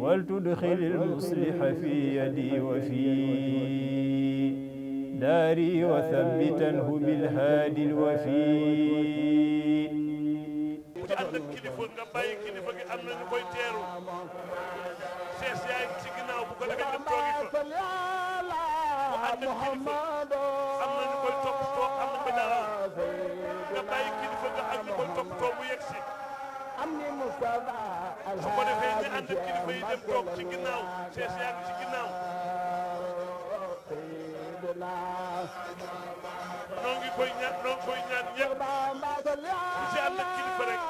ولتدخل المصلح في يدي وفي داري وثبتنه بالهادي الوفي ci ànd ak kilifa nga bàyyi kilifa gi am su ko defee ñu ànd ak kilifa yi dem toog ci ginnaaw sees yaa ngi ci ginnaaw. noo ngi koy ñaan noo ngi koy ñaan ñëpp ci ànd ak kilifa rek.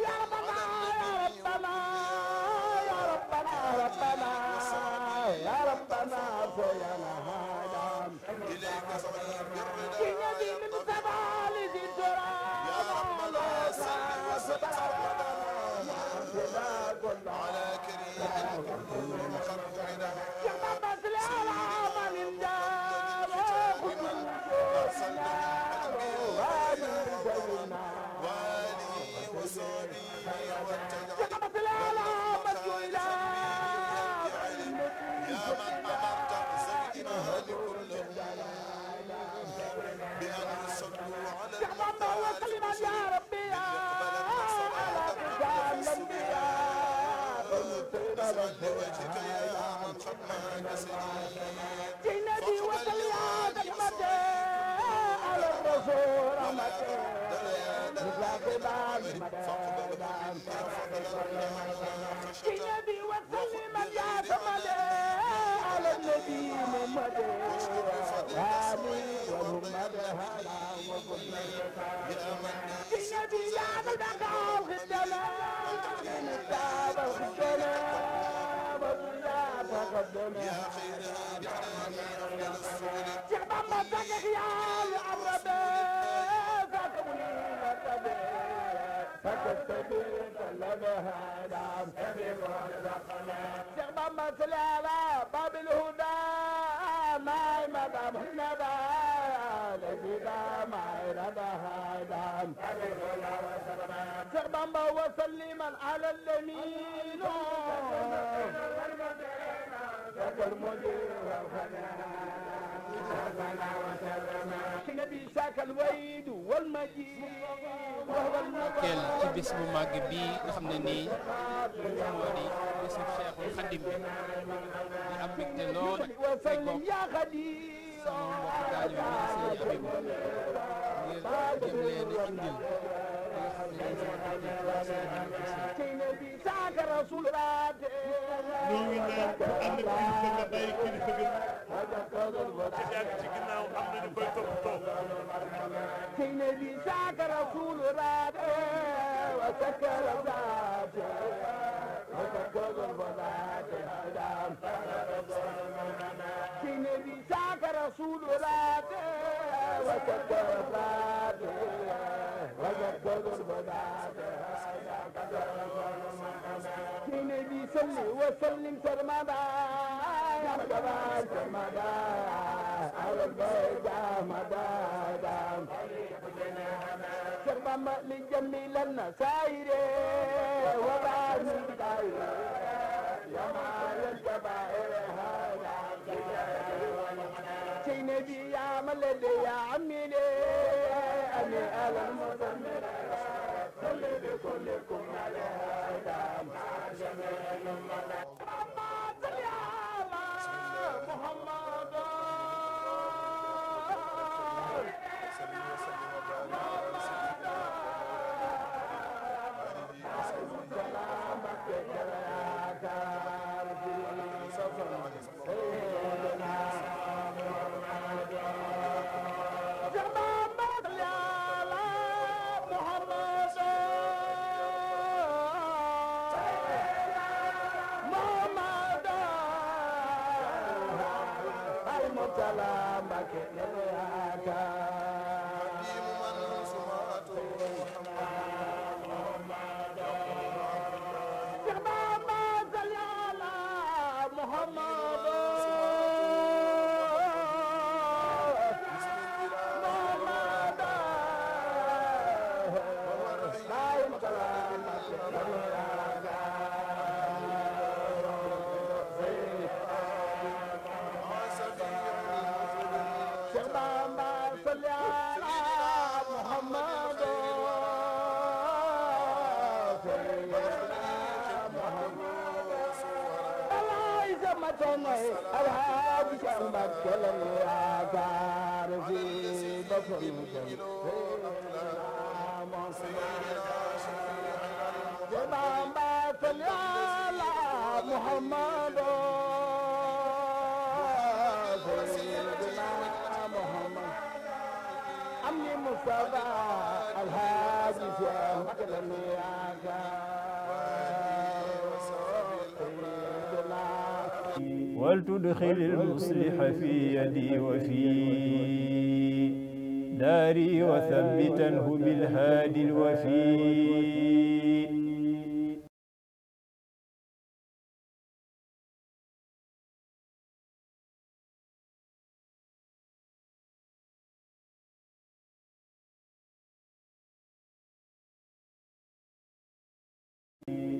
Yàlla الخيال أمربي فكوني مرتبي فكتبي سلمها دام أبي ورزقنا سيغبا مسلالا باب الهدى ماي مدام هنبا لجدا ماي ردها دام أبي ورزقنا سيغبا وسلما على اليمين فكر مدير الخنا teel ci bis bu màgg bii nga xam ne nii moo di bisu Cheikhul Khadim bi di am mbégte lool ak ay bopp sama mbokk taalibe yi seen Abibu ngir jëm leen a indil ñoo ngi naan ku ànd ak kilifa nga bàyyi kilifa gën ci yàgg ci ginnaaw am nañu koy toppatoo. Thank you. النبي صل وسلم سرمدا سرمدا سرمدا على البيضاء مدادا سرمدا لجميل النسائر وبعد الدائرة يا مال الكبائر هذا سيدي يا ملل يا عمي ليه على المزمل صل بكلكم عليها ولتدخل المصلح في يدي وفي داري وثبتنه بالهادي الوفي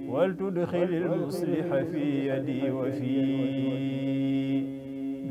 ولتدخل المصلح في يدي وفي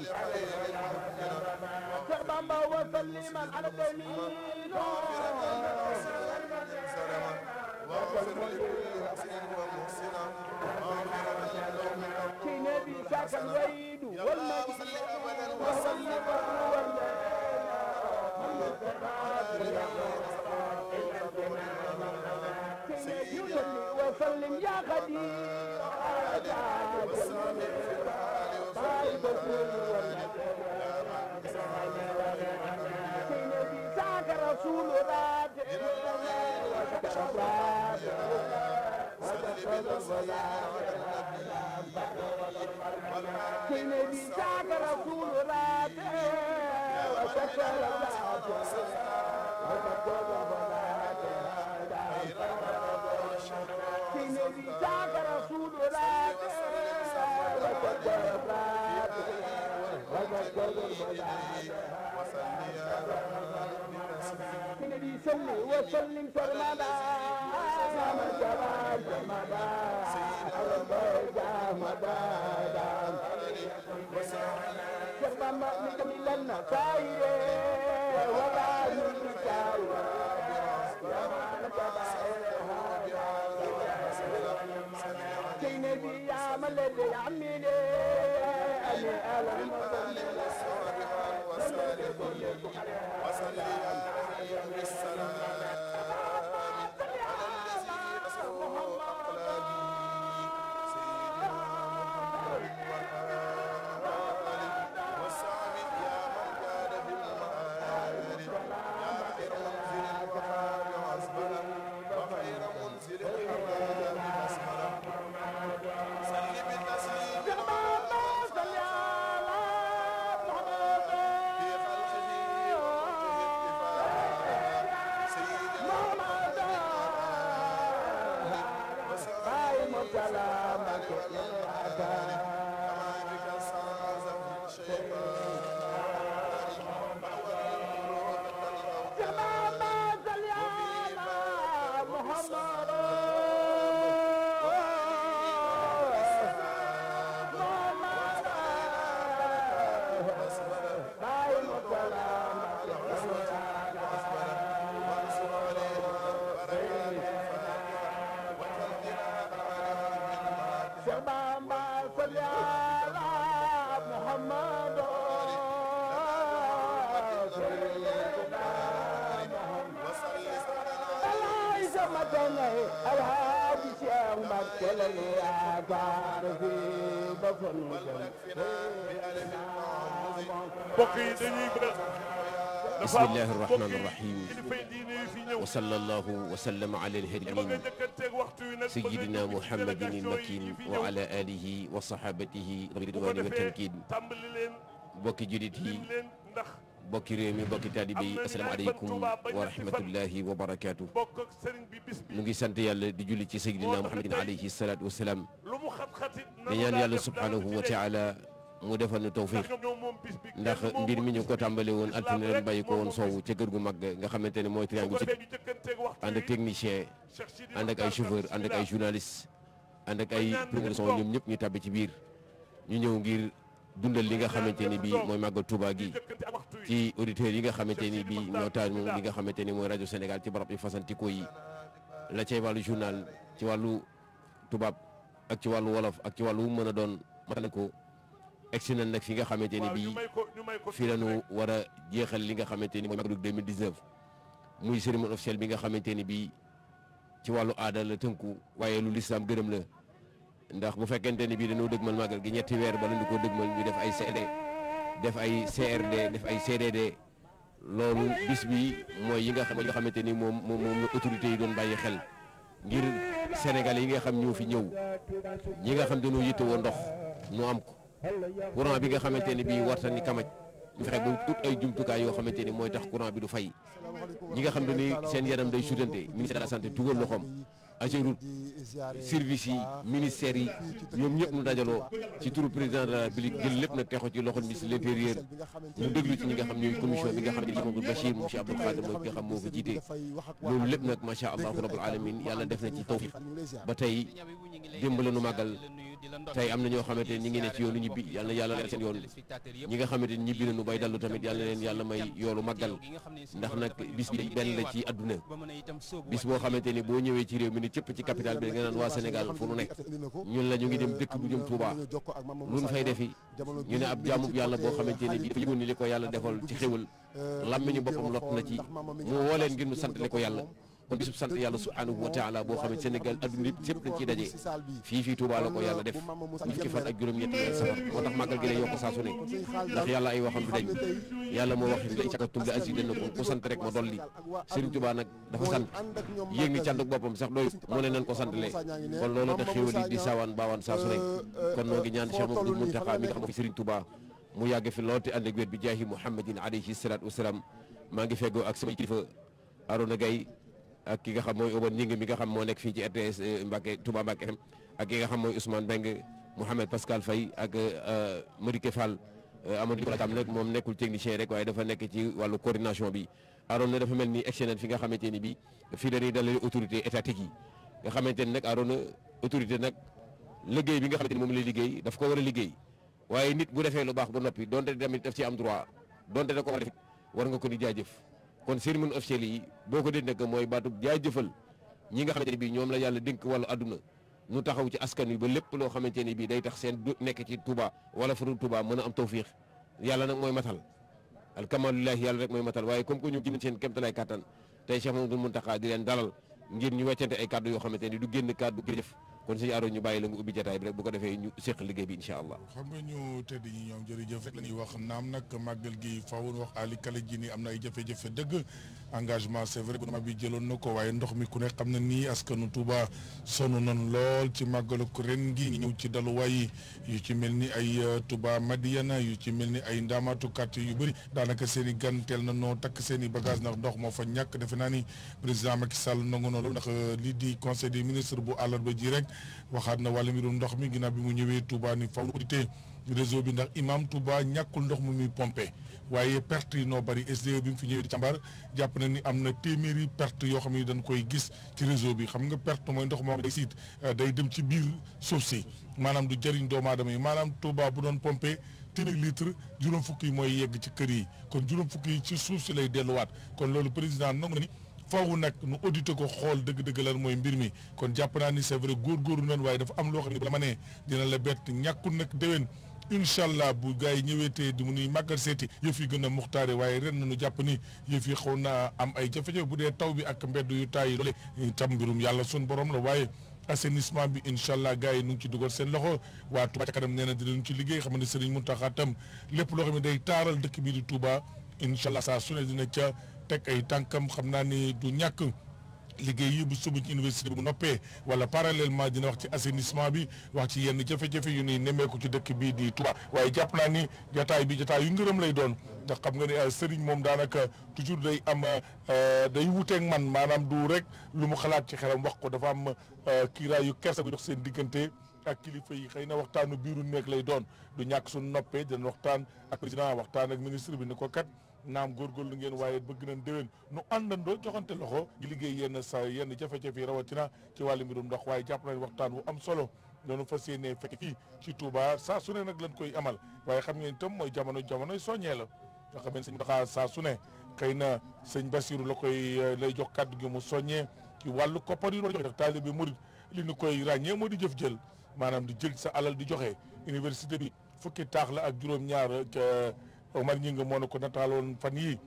العالمين سبحان وسلم على الدليل في نبي ذاك الويد والمجيد وسلم وسلم يا غدير وسلم في الحال طيب رسول رابع الأولى وكفى كي نبي جاك رسول رابع وكفى كي نبي جاك رسول رابع وكفى وسلم النبي صل وسلم سرمدا سرمدا سرمدا سرمدا سرمدا سرمدا منكم إلا النصائر ولا يتساوى سيدي يا ملدي يا عمي لي أنا ألم وسلم وسلم وسلم السلام bismillahi irrahmani irrahim wasala allahu wasallam ala alhadi amin sayidina mohammadin ilmakin wa ala alihi wa sahabatihi ridwani wa tamkin bokki julit yi bokki réew mi bokki taalibe yi asalaamaaleykum wa rahmatullahi wa barakaatu mu ngi sant yàlla di julli ci sayidina mohammadin alayhi salaatu wasalaam dañaan yàlla subhanahu wa taala mu defal nu tawfiq ndax mbir mi ñu ko tàmbali woon altine ren bàyyi ko woon soowu ca kër gu mag nga xamante ne mooy triangle sud ànd ak technicien ànd ak ay chauffeur ànd ay journaliste ànd ak ay prise de son ñoom ñëpp ñu tàbbi ci biir ñu ñëw ngir dundal li nga xamante ni bii mooy màggal Touba gi ci auditeurs yi nga xamante ni bii ñoo taal moom li nga xamante ni mooy rajo Sénégal ci barab yu fasantikoo yi la cay wàllu journal ci wàllu tubaab ak ci wàllu wolof ak ci wàllu mën a doon matale ko egsi nañ nag fi nga xamante ni bii fi la ñu war a jeexal li nga xamante ni mooy màggalu 2019 muy cérémonie officielle bi nga xamante ni bii ci wàllu aada la tënku waaye lu lislaam gërëm la ndax bu fekkente ni bii dañoo dëgmal màggal gi ñetti weer bala ñu ko dëgmal ñu def ay CD def ay CRD def ay CDD loolu bis bi mooy yi nga xamante ni moom moom moom autorité yi doon bàyyi xel ngir Sénégal yi nga xam ñoo fi ñëw ñi nga xam dañoo yittewoo ndox ñu am ko. courant bi nga xamante ni bii warta ni kamaj ñu fexe ba tut ay jumtukaay yoo xamante ni mooy tax courant bi du fay ñi nga xam ne ni seen yaram day sutante ministère de la santé dugal loxoom Ageroute service yi ministères yi ñoom ñëpp nu dajaloo ci turu président de la République jël lépp nag texo ci loxol ministre de l'intérieur mu déglu ci ñi nga xam ñooy commission bi nga xam ne Cheikh Abdou Bachir moom Cheikh Abdou Khadir mooy nga xam moo ko jiite loolu lépp nag macha allah rabbul alamin yàlla def na ci tawfiq ba tey démb la nu màggal tey am na ñoo xamante ne ñi ngi ne ci yoonu ñibbi yàlla na yàlla leer seen yoon ñi nga xamante ne ñibbi nañu bay dallu tamit yàlla leen yàlla may yoolu màggal ndax nag bis benn la ci àdduna bis boo xamante boo ñëwee ci réew mi ni cëpp ci capital bi nga naan waa Sénégal fu nu nekk ñun la ngi dem dëkk bu jëm Touba lu ñu fay defi ñu ne ab jaamub yàlla boo xamante bi dafa yëgoon ni li ko yàlla defal ci xéwal làmmiñu boppam lott na ci mu woo leen ngir mu ba bisub sant yàlla subhanahu wa taala boo xam Sénégal adduna yëpp yëpp dañ daje fii fii la ko yàlla def fukki fan ak juróom-ñetti weer safar moo tax màggal gi lay yokk saa su ne ay waxam du dañ yàlla moo wax la cakatum la asi dana ko ku sant rek ma dolli Serigne Touba nag dafa sant yéeg ni cantuk boppam sax doy moo ne nan ko sant lee kon loolu tax xéwal yi di saawaan baawaan saa su ne kon noo ngi ñaan Cheikh Mamadou Mountakha mi nga ak ki nga xam mooy Oban Ngingue mi nga xam moo nekk ci RTS eh, Mbacké Touba Mbacké FM ak ki nga xam mooy Ousmane Mbengue Mouhamed Pascal fay ak eh, Madické Fall eh, Amadou Diouf tam nag moom nekkul technicien rek waaye dafa nekk ci wàllu coordination bi na dafa mel ni excellent fi nga xamante ni bi fii dañuy dalal autorité étatique yi nga xamante ni nag Arona autorité nag liggéey bi nga xamante ni moom lay liggéey daf ko war a liggéey waaye nit bu defee lu baax ba noppi donte tamit daf ci am droit donte da ko war nga ko di jaajëf kon cérémonie officielle yi boo ko dee nekk mooy baatu jaajëfal ñi nga xamante ne bii ñoom la yàlla dénk wàllu àdduna ñu taxaw ci askan wi ba lépp loo xamante ni bii day tax seen du nekk ci Touba wala faru tuuba mën a am tawfiix yàlla nag mooy matal alkamalullahi yàlla rek mooy matal waaye comme que ñu gën seen kéemtalaay kattan tey Cheikh Mamadou Mountakha di leen dalal ngir ñu weccante ay kàddu yoo xamante ne du génn kàddu jëf kon suñu aaroon ñu bàyyi la nga ubbi bi rek bu ko defee ñu seq liggéey bi incha allah xam nga ñu tedd ñi ñoom jërëjëf rek la ñuy wax naam nag màggal gi fawun wax Ali ji ni am na ay jafe dëgg engagement c'est vrai gouvernement bi jëloon na ko waaye ndox mi ku ne xam na nii askanu Touba sonn nan lool ci màggalu ren gi ñëw ci daluwaay yu ci mel ni ay euh, Touba Madiana yu ci mel ni ay ndaamaatu quartier yu bëri daanaka seen i gan teel na noo takk seen i bagage ndax ndox moo fa ñàkk defe naa ni président Macky Sall nangu na lool ndax euh, lii di conseil des ministre bu àllarba jii rek waxaat na wàlla mbirum ndox mi ginnaaw bi mu ñëwee Touba ni faw audité réseau bi ndax imam Touba ñàkkul ndox mu muy pompe waaye perte yi noo bari SDE bi mu fi ñëwee di jàpp na ni am na téeméeri perte yoo xam ne dañ koy gis ci réseau bi xam nga perte mooy ndox moo day siit euh, day dem ci biir suuf si maanaam du jëriñ doomu yi maanaam Touba bu doon pompé téeméeri litre juróom fukk yi mooy yegg ci kër yi kon juróom fukk yi ci suuf si lay delluwaat kon loolu président nangu na faw nag nu audité ko xool dëgg-dëgg lan mooy mbir mi kon jàpp naa ni c'est vrai góorgóorlu nan waaye dafa am loxo xam dama ne dina la bett ñàkkul nag déwén incha allah bu gars yi ñëweetee di mu nuy màggal seeti yëf yi gën a muxtaare waaye ren na nu jàpp ni yëf yi xaw na am ay jafe-jafe bu dee taw bi ak mbedd yu taay yi loole tam mbirum yàlla sun borom la waaye assainissement bi incha allah gars yi nu ngi ci dugal seen loxo waa Touba ca ne nee na dinañu ci liggéey xam ne Serigne Mountakha tam lépp loo xam ne day taaral dëkk bi di Touba incha allah saa su dina ca tek ay tànkam xam naa ni du ñàkk liggéey yi bu subuñ université bu noppee wala parallèlement dina wax ci assainissement bi wax ci yenn jafe-jafe yu nuy nemmeeku ci dëkk bi di Touba waaye jàpp naa ni jataay bi jotaay yu ngërëm lay doon ndax xam nga ne euh, Serigne moom daanaka toujours day am euh, day wuteeg man maanaam du rek lu mu xalaat ci xelam wax ko dafa am euh, kiiraayu kersa bu jox seen diggante ak kilifa yi xëy na waxtaan waxtaanu biiru nekk lay doon du ñàkk suñu noppee dinañ waxtaan ak président waxtaan ak ministre bi ni kat naam góorgóorlu ngeen waaye bëgg nañ déwén nu àndandoo joxante loxo di liggéey yenn saa yenn jafe-jafe yi rawatina ci wàllu mbirum ndox waaye jàpp nañ waxtaan wu am solo noonu fas yéenee fekk fii ci Touba saa su ne nag lañ koy amal waaye xam ngeen tam mooy jamono jamono soññee la nga xam ne sëñ saa su xëy na sëñ Bassirou la koy eh, lay jox kàddu gi mu soññee ci wàllu koppar yi doon joxe taalibe murid li ñu koy ràññee moo di jëf jël maanaam di jël sa alal di joxe université bi fukki taax la ak juróom ma Omar Gningue moo na ko nataaloon fan yii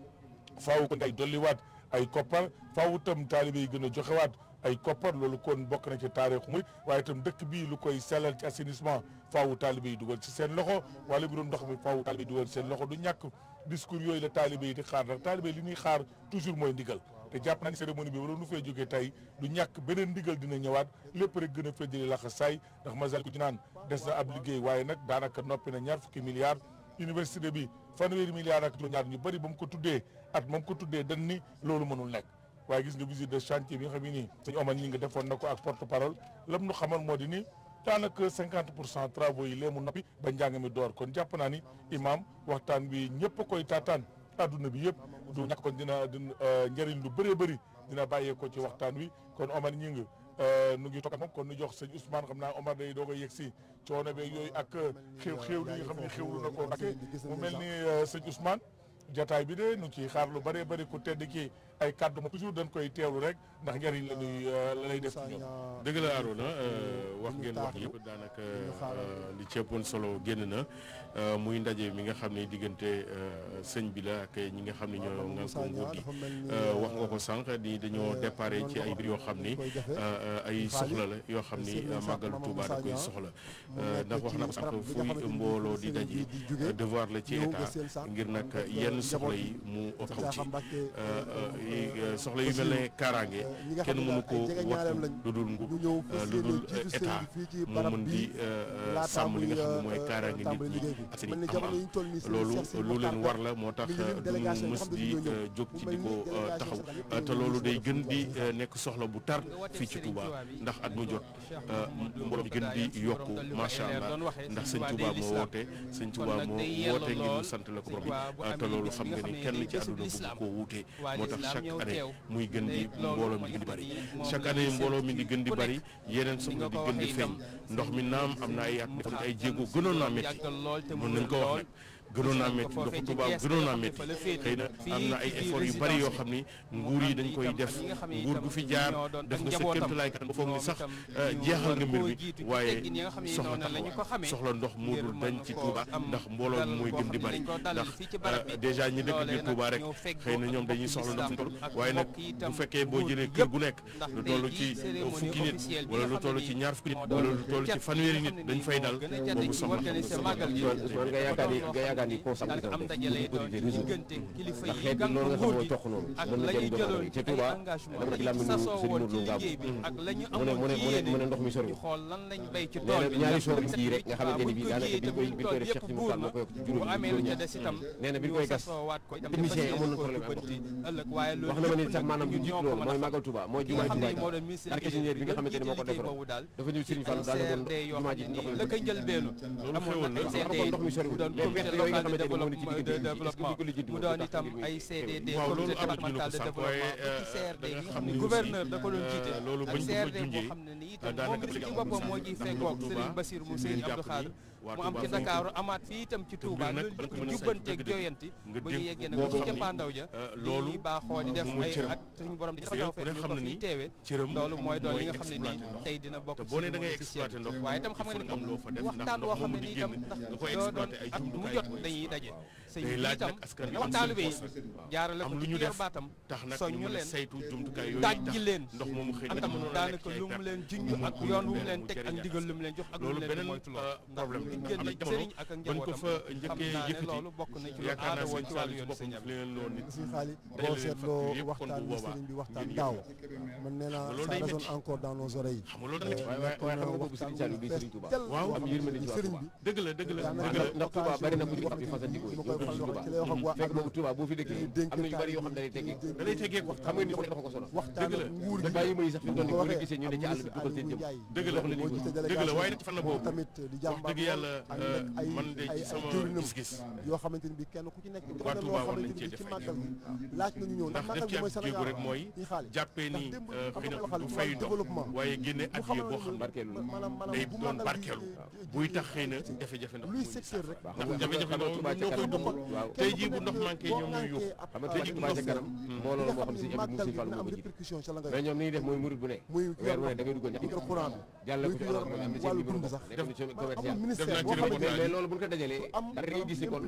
faaw kon ay dolliwaat ay koppar faaw itam taalibe yi gën a joxe waat ay koppar loolu kon bokk na ci taarixu muy waaye itam dëkk bi lu koy sellal ci assainissement faaw taalibe yi dugal ci seen loxo wala mbirum ndox mi faaw taalibe yi dugal seen loxo du ñàkk discours yooyu la taalibe yi di xaar ndax taalibe yi li ñuy xaar toujours mooy ndigal te jàpp naa ne cérémonie bi wala nu fee jógee tey du ñàkk beneen ndigal dina ñëwaat lépp rek gën a feddali laxa saay ndax masal ku ci naan des na ab liggéey waaye nag daanaka noppi na ñaar fukki milliards université bi fanweeri milliards ak juróom-ñaar ñu bari ba mu ko tuddee at moom ko tuddee dañ ni loolu mënul nekk waaye gis nga visite de chantier bi nga xam ne nii sëñ Omar ñi nga defoon na ko ak porte parole lam nu xamal moo di ni daanaka cinquante pour cent travaux yi lee mu noppi ba njàng mi door kon jàpp naa ni imam waxtaan bi ñëpp koy taataan adduna bi yëpp du ñàkk kon dina dina euh, njëriñ lu bëree bëri dina bàyyee ko ci waxtaan wi kon Omar ñi nga Euh, nu ngi toog ak jox sëñ Ousmane xam naa Omar day doog a yegg coono beeg yooyu ak xew xew li nga xam ne xewlu na ko Mbacké mu mel ni euh, sëñ Ousmane jataay bi de nu ngi ciy xaar lu bëree bëri ku tedd kii ay kàddu ma toujours dañ koy teewlu rek ndax njëriñ la ñuy euh, la lay def ñoom dëgg la euh, wax ngeen wax yëpp daanaka euh, li ci solo génn na muy ndaje mi nga xam ne diggante sëñ bi la ak ñi nga xam ne ñoo nga ko nguur gi wax nga ko sànq ni dañoo déparé ci ay mbir yoo xam ni ay soxla la yoo xam ni màggalu Tuubaa a koy soxla ndax wax na ko sànq fuy mbooloo di daje devoir la ci état ngir nag yenn soxla yi mu taxaw ci Euh, soxla yu mel ne kaaraange kenn mënu ko wattu lu dul ngu euh, lu dul euh, état moo mën di sàmm li nga xam ne mooy kaaraange nit ñi ak seen i am-am loolu lu leen war la moo tax duñu mës di jóg ci di ko taxaw te loolu day gën di nekk soxla bu tar fii ci Touba ndax at mu jot mbooloo gën di yokku macha allah ndax sëñ Touba moo woote sëñ Touba moo woote ngir ñu sant la ko borom te loolu xam nga ni kenn ci àdduna bu ko wuute moo tax chaque année muy gën di mbooloo mi di gën di bëri chaque année mbooloo mi di gën di bëri yeneen soxla di gën di feeñ ndox mi naam am na ay at defoon ay jéego gënoon naa métti mën nañ ko wax nag gënoon naa métti ndoxu Touba gënoon naa métti xëy na am na ay efforts yu bari yoo xam ni nguur yi dañ koy def nguur gu fi jaar def nga sa kéemtalaay kan foog ni sax euh, jeexal nga mbir mi waaye soxla taxawaay soxla ndox moo dul dañ ci Touba ndax mbooloo mooy gën di bari ndax euh, dèjà ñi dëkk biir Touba rek xëy na ñoom dañuy soxla ndox mu waaye nag bu fekkee boo jëlee kër gu nekk lu toll ci fukki nit wala lu toll ci ñaar fukki nit wala lu toll ci fanweeri nit dañ fay dal boobu soxla waxtaani consacration am dajale doon diggante kilifa yi gàngu nguur gi ak la ñu jëloon ci ay engagement sasoo woon ci liggéey bi ak la ñu amoon ci yéene ndox mi sori xool lan lañ bay ci tool bi ñaari soor yi rek nga xamante ni bi daanaka bi koy bi koy def Cheikh Moussa moo koy yokk ci juróom amee lu ca des itam nee na bi koy gas technicien yi amoon na problème ëllëg waaye loolu wax na ma ni sax maanaam ñu jiit loolu mooy màggal Touba mooy jumaa Touba yi moo doon ministre architecture bi nga xamante ni moo ko defaroon dafa ñëw Serigne Fall daal la ko jumaa ji ndox mi la koy njëlbeenu amoon na ay seete yi doon comité nga xamante ne moom de développement mu doon itam ay CDD comité départemental de développement ci euh, CRD bi xam ne gouverneur da ko doon jiite ak CRD boo xam ne ni itam euh, moom ci boppam moo ciy fekkoog Serigne Bassirou mu Serigne Abdou Khadre mu am ci Dakar amaat fii itam ci Touba ñu jubbanteeg joyanti ba ñu yeggee nag ci jëppaandaw ja loolu baaxoo di def ay ak suñu borom di taw fekk ñu ko fi teewee loolu mooy doon li nga xam ne nii tey dina bokk ci waaye itam xam nga ne waxtaan woo xam ne nii itam ndax doo mu jot dañuy daje day laaj nag askan wi am suñu force la am lu ñu def tax nag ñu mën a saytu jumtukaay yooyu tax ndox moomu xëy na ñu mën a nekk lu mu leen junj ak yoon wu mu leen teg ak ndigal lu jox ak lu mu leen moytu loolu problème am na jamono bañ ko fa njëkkee yëkkati yaakaar naa sëñ Saliou ci encore dans nos oreilles waaw am yërmande ci sëriñ bi dëgg la dëgg la dëgg la ndax Touba bari na ko ci wax bi fasantikoo waxal loo xam ci lay wax ak na ñu bari yoo xam ne ci àll bi dugal seen jëm dëgg la dëgg la waaye la boobu tamit di jàmbaar wax dëgg yàlla euh, man de ci sama gis-gis yoo xamante ni bi kenn na euh, du fay ndox waaye génne at yi boo xam ne day doon barkeelu buy tax xëy na jafe-jafe ndox muy sax ndax jafe-jafe moom ñoo koy dund tey jii bu ndox manqué ñoom ñuy yuux tey jii bu ndox manqué moo loolu moo xam si ñebe mu si sax loolu bu ñu ko dajalee da ngay gis ni kon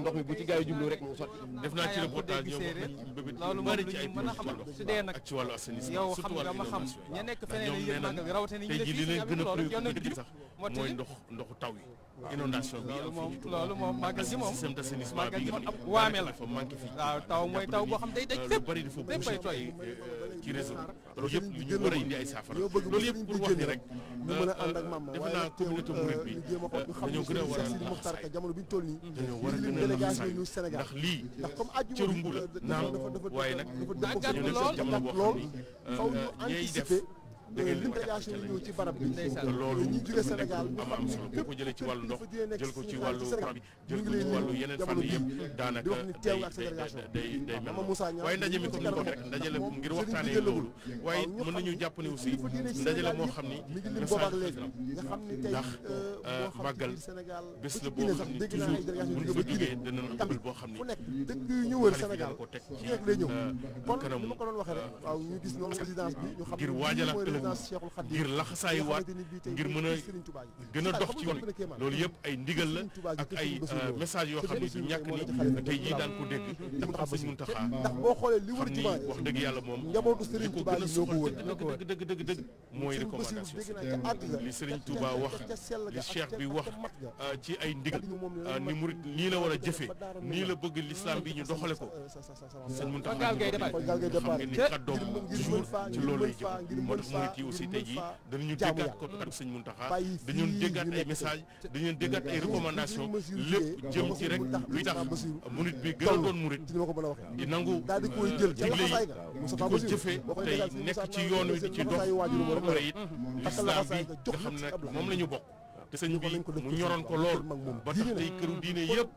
ndox mi bu ci gaa rek mu sotti def naa ci reportage ñoom a xam nga ma xam ña nekk feneen yi yëpp nag rawatina ñu def ci mooy ndox ndoxu inondation bi loolu moom loolu moom màggal gi moom système bi nga xam waame la waaw taw mooy taw boo xam day daj fépp fépp ay tooy ci réseau loolu yëpp lu ñu war a indi ay saafara loolu yëpp pour wax ni rek defe naa communauté mouride bi dañoo gën a war a laxasaay dañoo war a gën a laxasaay ndax lii cëru mbu la naam waaye nag dañoo nekk jamono boo xam ni ñay def l'intégration ñëw ci barab bi loolu ñu jóge Sénégal am am solo boo ko jëlee ci wàllu ndox jël ko ci wàllu bi jël ko ni ko rek ndaje la ngir waxtaanee xam ni message ndax màggal bés la boo xam ni toujours buñ fa jógee ñu wër Sénégal ko teg ci kanamu kon ñu gis noonu présidence bi ñu xam ngir waajalaat ngir laxasaay waat ngir mën a gën a dox ci yoon loolu yëpp ay ndigal la ak ay message yoo xam ne du ñàkk ni tey jii daan ko dégg ndax sëñ li wër jumaa wax dëgg yàlla moom njabootu Sëriñ Tuubaa yi ñoo ko wër dëgg dëgg dëgg dëgg mooy recommandation li Sëriñ Tuubaa wax li cheikh bi wax ci ay ndigal ni murit nii la war a jëfee nii la bëgg l'islam bi ñu doxale ko sëñ Muntaxa xam ngeen ni kàddoom toujours ci loolu lay jëm moo tax kii aussi tey jii danañu déggaat ko kàddu sëñ Muntaxa dañu déggaat ay message dañu déggaat ay recommandation lépp jëm ci rek luy tax murit bi gën a doon murit di nangu digle yi di ko jëfee tey nekk ci yoon di ci dox ba pare it lislaam bi nga xam ne moom la bokk te sëñ bi mu ñoroon ko lool ba tax tey këru diine yëpp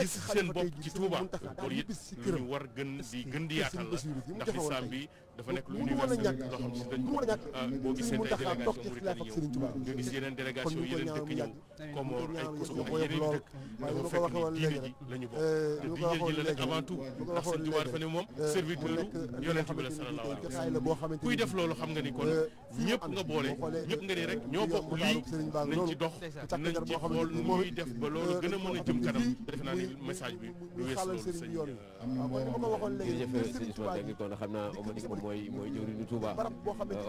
gis seen bopp ci Tuuba loolu it lu ñu war gën di gën di yaatal la ndax bi dafa nekk lu universel loo xam euh, la ñu bokk eh, te diine ji la nekk avant tout ndax sëñ Tuubaa dafa ne moom eh, serviteur yonent bi la sallallahu alayhi wa sallam kuy def loolu xam nga ni kon eh, ñëpp nga boole ñëpp nga ni rek ñoo bokk lii nañ ci dox nañ def ba loolu gën a mën a jëm kanam defe message bi lu wees loolu sëñ jërëjëf mooy mooy jëwriñu Touba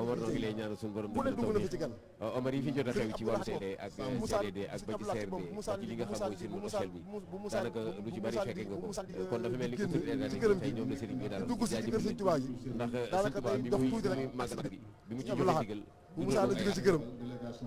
Omar noo ngi lay ñaanal suñu borom dëgg Omar yi fi jot a xew ci wàllu CD ak CDD ak ba ci CRD ba ci li nga xam mooy seen hôtel bi daanaka lu ci bari fekke nga kon dafa mel ni ko sëriñ tey ñoom la sëriñ bi daal jaajëfal ndax sëriñ Touba bi muy màggal bi mu ci joxe digal bu Moussa la jógee ci këram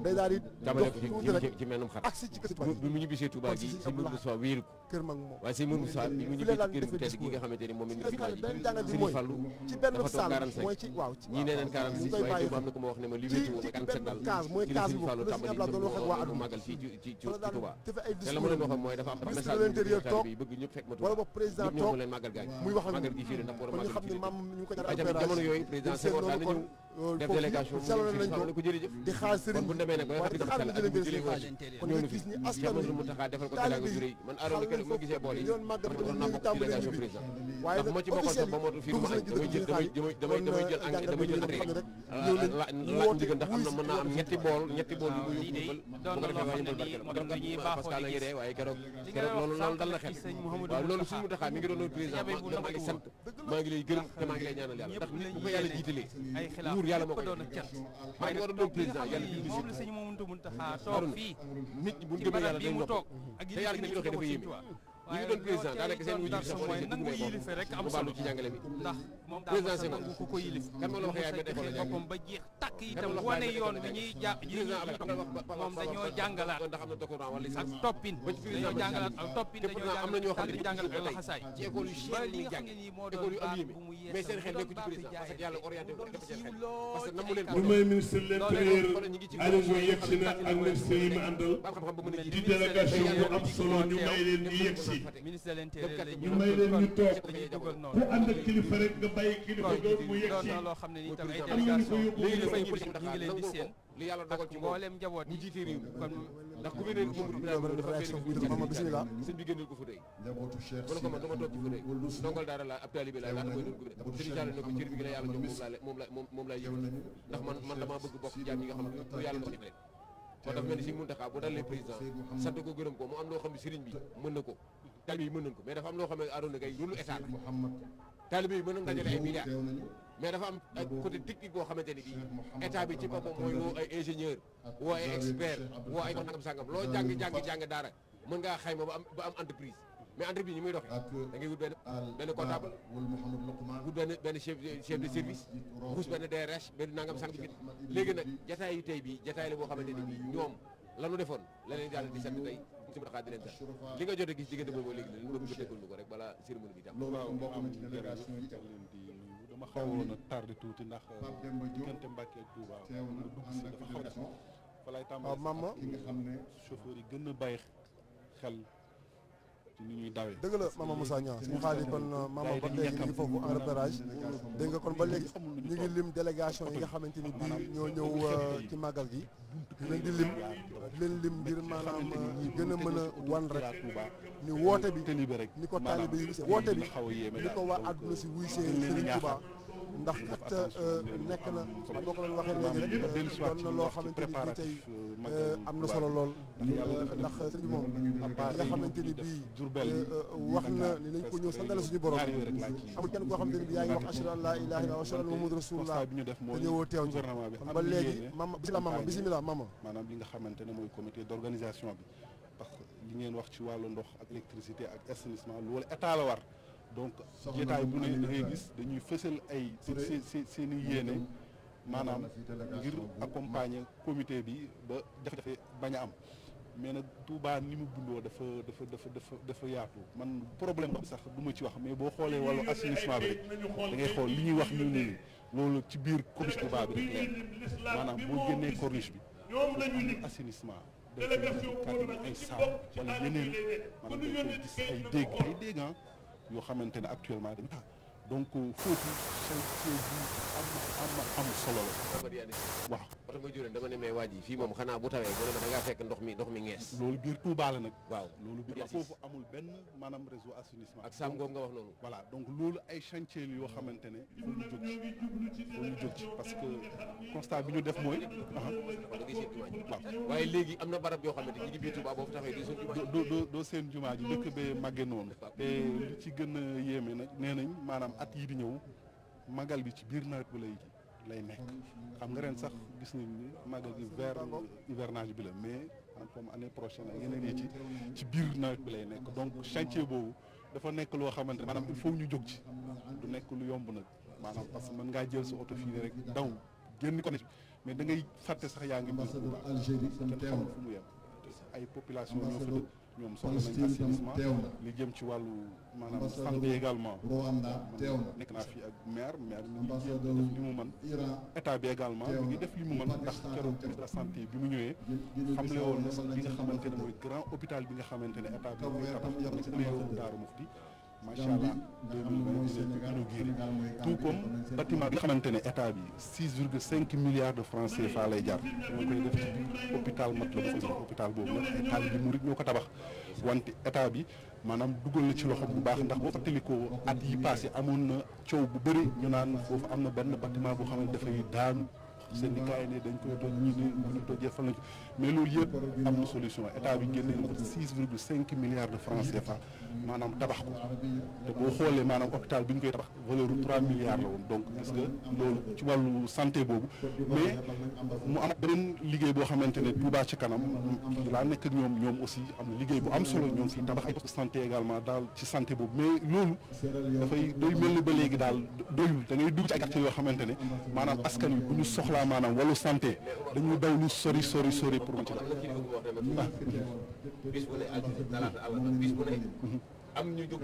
day daal di dox tuuti rek ci mennum xar agsi ci kër bi mu ñibbisee Touba gi si Mourou Moussa wéeru ko kër mag moom waaye si Mourou Moussa bi mu ñibbisee ci këram tedd gi nga xamante ni moom it final ji Serigne Fallou dafa toog 45 mooy ci waaw ñii nee neen 46 waaye am na ko ma wax ne ma li wéetu moom 47 daal case mooy case bi Fallou tàmbali doon màggal fii ci ci Touba te la ma leen waxoon mooy dafa am message de l'intérieur toog bëgg ñëpp fekk ma Touba ñëpp ñoo leen màggal gaay muy wax ak ñoom ñu xam ne maam ñu ko jamono yooyu président Senghor daan na ñëw def délégation ko jërëjëf di xaar sëriñ bu demee nag ba nga xam ne dafa jëlee ko kon nga gis ni askan wi mu taxaa defal ko dara gu rëy man aaroon kenn ma gisee bool yi man war naa bokk délégation président waaye nag ma ci bokkoon sax ba mootu fii mu añ damay jël damay damay jël engrais damay jël engrais laaj ndigal ndax am na mën naa am ñetti bool ñetti bool yu mu yóbbu bu ko defee wàññi barkeel parce que la yéree waaye keroog keroog loolu loolu dal na xel waaw loolu suñu mu taxaa mi ngi doon président maa ngi lay sant maa ngi lay gërëm te maa ngi lay ñaanal yàlla ndax nit bu ko yàlla jiitalee yàlla moo koy doon ak cant waaye nag toog bi nga xam ne moom la sëñ toog fii nit bu ñu demee yàlla dañ nopp yàlla ni ñu doxee waaye doon président daanaka seen wuyu sax mooy nangu yilife rek am solo ci jàngale bi ndax moom daa mas a nangu ku ko yilif kan ma la wax yaa nga defal la boppam ba jeex tàkk itam wane yoon bi ñuy jàpp ñi moom dañoo jàngalaat ak toppin dañoo jàngalaat ak toppin dañoo am na ñoo xam ne jàngal ay laxasaay ci école yu chien li nga xam ne nii moo doon baat bu mu yees mais seen xel nekku ci président parce que yàlla orienté ko def seen xel parce que namu leen ko may ministre l'intérieur Aliou Ngoye yegsi na ak ministre yi ma àndal di délégation bu am solo ñu may leen ñu yegsi fii ñu may leen toog ku ànd ak kilifa rek nga kilifa doon mu yegg si am na ñu tax mel président sant ko gërëm ko mu am loo xam ne sëriñ bi mën na ko taalibe yi mën nañ ko mais dafa am loo xam ne Arouna Gaye loolu état la taalibe yi mën nañ dajale ay milliards mais dafa am côté technique boo xamante ni bii état bi ci boppam mooy woo ay ingénieur woo ay expert loo jàng jàng jàng daara mën ngaa xay ma am ba am entreprise mais entreprise ñi muy doxee da ngay wut benn benn comptable wut benn benn chef chef de service wut benn DRH benn nangam sangam léegi nag jataay yu tey bii jataay la boo xamante ni bii ñoom lanu defoon leneen yàlla di sant tey si Mountakha li nga jot a gis diggante boobu léegi dañu bëgg nga déglu ko rek balaa cérémonie bi di am. waaw mbokk mi délégation yi a tardé tuuti ndax diggante Mbàkke ak Touba mu dugg si dafa xaw a fa lay tàmbalee waaw maam ma ki nga xam ne chauffeur yi gën a bàyyi xel ci ni ñuy dawee dëgg la Mama Moussa Niang suñu xaali kon Mama ba léegi ñu foofu en repérage dégg nga kon ba léegi ñu ngi lim délégation yi nga xamante ni bii ñoo ñëw euh, ci màggal gi ñu leen di lim leen lim ngir maanaam gën a mën a wan rek ni woote bi ni ko taalibe yi woote bi ni ko waa àdduna si wuy see Sëriñ Tuubaa ndax kat euh, nekk na am nga ko doon waxee léegi rek doon na loo xamante ni bii tey euh, euh, am na solo lool ndax sëñ bi moom nga xamante ni bii wax na ni nañ ko ñëw santale suñu borom amul kenn koo xamante ni bii yaa wax ashhadu an laa ilaaha illallaah wa ashhadu anna muhammadan rasulullah te ñëwoo teew ñu kon ba léegi mama bisimilah mama bisimilah mama maanaam li nga xamante ne mooy comité d'organisation bi parce que li ngeen wax ci wàllu ndox ak électricité ak assainissement lool état la war donc jotaay bu ne da ngay gis dañuy fësal ay seen seen i yéene maanaam ngir accompagner comité bi ba jafe-jafe bañ a am mais nag Touba ni mu bindoo dafa dafa dafa dafa dafa yaatu man problème bi sax du ma ci wax mais boo xoolee wàllu assainissement bi rek ngay xool li ñuy wax ñu ne loolu ci biir corniche Touba bi rek maanaam boo génnee corniche bi dafa assainissement def ay saabu wala yeneen maanaam a koy gis ay dégg ay ah. dégg yoo xamante ne actuellement dañu tax donc foofu say am am am solo la waaw oto ma jureen dama ne mais waa ji fii moom xanaa bu tawee mu fekk ndox mi ndox mi ngees loolu biir Touba la nag waaw loolu biir foofu amul benn maanaam réseau assainissement ak saam googu nga wax noonu voilà donc loolu ay chantier yoo xamante ne foo ñu jóg ci parce que constat bi ñu def mooy da ngay waaye léegi am na barab yoo xamante ñi di biir Touba boo fa taxee doo seen jumaa ji doo seen jumaa ji dëkk bee màggee noonu te ci gën a yéeme nag nee nañ maanaam at yi di ñëw magal bi ci biir nawet bi lay lay nekk xam nga ren sax gis nañ ni màggal gi vers hivernage bi la mais comme année prochaine ak yeneen yi ci biir nawet bi lay nekk donc chantier boobu dafa nekk loo xamante ne maanaam il faut ñu jóg ci du nekk lu yomb nag maanaam parce que mën ngaa jël sa oto fii rek daw génn ko ne mais da ngay fàtte sax yaa ngi. ambassadeur Algérie kenn xamul fu mu yem ay population ñoo fa dëkk ñoom soxla nañ assainissement li jëm ci wàllu maanaam santé également nekk naa fii ak maire maire mi ngi jéem def li mu mën état bi également mi ngi def li mu mën ndax keroog ministre santé bi mu ñëwee xamle woon na nga xamante ne mooy grand hôpital bi nga xamante ne état bi mooy tabax nekk daaru mufti macha allah tout comme bâtiment bi xamante ne état bi six virgule cinq milliards de francs CFA lay jar ñoo koy def ci hôpital mat la bu hôpital boobu nag état bi murid ñoo ko tabax wante état bi maanaam dugal na ci loxo bu baax ndax boo ko at yi passé amoon na coow bu bëri ñu naan foofu am na benn batiment boo xam ne dafay daanu syndicat yi ne dañ koy toj ñi ne mënu toj jëfal nañ ko mais loolu yëpp am na solution état bi génne na ko six virgule cinq milliards de francs CFA maanaam tabax ko te boo xoolee maanaam hôpital bi ñu koy tabax valeur bu trois milliards la woon donc est ci liggéey boo xamante ne Touba ci kanam laa nekk ak ñoom ñoom aussi am liggéey bu am solo ñoom fii tabax ay santé également daal ci santé boobu mais loolu dafay doy mel ni ba léegi daal doyul da ngay dugg ci ay quartier yoo xamante ne maanaam askan wi bu ñu soxla Touba maanaam wàllu santé dañuy daw lu sori sori sori pour mu ci am ñu jóg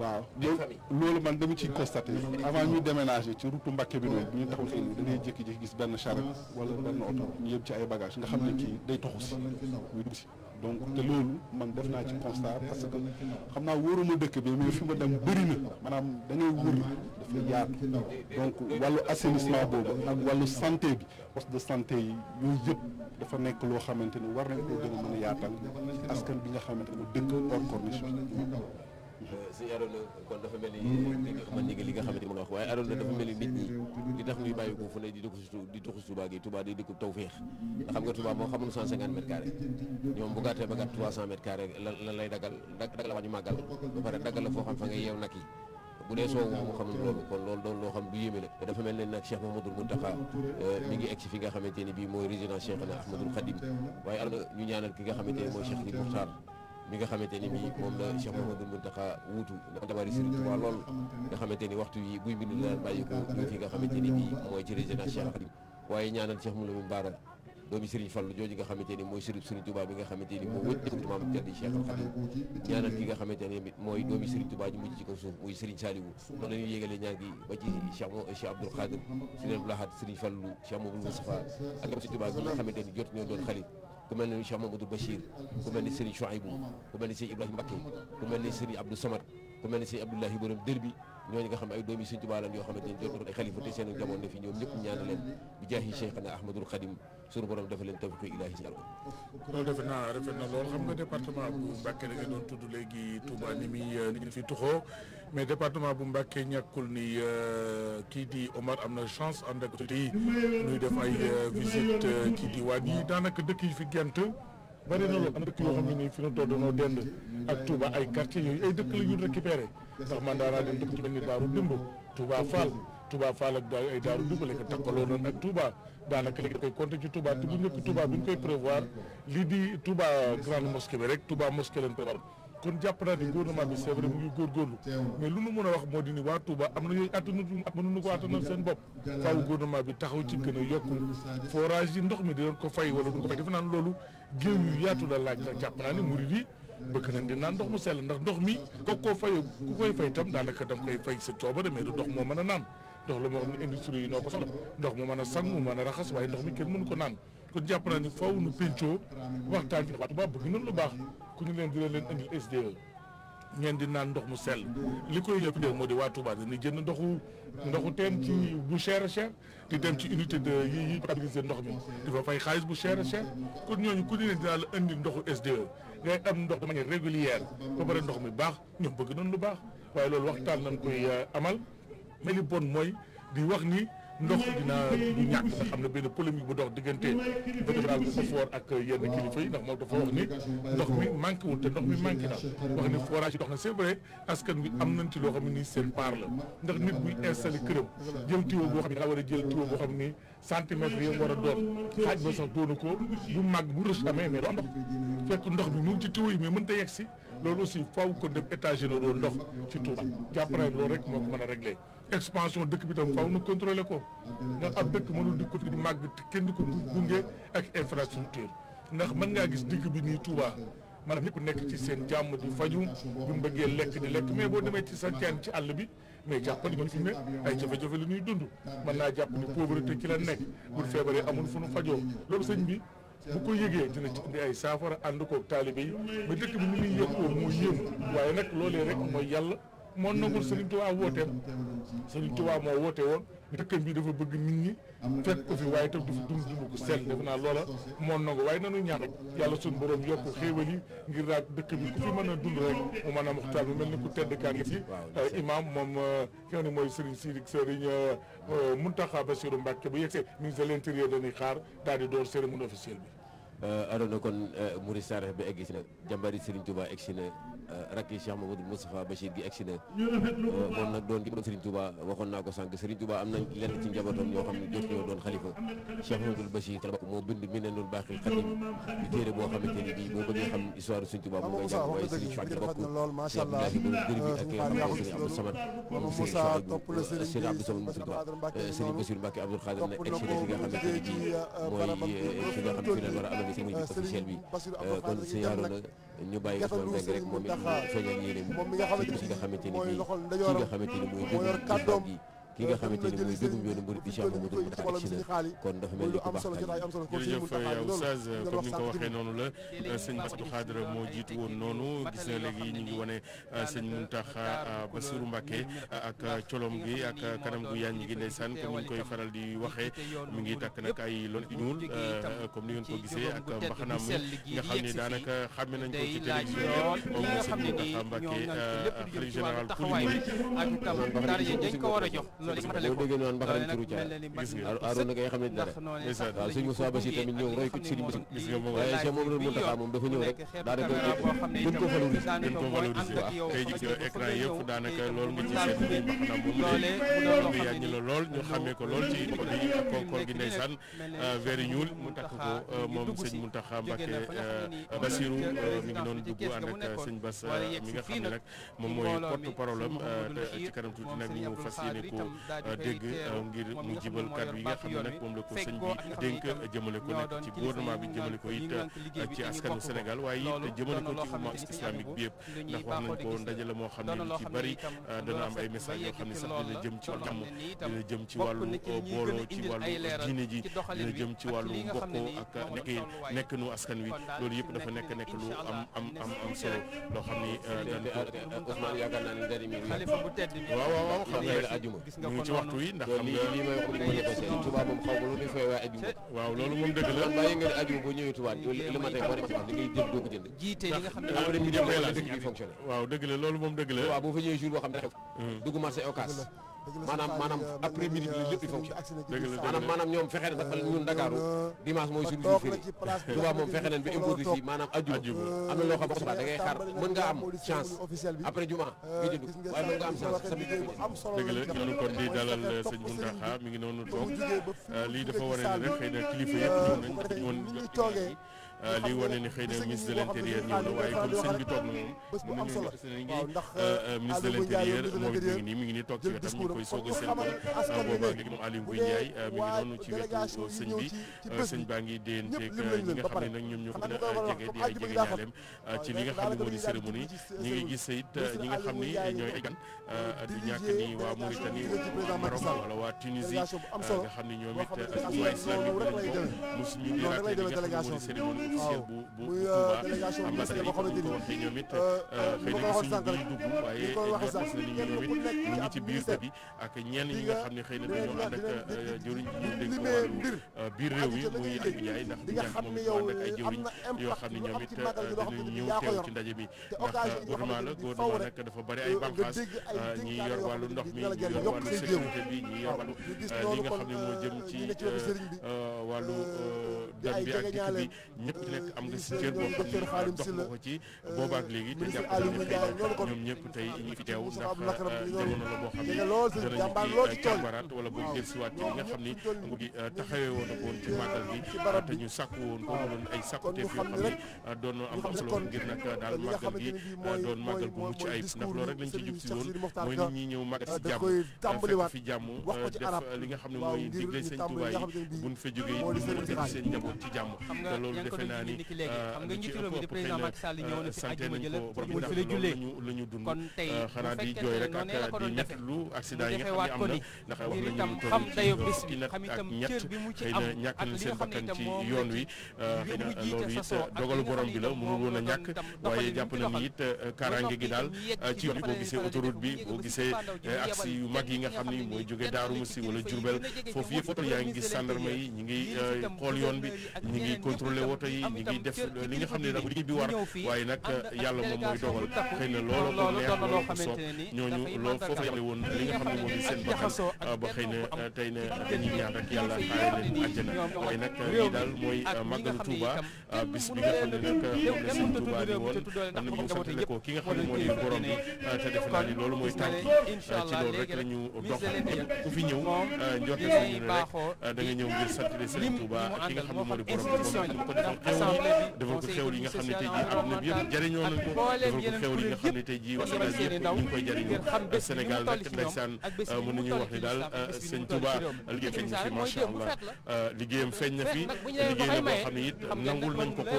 waaw loolu man dama ci constaté avant ñu déménager ci route Mbacke bi noonu bu ñu taxaw si da ngay jékki-jékki gis benn charrette wala benn oto ñu yëpp ci ay bagage nga xam ne kii day toxu si ñu dugg si donc te loolu man def naa ci constat parce que xam naa wóoruma dëkk bi mais fi ma dem bëri na maanaam da ngay wër dafa yaatu donc wàllu assainissement boobu ak wàllu santé bi poste de santé yi yooyu yëpp dafa nekk loo xamante ni war nañ koo gën a mën a askan bi nga xamante ni dëkk hors corniche sëñ Arona kon dafa mel ni man ñi nga li nga xamante mën a wax waaye Arona dafa mel ni nit ñi li tax muy bàyyi ko fu ne di dugg si di dugg si Touba gi Touba di dëkk tawféex ndax xam nga Touba moom xamul 150 mètres carrés ñoom bu gàttee ba gàtt 300 mètres carrés lan lay dagal dagal la wàññi màggal ba pare dagal la foo xam fa ngay yeew nag yi bu dee soowu mu xamul loolu kon loolu doon loo xam du yéeme la dafa mel ne nag Cheikh Mouhamadoul Mountakha euh, mi ngi egg si fi nga xamante ni bii mooy résidence Cheikh na Ahmadoul Khadim waaye Arona ñu ñaanal ki nga xamante ni mooy Cheikh Li Mokhtar mi nga xamante ni bii moom la Cheikh Mouhamadou Mountakha wuutu dafa dabari Serigne waxtu yi buy bind daan bàyyi ko ñu fi nga xamante ni bii mooy ci résidence Cheikh Khadim waaye ñaanal Cheikh Mouhamadou nga xamante ni mooy Serigne Serigne bi nga xamante ni moo wëcc maam nga xamante ne mooy doomi Serigne Touba ji mujj ci ko suuf muy Serigne Saliou noonu la ñuy yéegale ñaan gi ba ci Cheikh Cheikh Abdoul Khadir Serigne ak Serigne Touba bi nga xamante ni jot ñoo doon xalif ku mel ni Cheikh Mamadou Bachir ku mel ni Serigne Chouaïbou ku mel ni Serigne Ibrahima Mbacké ku mel ni Serigne Abdou Samad ku mel ni Serigne Abdoulahi Borom Dër bi ñooñu nga xam ne ay doomi Serigne Touba lañ yoo xamante ne jot ay xalifa te seen jamono ne fi ñoom ñëpp ñaanal leen bi jaahi Cheikhna Ahmadoul Khadim suñu borom dafa leen tawfiq ilaahi si yàlla loolu defe naa rafet na lool xam nga département bu Mbacké la nga doon tudd léegi Touba ni muy ni ñu fi tuxoo mais département bu Mbacké ñàkkul ni euh, kii di Omar am na chance ànd ak tuuti ñuy def ay euh, visite euh, kii di waat daanaka dëkk yi fi gent bëri na lool am dëkk yoo xam ne nii fi ñu toll dend ak Touba ay quartiers yooyu ay dëkk la ñu récupéré ndax man daanaa dem dëkk ci mel ni Daaru Dimb Touba Fall Touba Fall ak ay Daaru Dimb la ko takkaloo noonu ak Touba daanaka léegi da koy compter ci Touba te bu bi ñu koy prévoir lii di Touba grande mosquée bi rek Touba mosquée leen prévoir kon jàpp naa ni gouvernement bi c'est vrai mu ngi góorgóorlu mais lu nu mën a wax moo di ni waa Touba am na yooyu attanut mënuñu ko attanal seen bopp faaw gouvernement bi taxaw ci gën a yokk forage yi ndox mi di doon ko fay wala du ko naan loolu géew yu yaatu la laaj ndax jàpp naa ni murid yi bëgg nañ di naan ndox mu sell ndax ndox mi ko koo fayoo ku koy fay tam daanaka dam koy fay sa coobare mais du ndox moo mën a naan ndox la moo xam ne industrie yi noo ko soxla ndox mu mën a sang mu a raxas waaye dox mi kenn mënu ko naan kon jàpp naa ni faw nu penco waxtaan bi waa Tuubaa bëgg nañ lu baax ku ñu leen di leen indil SDE ngeen di naan ndox mu sell li koy jëfandikoo moo di waa Touba dañuy jënd ndoxu ndoxu teen ci bu cher cher di dem ci unité de yi yi stabiliser ndox mi di fa fay xaalis bu cher cher kon ñooñu ku ne leen dinaa la indi ndoxu SDE ngay am ndox de manière régulière ba pare ndox mi baax ñoom bëgg nañ lu baax waaye loolu waxtaan nañ koy euh, amal. mais li bon mooy di wax ni ndox dina ñàkk nga xam ne benn polémique bu dox diggante doctoral bu foor ak yenn kilifa yi ndax moom dafa wax ni ndox mi manqué wul te ndox mi manqué na wax ni forage yi dox na c'est vrai askan wi am nañ ci loo xam ne nii seen la ndax nit buy installé këram jël tuyau boo xam ne da war a jël tuyau boo xam ni centimètres yi war a doon xaaj ba sax doonu ko bu mag bu rës amee mais du am ndox fekk ndox bi mu ngi ci tuyau yi mais mën ta yegg si loolu aussi faaw ko dem état généraux ndox ci Touba jàpp naa loolu rek moo ko mën a réglé expansion dëkk bi tam faaw nu contrôler ko ndax ab dëkk mënul di ko fi di màgg te kenn di ko gunge ak infrastructure ndax mën ngaa gis digg bi nii Touba maanaam ñëpp nekk ci seen jàmm di faju bu bëggee lekk di lekk mais boo demee ci sa teen ci àll bi mais jàppandi man fi mu ne ay jafe-jafe la ñuy dund mën naa jàpp ni pauvreté ci la nekk bu feebaree amul fu nu fajoo loolu sëñ bi bu ko yëgee dina ci indi ay saafara ànd koog taalibe yi mais dëkk bi ni muy yëkkoo moo yéemu waaye nag loolee rek mooy yàlla moo nangul Serigne Touba wooteem Serigne Touba moo woote woon dëkkam bii dafa bëgg nit ñi fekk ko fi waaye itam dafa dund dund ko seet def naa loola moo nangu waaye nanu ñaan rek yàlla suñu borom yokk xéewal yi ngir daal dëkk bi ku fi mën a dund rek mu mën a muxtaar mu mel ni ku tedd kaan yi imam moom uh, ki nga ne mooy Serigne Sidik Serigne uh, uh, Mountakha Bassirou Mbacké bu yegsee ministre de l'intérieur i xaar daal di door cérémonie officielle bi adoona kon Mouride Sarr bi egg si na jàmbari Serigne Touba egg si na Euh, rakki Cheikh Mamadou Moustapha Bachir gi agsi na euh, doon gi doon Serigne Touba waxoon naa ko sànq Serigne Touba am nañ lenn ci njabootam yoo xam ne jot ñoo doon xalifa Cheikh Mamadou Bachir ci la bokk moo bind Minanul Baaxil Xadim di boo xamante ni bii boo bëggee xam histoire Serigne Touba mu bokk bi ak Serigne Abdou Samad moom Serigne Touba Serigne Abdou Samad Moussa Touba euh, Serigne Bassirou Mbacké Abdoul Khadir na egsi na fi nga xamante ni bii mooy fi nga xam ne fi la war a amee cérémonie officielle bi kon ñu bàyyi Ousmane Mbengue rek moom it mu feeñal yéeneem moom mi nga xamante ni mooy loxol ndajoram moo yor ki nga xamante ni mooy dugub yoonu murid bi Cheikh Mamadou Moutakha si na kon dafa mel ni ku baax tamit jërëjëf Oustaz comme ni nga ko waxee noonu la euh, sëñ Bassirou Khadre moo jiitu woon noonu gis na léegi ñu ngi wane euh, sëñ Moutakha euh, Bassirou Mbacké ak colom gi ak kanam gu yaañ gi ndeysaan comme ni ñu koy faral di waxee mi ngi takk nag ay lon ñuul comme ni ngeen ko gisee ak mbaxanaam mi nga xam ne daanaka xàmme nañ ko ci télévision moom sëñ Moutakha Mbacké xalifa général pour li muy mbaxanaam loolu déggee naan mbaxaram ci ruuja Arouna ngay xam ne dara waaw sëñ Moussa Bachir tamit ñëw roy ko ci sëriñ Bachir waaye Cheikh ko valoriser gën ko valoriser waaw tey ji ci écran mu yàññi ko lool ci mu takk ko moom sëñ euh, Mountakha Mbacké Bassirou mi ngi noonu dugg a ak sëñ Bass mi nga xam ne nag moom mooy porte parole am ci kanam tuuti nag ñu fas yéene ko Euh, dégg euh, ngir mu jibal kàddu yi nga xam ne nag moom la ko sëñ bi dénk jëmale ko nekk ci gouvernement bi jëmale ko it ci askanu Sénégal waaye it jëmale ko ci mouvement islamique bi yëpp ndax wax nañ ko ndaje la moo xam ne lu ci bari euh, dana am ay message yoo xam ne sax dina jëm ci jàmm dina jëm ci wàllu booloo ci wàllu diine ji dina jëm ci wàllu mbokkoo ak nekk nekk nu askan wi loolu yëpp dafa nekk nekk lu am am am solo loo xam ni dañ ko Ousmane yaakaar naa ne waaw waaw xam nga ci waxtu wi ndax xam nga lii may wax dama jafe moom xaw ma lu ñu fay waa waaw loolu moom dëgg la bàyyi nga ne aju boo ñëwee Touba li ma tey war a ci wax di ngay jël doo ko jënd jiite li nga waaw dëgg la loolu moom dëgg la waaw boo fa ñëwee jour boo xam ne xew mm. marché Ocass maanaam maanaam midi bi lépp di fonction maanaam maanaam ñoom fexe nañ sax euh, ñun Ndakaaru euh, dimanche mooy suñu jour férié Touba moom fexe nañ ba imposé si maanaam ajjuma am na loo xam ne da ngay xaar euh, mën nga am chance après juma nga jënd waaye mën nga am chance samedi dëgg la ñu kon di dalal sëñ Mountakha mi ngi noonu toog lii dafa waree ne rek xëy na kilifa yëpp ñëw nañ ndax Euh, lii wane ni xëy na ministre de l' intérieur ñëw na waaye comme bi toog na mu ngi nii euh, euh, ministre de l' intérieur moom it mi ngi ni mi ngi nii toog ci wetam ñu koy soog a seetal booba léegi moom Aly Ngouille Ndiaye mi ngi noonu ci wetu sëñ bi baa ngi déyanteeg ñi nga xam ne nag ñoom ñoo gën a jege di ay jege ñaaleem ci li nga xam ne moo di cérémonie ñi ngi gis it ñi nga xam ni ñooy ay gan du ñàkk ni waa Mauritanie waa Maroc wala waa Tunisie nga xam ne ñoom it waa islamique lañ ko mosuñu di ràkkee li nga xam ne moo di cérémonie officiel bu bu bu Touba ambassadeur yi comme ni ko waxee ñoom it xëy na gisuñu bu ñu dugg waaye jot na ni ñoom it ñu ngi ci biir bi ak ñenn ñi nga xam ne xëy na dañoo ànd ak euh, jëriñ ñu dénk wàllu euh, biir réew yi muy ak Ndiaye ndax Ndiaye moom moo ànd ak ay jëriñ yoo xam ne ñoom it euh, dañu ñëw teew ci ndaje mi ndax gouvernement la gouvernement nag dafa bari ay bànqaas ñi yor wàllu ndox mi ñi yor wàllu sécurité bi ñi yor wàllu li nga xam ne moo jëm ci wàllu dem bi ak dikk bi ñëpp ku ci nekk am nga si cër boo xam ni dox nga ko ci boobaak léegi te jàpp na ñoom ñëpp tey ñi fi teew ndax euh, jamono la boo xam ni danañu ci euh, xam ni euh, doon ay am solo ngir nag daal màggal gi doon màggal gu mucc ayib ndax loolu rek lañ ci jub si mooy nit ñëw màggal si jàmm fekk fi jàmm li nga xam ne mooy digle sëñ Tuubaa yi buñ fa jógee yi buñ mën a seen njaboot ci jàmm te loolu defe naa ni euh, xam nga njiitu réew mi di président Macky Sall ñëw na fi euh, àjjuma jël mu fi la jullee lañu dund kon tey euh, xanaa di jooy rek ak di ñettlu accident yi nga xam ne am na ndax wax nañu toll ci fukki yoon wi dogalu borom bi la mënul woon a ñàkk waaye jàpp nañu it kaaraange gi daal ci yoon bi boo gisee autoroute bi boo gisee axe yu mag yi nga xam ni mooy jóge Daaru Musi wala Jurbel foofu yëpp yaa ngi gis gendarme yi ñi ngi xool yoon bi ñi ngi contrôler woto yi ñu ngi def li nga xam ne nag lii bi war waaye nag yàlla moom mooy dogal xëy na loolu ko neex loolu ko soob ñooñu loolu foofu nga xam ne moom seen bakkan ba xëy na tey ne dañuy ñaan rek yàlla xaare leen àjjana waaye nag lii daal mooy màggalu Touba bis bi nga xam ne nag moom la seen Touba di woon am na ki nga xam ne moo di borom ah, ah, ah, bi te def naa ni loolu mooy tànk ci loolu rek la ñu doxal ku fi ñëw njorte sañu ne rek da ñëw ngir sant Sëriñ ki nga xam ne moo borom bi moom ko assemblée bi defal ko xewal yi nga xam ne tey jii am na yëpp jëriñoo nañ ko defal ko xewal yi nga xam ne tey jii waa Sénégal yëpp ñu ngi koy jëriñoo Sénégal nag ndeysaan euh, mën nañu wax ne daal euh, sëñ Touba liggéey feeñ na fi macha allah euh, liggéeyam feeñ na liggéey na boo xam ne nangul nañ ko ko te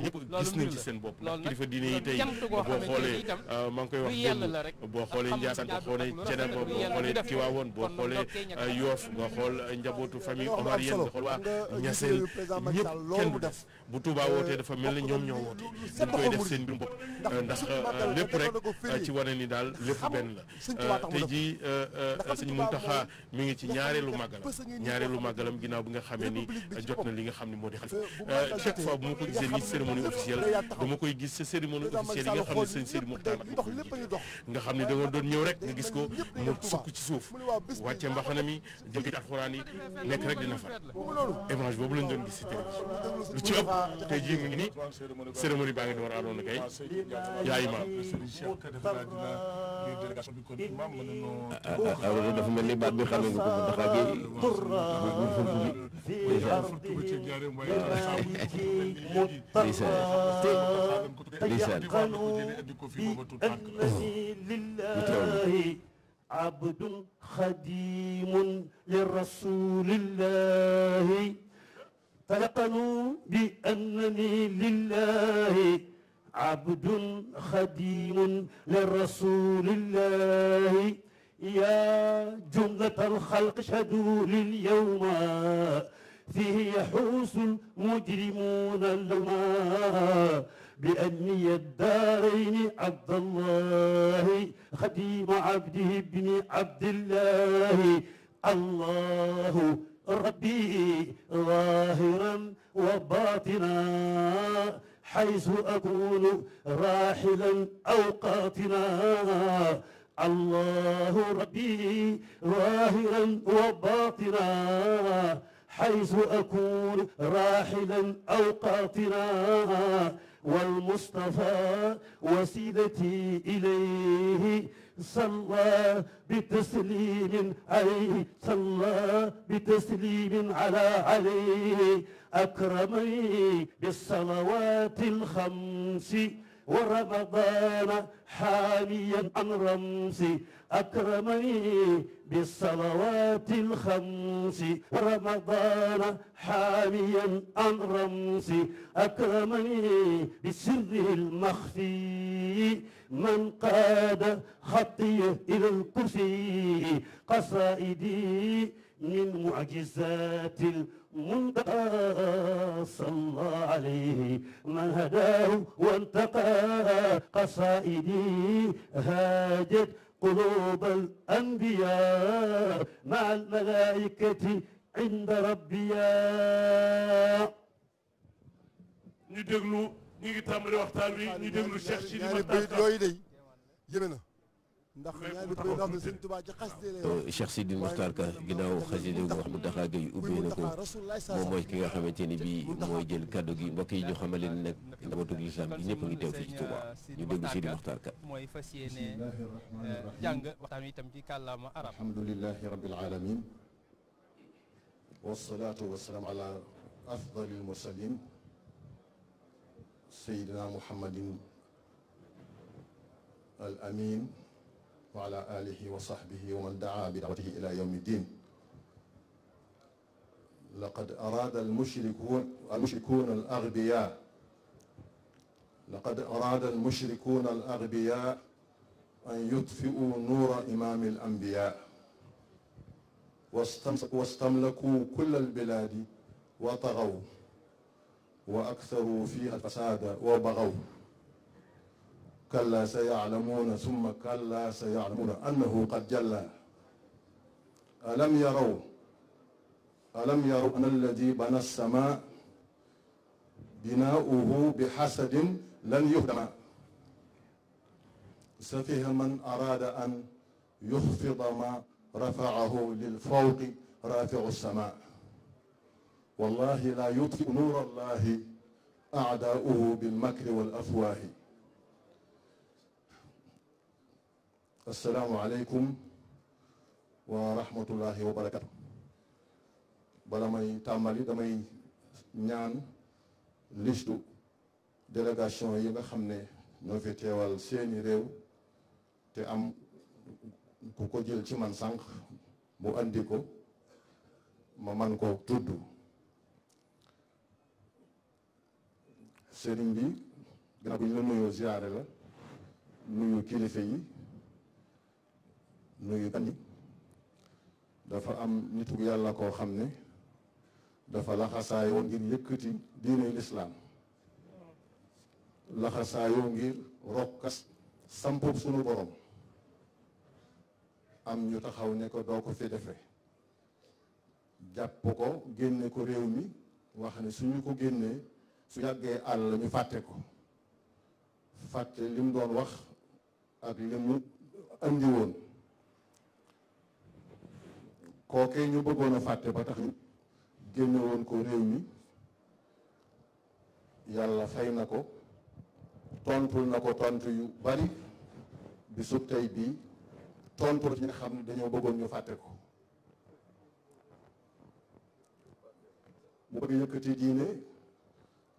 ñëpp gis nañ ci seen bopp ndax kilifa diine yi tey boo xoolee maa ngi koy wax démb boo xoolee Ndiassane boo xoolee Ceneba boo xoolee Tiwaawoon boo xoolee Yoof nga xool njabootu famille Omar yéen nga xool waa Ñaseen ñëpp kenn bu def bu Touba euh, wootee dafa mel ne ñoom ñoo woote dañ koy def seen biir bopp ndax euh, lépp rek euh, ci na ni daal lépp benn la tey jii sëñ Muntaxa mi ngi ci ñaareelu màggalam ñaareelu màggalam ginnaaw bi nga xamee ni jot na li nga xam ne moo di xalifa chaque fois bu ma ko gisee ni cérémonie officielle dama koy gis sa cérémonie officielle nga xam ne sëñ Sëriñ Muxtaar nga xam ne da nga doon ñëw rek nga gis ko mu sukk ci suuf wàcce mbaxana mi jël alxuraan yi nekk rek dina fa boobu lañ doon gis ci télévision tey jii mu ngi nii cérémonie baa ngi door a adoon kay yaay imaam ah dafa mel ni baat bi xamee nga ko ndax ak yi bu furtu bi lisaan lisaan تيقنوا بأنني لله عبد خديم لرسول الله يا جملة الخلق شهدوا لليوم فيه يحوس المجرمون اللوم بأني الدارين عبد الله خديم عبده بن عبد الله الله ربي ظاهرا وباطنا حيث أكون راحلا أو قاطنا الله ربي ظاهرا وباطنا حيث أكون راحلا أو قاطنا والمصطفى وسيلتي إليه صلى بتسليم أي صلى بتسليم على علي أكرمي بالصلوات الخمس ورمضان حاميا عن رمسي أكرمني بالصلوات الخمس ورمضان حاميا عن رمسي أكرمني بسره المخفي من قاد خطي إلى الكرسي قصائدي من معجزات المنتقى صلى عليه من هداه وانتقى قصائدي هاجت قلوب الأنبياء مع الملائكة عند ربيا ñu déglu ñu ngi tàmbali waxtaan wi ñu déglu Cheikh Sidi Mokhtar Ka yooyu day yéeme na ndax ñaari président de Sëñ Tuubaa ci xaside lay Cheikh Sidi Mokhtar Ka ginnaaw xaside bu wax mu taxaa gay ubbee na ko moom mooy ki nga xamante ni bii mooy jël kaddu gi mbokk yi ñu xamale ne nag njabootug ngi teew fii ci Tuubaa ñu déglu Sidi Mokhtar Ka mooy fas yéene eh, jàng waxtaan itam ci kàllaama arab alhamdulilahi rabbil alamin wasalaatu wasalaam ala afdalil mursalin sayidina muhammadin al amin wa ala alihi wa sahbihi wa man daa bi daawatihi ila yawmi ddin laqad araada almushrikuun almushrikuun al agbiyaa laqad araada almushrikuun al agbiyaa an yutfi'uu nuura imaami al anbiyaa wastamlakuu kulla albilaadi wa tagaw wa aktharuu fiiha alfasaada wa bagaw kalla sa yaclamuuna summa kalla sa yaclamuuna annahu qad jalla alam yaraw alam yaraw ana alladi bana sama binaauhu bixasadin lan yuhdama safiha man araada an yuxfida ma rafaahu lilfawqi rafiu sama wallahi la yutfiu nuura allahi acdaauhu bilmakri walafwaahi asalaamualeykum wa rahmatullahi wa barakatu bala may tàmbali damay ñaan listu délégation yi nga xam ne ñoo fi teewal seeni réew te am ku ko jël ci man sànq mu indi ko ma man ko tudd sëriñ bi gannaaw bi ñu la nuyoo ziyaare la nuyu kilifa yi nuyu dafa am nitu yàlla koo xam ne dafa laxasaayoo ngir yëkkati diine lislaam laxasaayoo ngir rokkas sampub sunu borom am ñu taxaw ne ko doo ko fi defe jàpp ko génne ko réew mi wax ne suñu ko génnee su yàggee àll ñu fàtte ko fàtte lim doon wax ak li mu woon kookee ñu bëggoon a fàtte ba tax génne woon ko réew mi yàlla fay na ko tontul na ko tontu yu bari bisub tey bii tontul ci nga xam ne dañoo bëggoon ñu fàtte ko mu bëgg yëkkati diine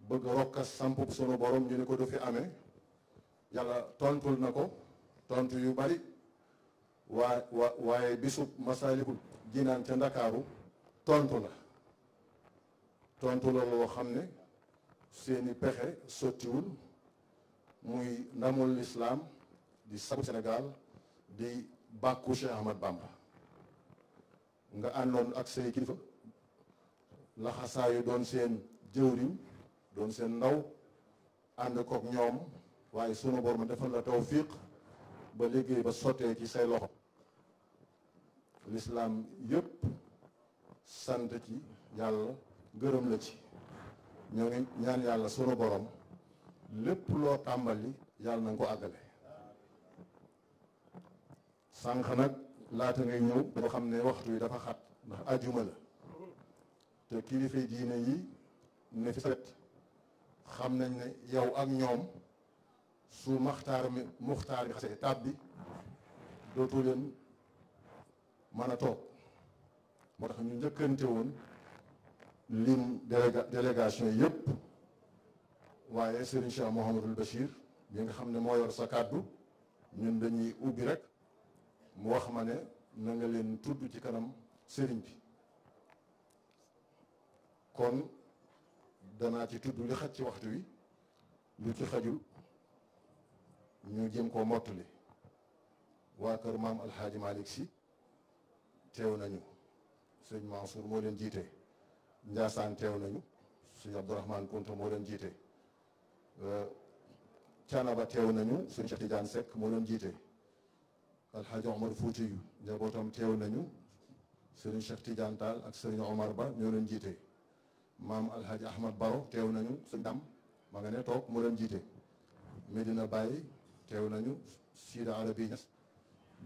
bëgg rokkas sampub sunu borom ñu ne ko du fi amee yàlla tontul na ko tontu yu bari waa waa waaye bisub masalikul jinaan ca ndakaaru tontu la tontu la loo xam ne seeni pexe sottiwul muy ndamul lislaam di sabu senegaal di bàkku Cheikh Ahmad Bamba nga àndoon ak say kilifa laxasaayu doon seen jëwriñ doon seen ndaw ànd kook ñoom waaye sunu borom defal la tawfiq ba liggéey ba sottee ci say loxo lislaam yëpp sant ci yàlla gërëm la ci ñoo ngi ñaan yàlla sunu borom lépp loo tàmbali yàlla na nga ko àggale sanq nag laata ngay ñëw boo xam ne waxtu yi dafa xat ndax ajuma la te kilifa diine yi ne fi set xam nañ ne yow ak ñoom su maxtaar mi muxtaar bi xasee tàbbi dootu man a toog moo tax ñu njëkkante woon lim déléga délégation yëpp waaye Serigne Cheikh Mouhamadul Bachir bi nga xam ne moo yor sa kàddu ñun dañuy ubbi rek mu wax ma ne na nga leen tudd ci kanam Serigne bi kon danaa ci tudd li xaj ci waxtu wi lu ci xajul ñu jëm koo mottali waa kër maam Alxaaji Malick Si teew nañu sëñ Mansour moo leen jiite Ndiassane teew nañu sëñ Abdourahmane Kounta moo leen jiite Canaba euh, teew nañu sëñ Cheikh Tidiane Seck moo leen jiite Alhaji Omar Foutiyu njabootam teew nañu sëriñ Cheikh Tidiane Tall ak sëriñ Omar Ba ñoo leen jiite maam Alhaji Ahmad Baro teew nañu sëñ Dam ma nga ne toog moo leen jiite Medina Baye teew nañu Sida Arabi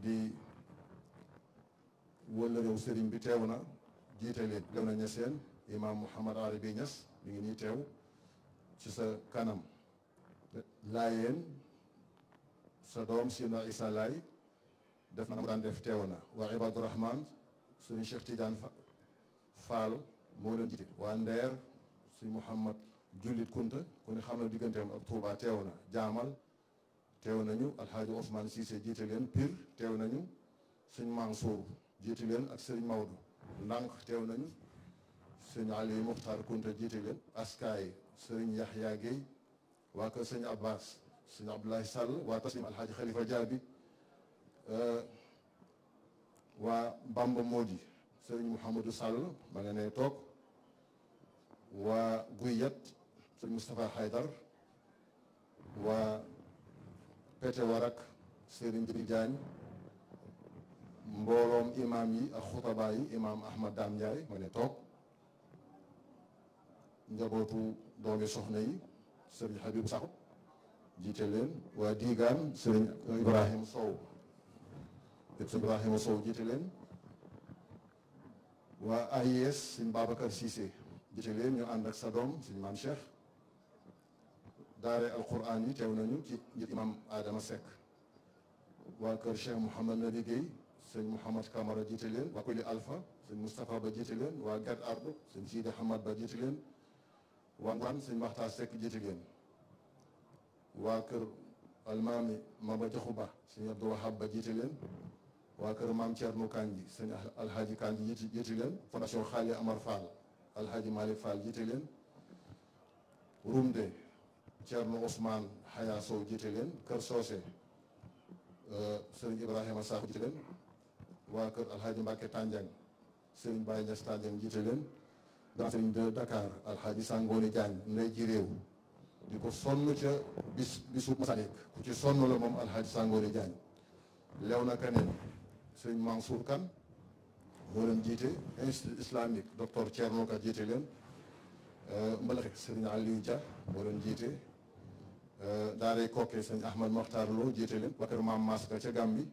di wala réew sëriñ bi teew na jiite leen gën na ñeseen imaam Mouhamad Arabi Niass mi ngi nii teew ci sa kanam laayeen sa doom si na Issa Laay def na mu daan def teew na waa Ibadu Rahman leen jiite waa Ndeer suñu Mouhamad Jullit Kunta ku xam na digganteem ak Touba teew na jaamal teew nañu Alxaaji Ousmane Cissé jiite leen Pire teew nañu suñ Mansour jiite leen ak sëriñ Maodo ndànk teew nañu sëñ Aliou Muxtaar Kunta jiite leen askaay sëriñ Yaxya Guèye waa kër sëñ Abbas sëñ Abdoulaye Sall waa taslim alxaaji Xalifa Jaabi euh, Bamba Moodi sëriñ Mouhamadou Sall ma nga ne toog waa Guyat sëñ Moustapha Haydar waa Pete Warak sëriñ Jibi mbooloom imaam yi ak xutabaa yi imaam Ahmad Dame Ndiaye ma ne toog njabootu doomi soxna yi sëriñ Habib Sakho jiite leen waa Digaan sëriñ Ibrahima Sow sëriñ Ibrahima Sow jiite leen waa AIS sëriñ Babacar Cissé jiite leen ñu ànd ak sa doom sëriñ Maam Cheikh daare alquran yi teew nañu ci njiit imaam Adama Seck waa kër Cheikh Mouhamad Nabi Guèye sëñ Mouhamad Camara jiite leen waa Kuli Alpha sëñ Moustapha Ba jiite leen waa Gad Ardo sëñ Sidi Hamad Ba jiite waa Ngwan sëñ Maxtaar Seck jiite leen waa kër almaami Maba Jaxu Ba sëñ Abdou Wahab Ba jiite waa kër maam Thierno Kandji sëñ Alhaji Kandji jiite jiite leen fondation Xaali Amar Fall Alhaji Malick Fall jiite leen Rumde Thierno Ousmane Haya Sow jiite kër Socé euh, sëriñ Ibrahima Sakho jiite leen waa kër alxaaji Mbàkke Tànjang Serigne Baye Niass Tànjang jiite leen daa Serigne de alxaaji Sangoone Jaañ ndey ji réew di ko sonn ca bis bisu Masalik ku ci sonn la moom alxaaji Sangoone Jaañ lew na kaneen Serigne Mansour Kan moo leen jiite institut islamique docteur Thierno Ka jiite leen euh, mbalaxe Serigne Aliou Dia moo leen jiite euh, daaray kokke Serigne Ahmad Mokhtar Lo jiite leen waa kër Maam Maska ca Gàmbi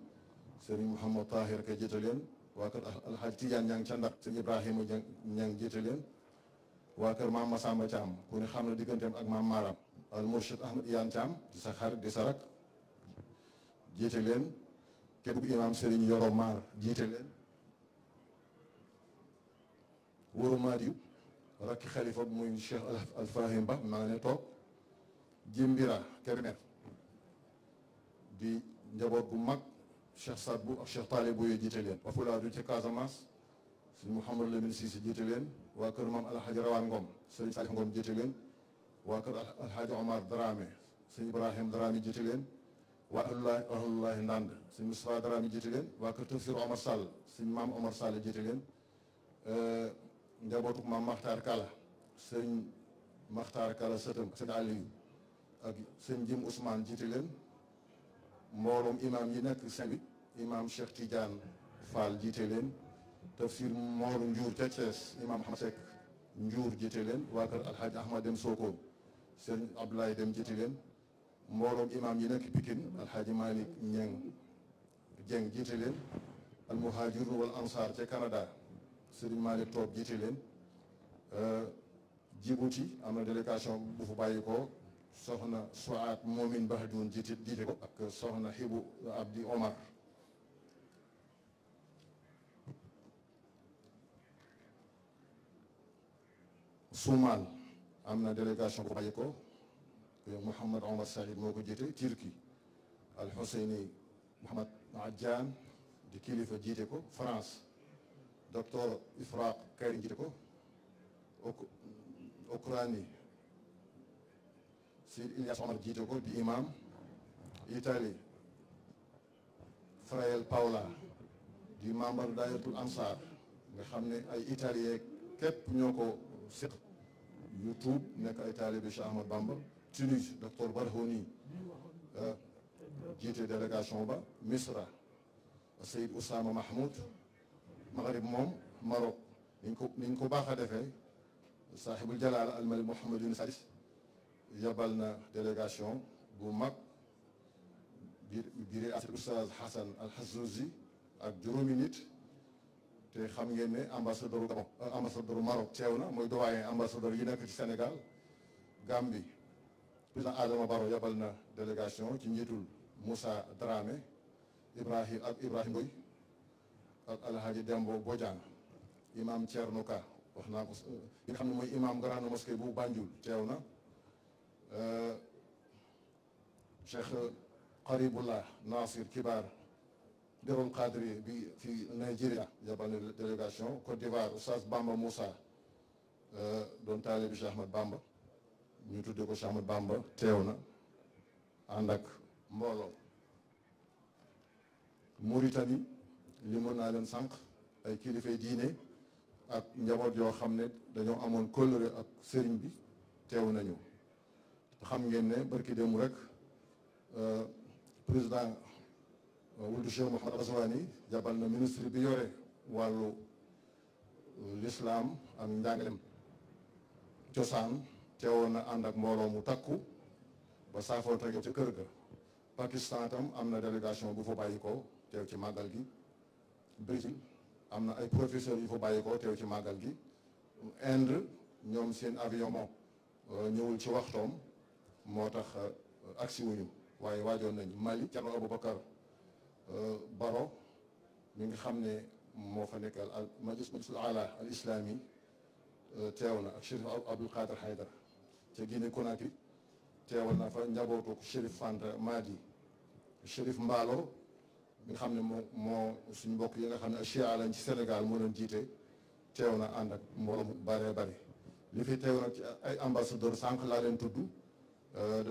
sëriñ Mouhamad Tahir ka jiite leen waa kër Alxaaj Tijaan ñaa ngi ca ndax sëriñ Ibrahima ñaa ngi jiite leen waa kër maam Masamba Thiam ku ne xam na digganteem ak maam Maram al Murshid Ahmad Iyaan Thiam di sa xarit di sa rak jiite leen képp ku imaam sëriñ Yoro Maar jiite leen wóoru maat yu rakki xalifa bu muy Cheikh Alfahim Ba toog jimbira Kébémer di njaboot bu mag Cheikh Sadbou ak Cheikh Talibou yooyu jiite leen Fapalaadu ca Casamance sëñ Mouhamadou Lamine Cissé jiite leen waa kër maam Alhaji Rawaan Ngom sëriñ Salif Ngom jiite leen waa kër Alhaji Omar Dramé sëñ Ibrahim Dramé jiite leen waa kër Tafsir Omar Sall sëñ maam Omar Sall jiite leen njabootu maam Makhtar Kala sëñ Makhtar Kala sëtam sëñ Aliou ak sëñ jiite leen mbooloom imaam yi nekk Saly imaam Cheikh Tidiane Fall jiite leen tafsir Mor Ndiour ca Thiès imaam Ahmad Seck Ndiour jiite leen waa kër Alhaji Ahmad Dem Sokone sëñ Abdoulaye Dem jiite leen mbooloom imaam yi nekk Pikine Alhaji Malick Niang Dieng jiite leen almuhajirun wal ansar ca Canada Serigne Malick Top jiite leen euh, Djibouti am na délégation bu fu bàyyi ko soxna Suwaat Momin Bahdoun jiite jiite ko ak soxna Hibu Abdi Omar Soumal am na délégation bu bàyyi ko Mouhamad Omar Sahid moo ko jiite Al Husseini Mouhamad Adjan di kilifa jiite ko France docteur Ifraq Karim jiite ko Seydi Ilias Omar jiite ko di imam Italie Frael Paola di membre Dayatul Ansar nga xam ne ay italien képp ñoo ko siq yu nekk ay taalibe Cheikh Ahmad Bamba Tunis docteur Barhouni euh, jiite délégation ba Misra Seyid Oussama Mahmoud Maghrib moom Maroc niñ ko niñ ko baax a defee saaxibul jalaala almalik Mouhamadou Sadis yabal na délégation bu mag bi biir ak oustaz Hassan Al-Hazouzi ak juróomi nit te xam ngeen ne ambassadeur Gabon euh, ambassadeur Maroc teew na mooy doyen ambassadeur yi nekk ci Sénégal gambi président Adama Barrow yabal na délégation ci njiitul musa Dramé Ibrahim ak Ibrahim Boy ak Alhaji Dembo Bojang imam Thierno Ka wax naa ko li euh, nga xam ne mooy imam grande bu Banjul teew na cheikh qaribullah nasir kibaar derul qadri bi fi nigeria yabane délégation côte d'ivoire oustaz bamba moussa euh, doon taale bi cheikh ahmad bamba ñu tuddee ko cheikh ahmad bamba teew na ànd ak mbooloo Mauritanie limoon naa leen sànq ay kilifay diine ak njaboot yoo xam ne dañoo amoon kóllëre ak sëriñ bi teew nañu xam ngeen ne barki démb rek euh, président euh, Wuld Cheikh Mouhamed Aswani jàppal na ministre bi yore wàllu euh, lislaam ak njàngalem cosaan teewoon na ànd ak mbooloo mu takku ba saafoo tege ca kër ga Pakistan tam am na délégation bu fu bàyyi ko teew ci màggal gi Brésil am na ay professeurs yu fa bàyyi ko teew ci màggal gi Inde ñoom seen avion ñëwul ci waxtoom moo tax euh, agsi wuñu waaye waajoon nañ Mali Thierno Aboubacar euh, Baro mi ngi xam ne moo fa nekk al majlis majlisul ala al islami euh, teew na ak Chérif Abdoul Qadir Haydara ca Guinée Conakry teewal na fa njabootu Chérif Fanta Madi Chérif Mballo mu nga xam ne moo moo suñu mbokk yi nga xam ne chia lañ ci Sénégal moo doon jiite teew na ànd ak mbooloo mu bare bare li fi teew nag ci ay ambassadeur sànq laa leen tudd Euh,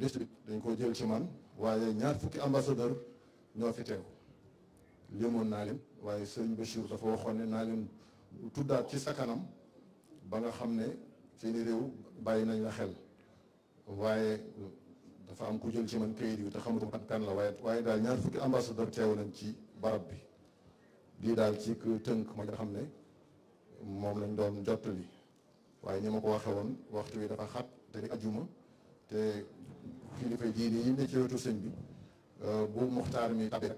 liste bi dañ koo jël ci man waaye ñaar fukki ambassadeur ñoo fi teew limoon naa lim waaye sëñ Bachir dafa waxoon ne naa leen tuddaat ci sa kanam ba nga xam ne seeni réew bàyyi nañ la xel waaye dafa am ku jël ci man kayit yi te xamatuma kan kan la waaye waaye daal ñaar fukki ambassadeur teew nañ ci barab bi lii daal ci tënk ma nga xam ne moom lañ doon jottali waaye ñu ma ko waxe woon waxtu wi dafa xat te di ajuma te kilifa diine yi ne ci wetu sëñ bi euh, bu muxtaar mi tabet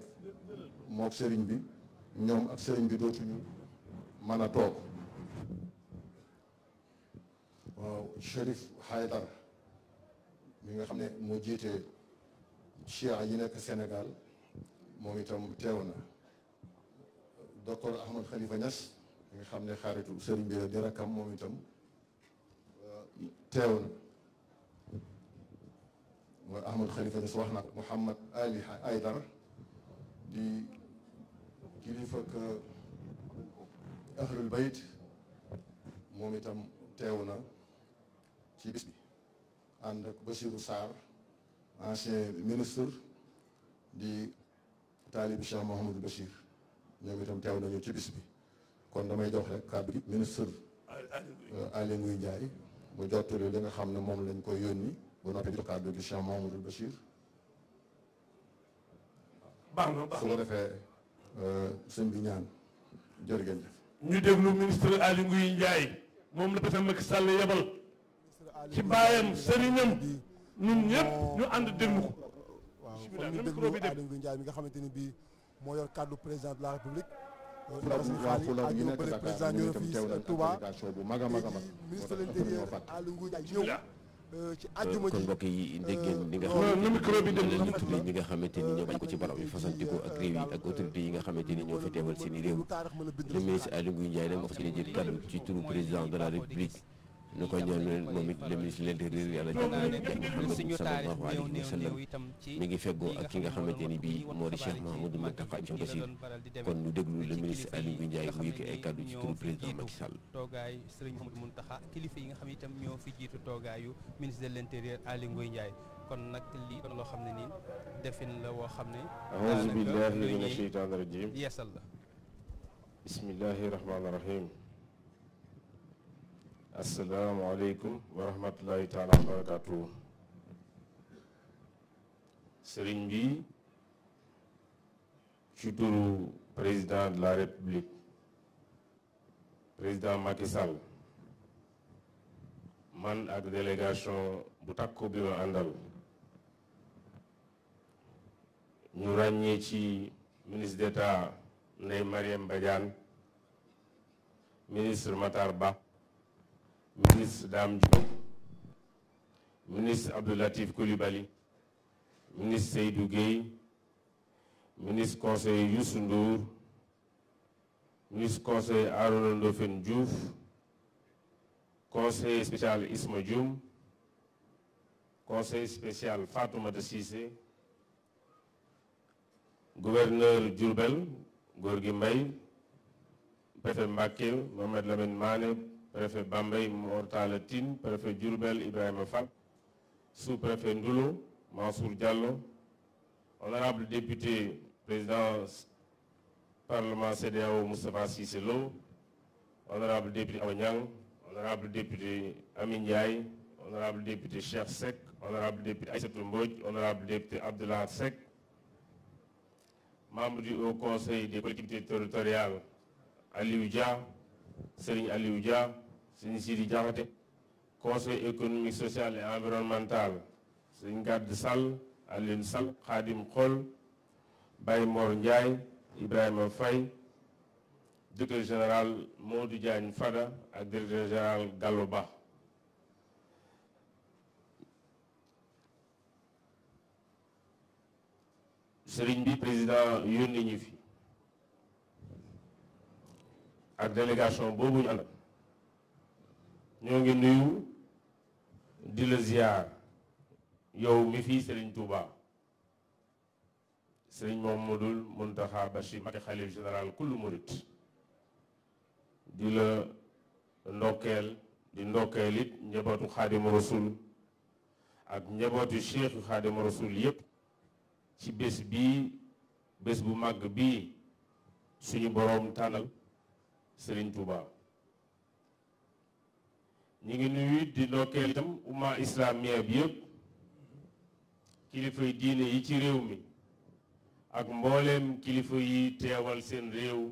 mook sëriñ bi ñoom ak sëriñ bi dootuñu mën a toog waaw Chérif Haydar nga xam ne moo jiite chia yi nekk Sénégal moom itam teew na docteur Ahmad Khalifa Niass mi nga xam ne xaaritu sëriñ bi la di rakkam moom itam euh, teew na mooy Ahmad Khalifa su wax na ko Mouhamad Ali Aydar di kilifa ak ahlul bayt moom itam teew na ci bis bi ànd ak Bassirou Sarr ancien ministre di taalibi Cheikh Mouhamadou Bachir ñoom itam teew nañoo ci bis bi kon damay jox rek kàddu gi ministre Aly Ngouille euh, Ndiaye mu jottali li nga xam ne moom lañ koy yónni nappee jox kàddu gi Cheikh Mamadou Bachir. baax na baax na su defee euh, sëñ bi ñaan jërë ngeen ñu déglu ministre Aly Ngouille moom la président Macky Sall yebal ci bàyyam sëriñam ñun ñëpp ñu ànd déglu ko. waaw kon ñu déglu mi nga xamante ni bii moo yor kàddu président de la république. fulaw fulaw yi nekk Dakar ñu ngi itam teew nañ ak délégation bu mag a mag a mag. ci àjjuma kon mbokk yi euh, dégg ngeen li nga xam ne ñi nga xamante ni ñoo bañ ko ci balaw yi fasantikoo ak réew yi ak autorité yi nga xamante ni ñoo fa teewal seen i réew le ministre Aly Ngouille Ndiaye nag moo ci turu président de la république ñu koy ñaanal moom it le ministre de l'intérieur yàlla jàppale Cheikh Mouhamed sallallahu alayhi wa sallam mi ngi feggoo ak ki nga xamante ni bii moo di Cheikh Mahamadou Mountakha Bassir kon ñu déglu le ministre Aliou Ndiaye mu yëkki ay kàddu ci turu président Macky Sall. toogaay yi nga xam ne itam ñoo fi jiitu toogaayu ministre de l'intérieur Aliou Ngoye Ndiaye kon nag lii loo xam ne nii defin la woo xam ne. a'uuzu billahi a shaytaani rajiim yeesal la. bismillahi rahmaani rahiim. asalaamualeykum wa rahmatullahi taala wa barakatuhu sëriñ bi ci turu président de la république président Macky Sall man ak délégation bu takko bi ma àndal ñu ràññee ci ministre d'état Ndeye Marième Badiane ministre Matar ministre Dame Diop ministre Abdou Latif Coulibaly ministre Seydou Guèye ministre conseiller Youssou Ndour ministre conseiller Arona Ndofène Diouf conseiller spécial Isma Dioum conseiller spécial Fatoumata Cissé gouverneur Diourbel Gorgui Mbaye préfet Mbacké Mohamed Lamine Mané préfet Bambey Mor Talla Tine préfet Diourbel Ibrahima Fall sous-préfet Ndoulo Mansour Diallo honorable député président parlement CEDEAO Moustapha Cissé Lo honorable député Awa honorable député Amin Ndiaye honorable député Cheikh Seck honorable député Aïssatou Mbodj membre du Haut Conseil des collectivités territoriales Aliou Dia Serigne suñu Sidi Diakhaté conseil économique social et environnemental suñ gàdd Sall Alioune Sall Khadim Khol Baye Mor Ndiaye Ibrahima Faye directeur général Modou Diagne Fada ak directeur général Gallo Ba sëriñ bi président yónni ñu fi ak délégation boobu ñu ànd ñoo ngi nuyu di la ziar yow mi fii Serigne Touba Serigne Mouhamadoul Mountakha Bachir Mbacké xalif général kullu murit di la ndokkeel di ndokkeel it njabootu xaadimu rasul ak njabootu cheikh yu xaadimu rasul yépp ci bés bii bés bu màgg bii suñu boroom tànnal sëriñ Touba ñu ngi nuyu di ndokkeel itam umma islamiya bi yëpp kilifa diine yi ci réew mi ak mbooleem kilifa yi teewal seen réew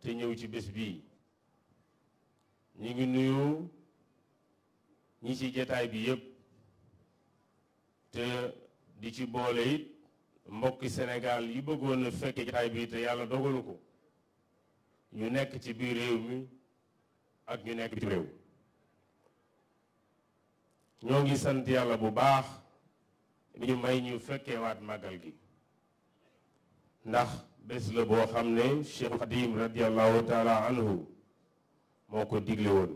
te ñëw ci bés bii ñu ngi nuyu ñi ci jataay bi yëpp te di ci boole it mbokki Sénégal yi bëggoon a fekke jataay bi te yàlla dogalu ko ñu nekk ci biir réew mi ak ñu nekk bitim réew ñoo ngi sant yàlla bu baax bi ñu may ñu fekkeewaat màggal gi ndax bés la boo xam ne Cheikh Xadim radiallahu taala anhu moo ko digle woon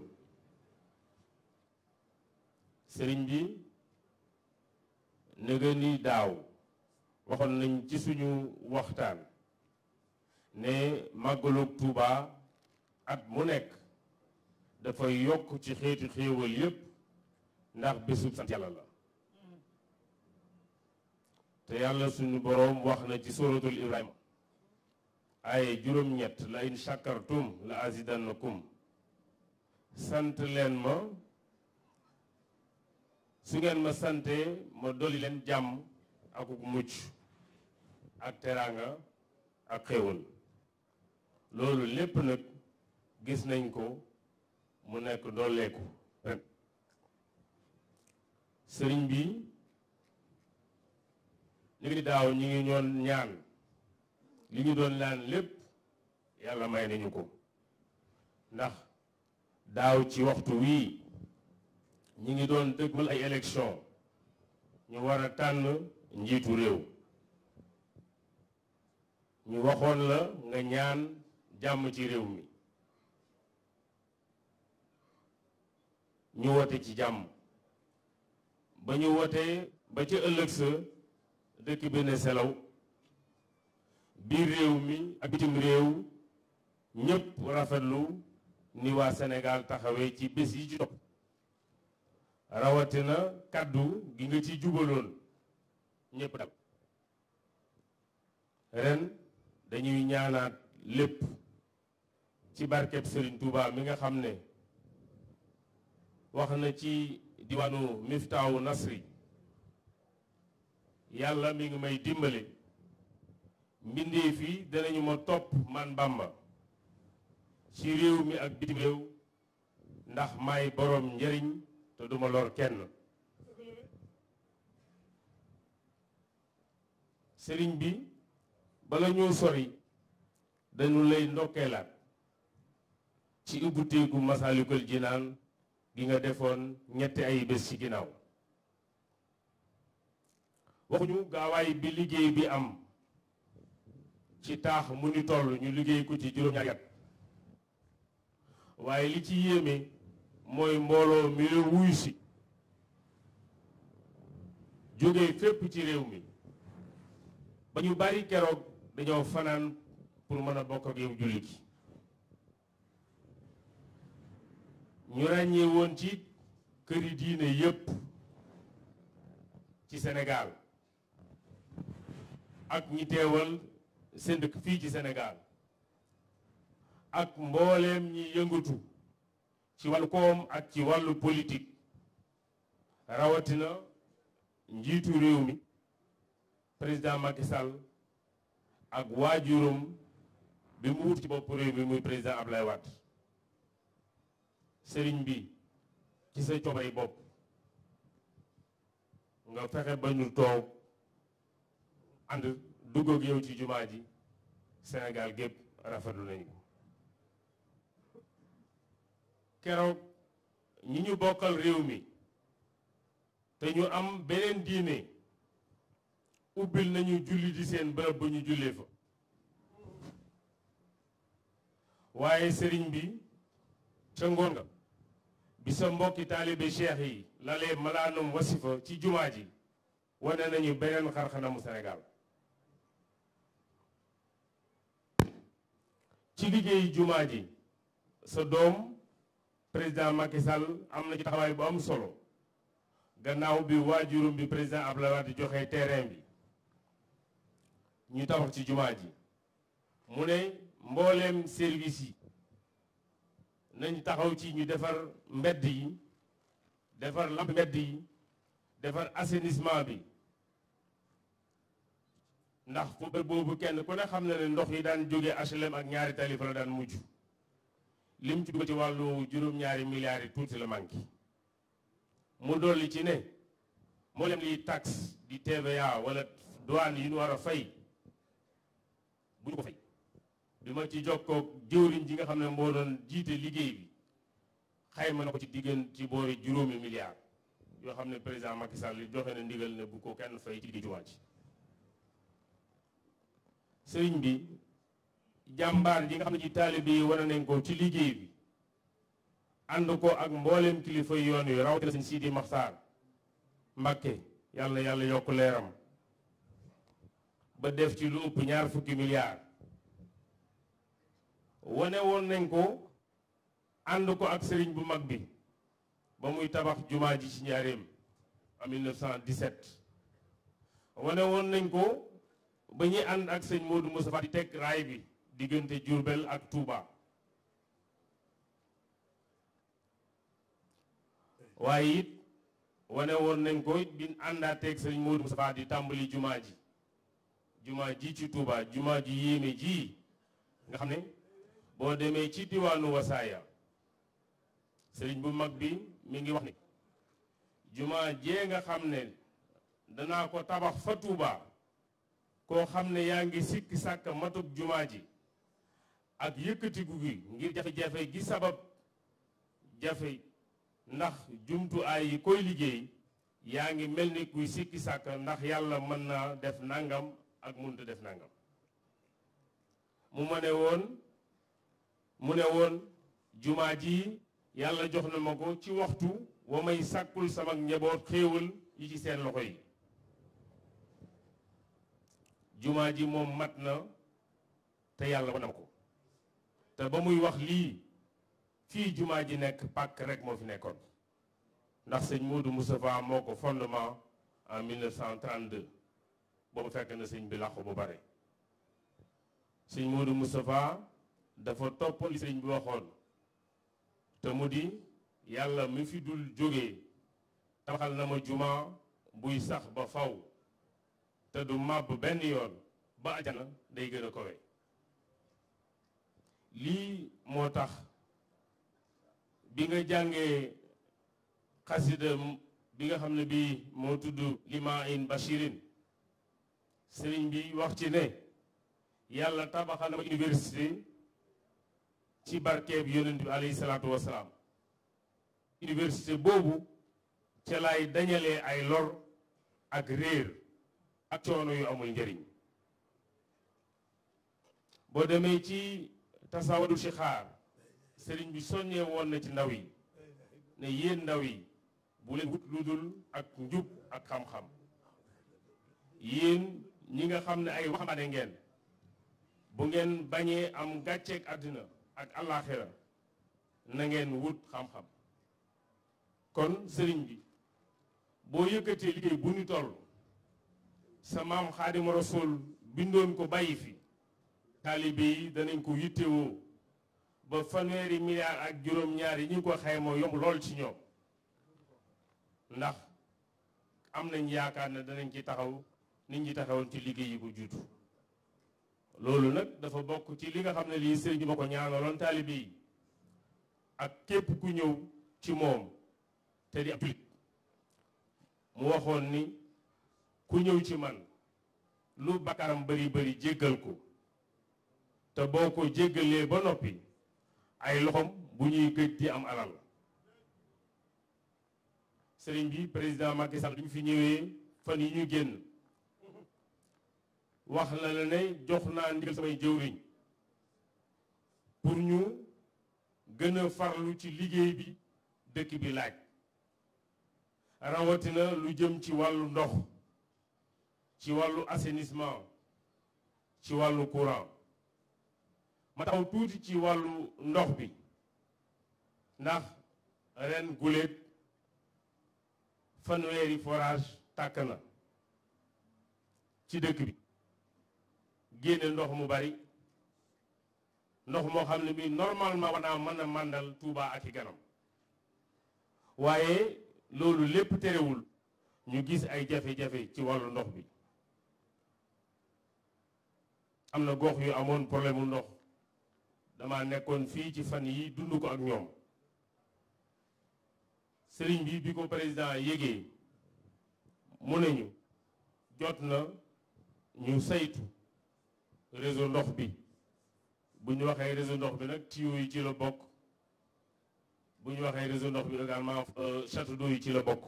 sëriñ bi nëga ni daaw waxoon nañ ci suñu waxtaan ne màggalug Tuuba at mu nekk dafay yokk ci xeeti xéewal yépp ndax bésub sant yàlla la te yàlla suñu boroom wax na ci suratul ibrahima ay juróom-ñett la in shakartum la azidannakum sant leen ma su ngeen ma sante ma dolli leen jàmm ak mucc ak teraanga ak xéwal loolu lépp nag gis nañ ko mu nekk dooleeku ren sëriñ bi ñu ngi daaw ñu ngi ñoon ñaan li ñu doon laan lépp yàlla may nañu ko ndax daaw ci waxtu wii ñi ngi doon dëgmal ay élection ñu war a tànn njiitu réew ñu waxoon la nga ñaan jàmm ci réew mi ñu wote ci jàmm ba ñu wotee ba ca ëllëg sa dëkk bi ne selaw biir réew mi ak bitim réew ñëpp rafetlu ni waa Sénégal taxawee ci bés yi ci topp rawatina kàddu gi nga ci jubaloon ñëpp dal ren dañuy ñaanaat lépp ci barkeb Serigne Touba mi nga xam ne wax na ci diwaanu Miftaahu Nasri yàlla mi ngi may dimbale mbindee fii danañu ma topp man Bàmba ci réew mi ak bitim réew ndax may boroom njariñ te duma lor kenn sëriñ bi bala ñoo sori dañu lay ndokkeelaat ci ubbuteeku Masaalikul Jinaan gi nga defoon ñetti ay bés ci ginnaaw waxuñu gaawaay bi liggéey bi am ci taax mu ni toll ñu liggéey ko ci juróom ñaari at waaye li ci yéeme mooy mbooloo mi la wuyu si jógee fépp ci réew mi ba ñu bari keroog dañoo fanaan pour mën a bokk ak yow jullit ñu ràññee woon ci këri diine yépp ci Sénégal ak ñi teewal seen fii ci Sénégal ak mbooleem ñi yëngatu ci wàllu koom ak ci wàllu politique rawatina njiitu réew mi président Macky Sall ak waajuram bi mu wut ci bopp réew mi muy président Abdoulaye Wade sëriñ bi ci sa coobay bopp nga fexe ba ñu toog ànd dugg ak yow ci jumaa ji Sénégal gépp rafetlu nañu keroog ñi ñu bokkal réew mi te ñu am beneen diine ubbil nañu julli di seen bërëb bu ñu jullee fa waaye sëriñ bi ca ngoon nga bi sa mbokki taalibe cheikh yi lalee malaanum wasifa ci jumaa ji wane nañu beneen xarxanamu Sénégal ci liggéey jumaa ji sa doom président Macky Sall am na ci taxawaay bu am solo gannaaw bi waajurum bi président Abdoulaye Wade joxe terrain bi ñu tabax ci jumaa ji mu ne mbooleem service yi nañ taxaw ci ñu defar mbedd yi defar lamp mbedd yi defar assainissement bi ndax fu boobu kenn ku ne xam ne ne ndox yi daan jóge HLM ak ñaari tali la daan mujj lim ci dugal ci wàllu juróom-ñaari milliards yi tuuti la manqué mu dolli ci ne mboolem liy taxe di TVA wala douane yi ñu war a fay bi ma ci jokkoog jëwriñ ji nga xam ne moo doon jiite liggéey bi xayma na ko ci diggante ci boori juróomi milliards yoo xam ne président Macky Sall joxe na ndigal ne bu ko kenn fay ci di ji sëriñ bi jàmbaar ji nga xam ne ci taalibe yi wane nañ ko ci liggéey bi ànd ko ak mbooleen kilifa yoon yu rawatina sëñ Sidi Maxtaar Mbakke yàlla yàlla yokk leeram ba def ci lu ëpp ñaar fukki milliards wane woon nañ ko ànd ko ak sëriñ bu mag bi ba muy tabax jumaa ji ci njaareem en 1917 wane woon nañ ko ba ñuy ànd ak sëñ Modou Moustapha di teg raay bi diggante Diourbel ak Touba waaye it wane woon nañ ko bi àndaateeg sëñ Modou Moustapha di tàmbali jumaa ji jumaa ji ci Touba jumaa ji yéeme ji nga xam ne boo demee ci diwaanu wasaaya sëriñ bu mag bi mu ngi wax ni jumaa jee nga xam ne danaa ko tabax fa Tuuba koo xam ne yaa ngi sikki sàkk matub jumaa ji ak yëkkatiku gi ngir jafe-jafe gi sabab jafe ndax jumtuwaay yi koy liggéey yaa ngi mel ni kuy sikki sàkk ndax yàlla mën naa def nangam ak mënut def nangam mu ma ne woon mu ne woon jumaa ji yàlla jox na ma ko ci waxtu wa may sàkkul sama njaboot xéewal yi ci seen loxo yi jumaa ji moom mat na te yàlla wane ko te ba muy wax lii fii jumaa ji nekk pàkk rek moo fi nekkoon ndax sëñ Modou Moustapha moo ko fondement en cent 1932 boobu fekk na sëñ bi làqu bu bare sëñ Modou Moustapha dafa topp li sëriñ bi waxoon te mu di yàlla mi fi dul jóge tabaxal na ma jumaa buy sax ba faw te du màbb benn yoon ba ajana day gën a kowe lii moo tax bi nga jàngee xasida bi nga xam ne bii moo tudd lima in bashirin sëriñ bi wax ci ne yàlla tabaxal na ma université ci barkeeb yonent bi alayhi salaatu wasalaam université boobu ca laay dañalee ay lor ak réer ak coono yu amul njariñ boo demee ci tasawadu xaar sëriñ bi soññee woon na ci ndaw yi ne yéen ndaw yi bu leen wut lu dul ak njub ak xam-xam yéen ñi nga xam ne ay waxambaane ngeen bu ngeen bañee am gàcceek àddina ak àllaaxira nangeen ngeen wut xam-xam kon sëriñ bi boo yëkkatee liggéey bu ñu toll sa maam xaadima rasul bindoon ko bàyyi fi taalibe yi danañ ko yittewoo ba fanweeri milliards ak juróom-ñaar ñu ko xayma yomb lool ci ñoom ndax am nañ yaakaar ne danañ ci taxaw niñ ci taxawoon ci liggéey yi ko juutu loolu nag dafa bokk ci li nga xam ne lii sëriñ bi ma ko ñaanaloon taalibe yi ak képp ku ñëw ci moom te di ab jullit mu waxoon ni ku ñëw ci man lu bakaram bari bari jéggal ko te boo ko jéggalee ba noppi ay loxom bu ñuy gëj di am alal sëriñ bi président makisal Sall bi fi ñëwee fan yi ñu génn wax na la ne jox naa ndigal samay jëwriñ pour ñu gën a farlu ci liggéey bi dëkk bi laaj rawatina lu jëm ci wàllu ndox ci wàllu assainissement ci wàllu courant ma taxaw tuuti ci wàllu ndox bi ndax ren guléet fanweeri forage tàkk na ci dëkk bi génne ndox mu bari ndox moo xam ne bii normalement war naa mën a màndal Touba ak i ganam waaye loolu lépp terewul ñu gis ay jafe-jafe ci wàllu ndox bi am na gox yu amoon problème mu ndox dama nekkoon fii ci fan yi dund ko ak ñoom sëriñ bi bi ko président yégee mu nañu jot na ñu saytu réseau ndox bi bu ñu waxee réseau ndox bi nag tuyaux yi ci la bokk bu ñu waxee réseau ndox bi également euh, château yi ci la bokk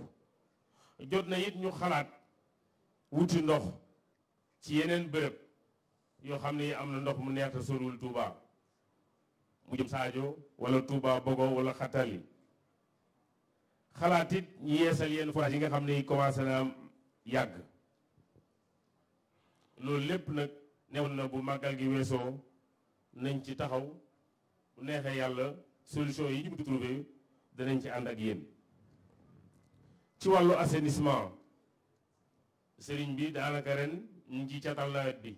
jot na it ñu xalaat wuti ndox ci yeneen bërëb yoo xam ne am na ndox mu neex te sorul Touba mu jëm saajo wala Touba Bogo wala Xatali xalaat it ñu yeesal yenn forage yi nga xam ne commencé na am yàgg loolu lépp nag newoon na bu màggal gi weesoo nañ ci taxaw bu neexee yàlla solution yi ñu mën trouvé danañ ci ànd ak yéen. ci wàllu assenisement sëriñ bi daanaka ren ñu ngi ci catal nawet bi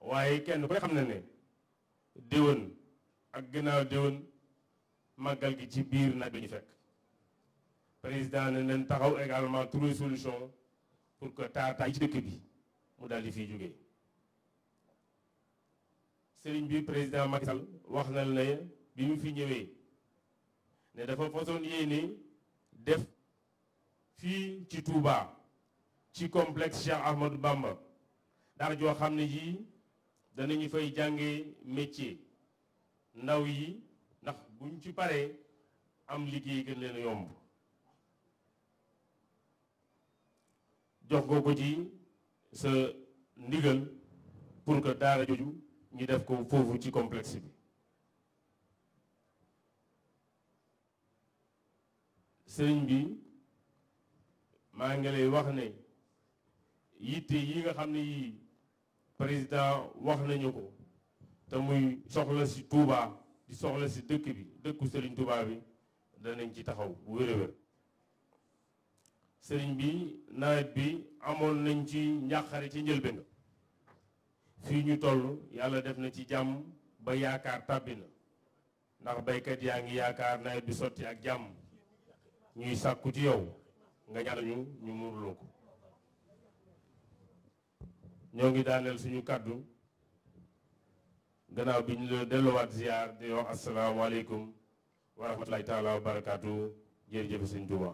waaye kenn koy xam na ne déwén ak gannaaw déwén màggal gi ci biir nag ñu fekk président ne leen taxaw également trouver solution pour que taataay ci dëkk bi mu daal di fi jógee sëriñ bi président Macky Sall wax na ne bi mu fi ñëwee ne dafa façon yéene def fii ci Touba ci complexe Cheikh Ahmadou Bamba daara joo xam ne jii danañu fay jànge métier ndaw yi ndax buñ ci paree am liggéey gën leen yomb jox ko ko ci sa ndigal pour que daara jooju ñu def ko foofu ci complexe bi sëriñ bi maa ngi wax ne yitte yi nga xam ne yii président wax nañu ko te muy soxla si Touba di soxla si dëkk bi dëkku sëriñ Touba bi danañ ci taxaw wér-wér sëriñ bi nawet bi amoon nañ ci njàqare ci njëlbeen fii ñu toll yàlla def na ci jàmm ba yaakaar tàbbi na ndax baykat yaa ngi yaakaar nawet bi sotti ak jàmm ñuy sàkku ci yow nga ñaanal ñu ñu muurloo ko ñoo ngi daaneel suñu kàddu gannaaw bi ñu la delluwaat ziar di wax asalaamaaleykum wa rahmatulahi taala wa barakaatu jërëjëf sëñ Touba.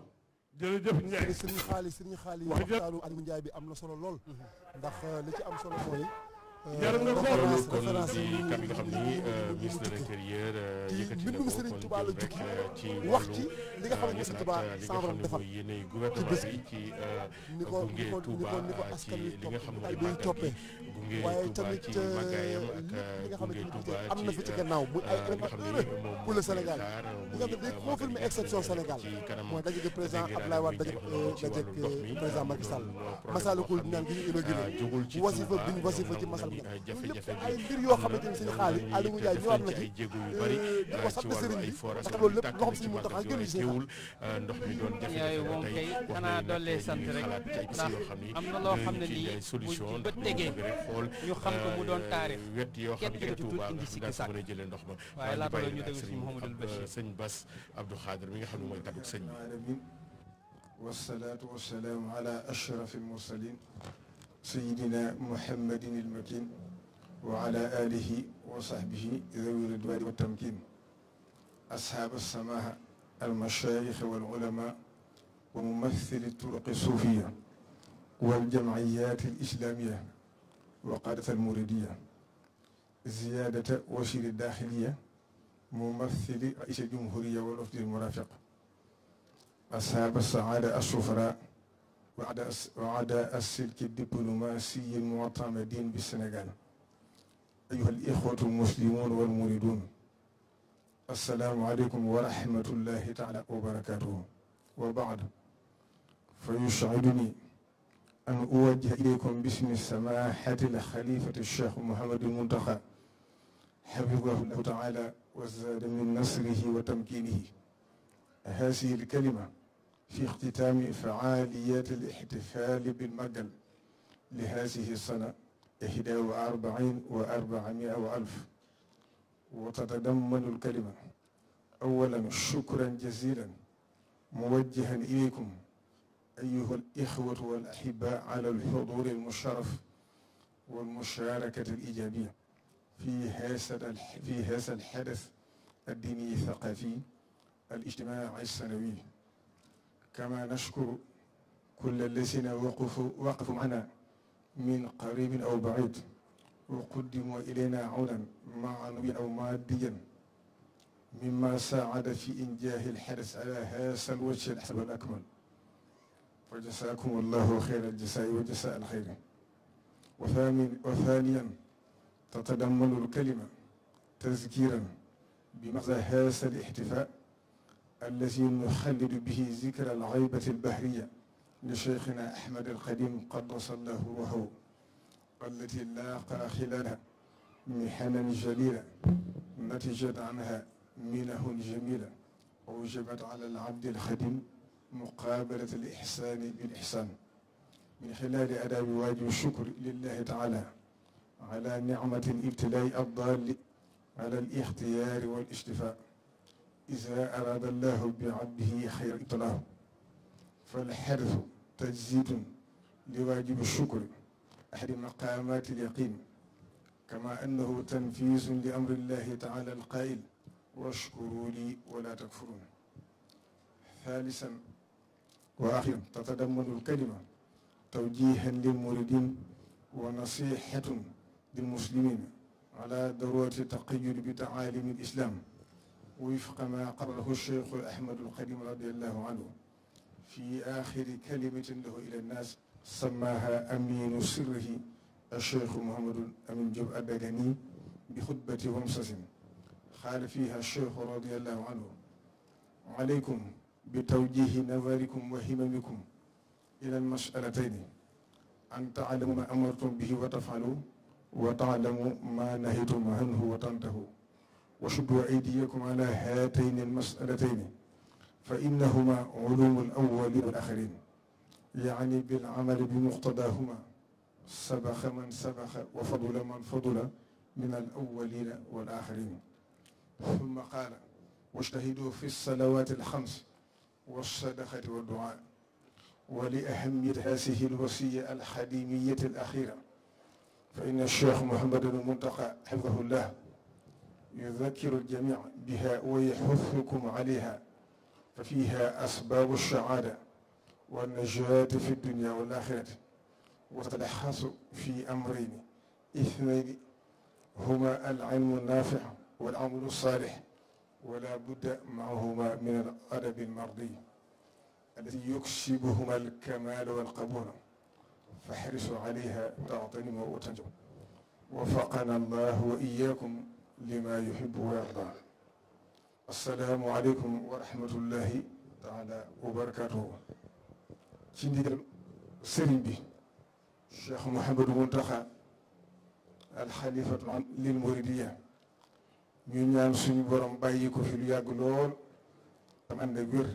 jërëjëf Ndiaye sëñ xaalis sëñ xaalis bi am na solo lool. ndax euh, li ci am solo mooy. jaram nga xool kon di kàddu nga euh, euh, na ko kon jëm euh, ci wàllu yëkkataat li nga xam ne mooy yéenay gouvernement bi ci gunge Touba nga xam ne bi gunge Touba ci màggaayam ak gunge Touba ci li nga xam ne moom pour le Sénégal li nga xam ne day confirmer exception Sénégal mooy daje président Abdoulaye Wade daje daje président Macky Sall masalikul ñaan gi ñu bi ñu wasifa ci masal ay mbir yoo xamante ni suñu xaali Aliou Ndiaye ñëwaat na ci euh, di ko sant sëriñ bi ndax loolu lépp loxom suñu mun taxaa génn si euh, ndox mi doon jafe-jafe moom kay xanaa dollee sant rek ndax am na loo xam ne lii bu ci bët tegee ñu xam ko mu doon euh, taarix kenn du ci tuut indi sikki sàkk waaye laata loolu ñu déglu si Mouhamadul Bachir sëñ Bass Abdou Khadir mi nga xam ne mooy tàggu sëñ bi wasalaatu wasalaamu ala ashrafil mursalin sayidina muhammadin ilmakin wa ala alihi wa sahbihi zawi ridwani wa tamkin ashaab alsamaha almashaayix walulama wa mumathili turuqi suufiya waljamciyat alislamiya wa qaadat almuridiya ziyaadata wasiri daaxiliya mumathili raisa jumhuriya wal ofdi almurafiq ashaab alsaada alsufra وعداء السلك الدبلوماسي المعتمدين بالسنغال أيها الإخوة المسلمون والمريدون السلام عليكم ورحمة الله تعالى وبركاته وبعد فيسعدني أن أوجه إليكم باسم سماحة الخليفة الشيخ محمد المنتقى حفظه الله تعالى وزاد من نصره وتمكينه هذه الكلمة fi ixtitaami faaliyat alixtifali bilmagal li haasihi sana ihda wa arbain wa arbamia wa alf wa tatadammanu alkalima awalan shukran jazilan muwajjahan ilaykum أيها الإخوة والأحباء على الحضور المشرف والمشاركة الإيجابية في هذا في هذا الحدث الديني الثقافي الاجتماعي السنوي كما نشكر كل الذين وقفوا وقفوا معنا من قريب أو بعيد وقدموا إلينا عونا معنويا أو ماديا مما ساعد في إنجاه الحرص على هذا الوجه الأحسن والأكمل وجزاكم الله خير الجزاء وجزاء الخير وثانيا تتضمن الكلمة تذكيرا بمغزى هذا الاحتفاء allazi nuxallidu bihi zikra alxaybati albahriya li cheikhina ahmad alqadim qaddasa allahu ruuhahu allati laaqa xilaala mixanan jalila natijat anha minahun jamila awjabat ala alabdi alxadim muqaabalat alixsaani bilixsaan min xilaali adaabi waajibi shukri lillahi taala ala nicmati alibtilaai addaali ala alixtiyaari wal ishtifaa إذا أراد الله بعبده خير ابتلاه فالحرث تجزيد لواجب الشكر أحد مقامات اليقين كما أنه تنفيذ لأمر الله تعالى القائل واشكروا لي ولا تكفرون ثالثا وأخيرا تتضمن الكلمة توجيها للمريدين ونصيحة للمسلمين على ضرورة التقيد بتعاليم الإسلام وفق ما قرره الشيخ أحمد القديم رضي الله عنه في آخر كلمة له إلى الناس سماها أمين سره الشيخ محمد أمين جب أبدني بخطبة ومسس قال فيها الشيخ رضي الله عنه عليكم بتوجيه نظركم وهممكم إلى المسألتين أن تعلموا ما أمرتم به وتفعلوا وتعلموا ما نهيتم عنه وتنتهوا وشدوا أيديكم على هاتين المسألتين فإنهما علوم الأول والآخرين يعني بالعمل بمقتضاهما سبخ من سبخ وفضل من فضل من الأولين والآخرين ثم قال واجتهدوا في الصلوات الخمس والصدقة والدعاء ولأهمية هذه الوصية الحديمية الأخيرة فإن الشيخ محمد المنتقى حفظه الله يذكر الجميع بها ويحثكم عليها ففيها أسباب السعادة والنجاة في الدنيا والآخرة وتلخص في أمرين اثنين هما العلم النافع والعمل الصالح ولا بد معهما من الأدب المرضي الذي يكسبهما الكمال والقبول فاحرصوا عليها تعتنموا وتنجوا وفقنا الله وإياكم lima yuhibbu wa yarda assalaamu aleykum wa rahmatullahi taala wa ci ndigal sëriñ bi cheikh mouhamadou muntaxa alxalifatu lil muridiya ñu ñaan suñu borom bàyyi ko fi lu yàgg lool am ànd ak wér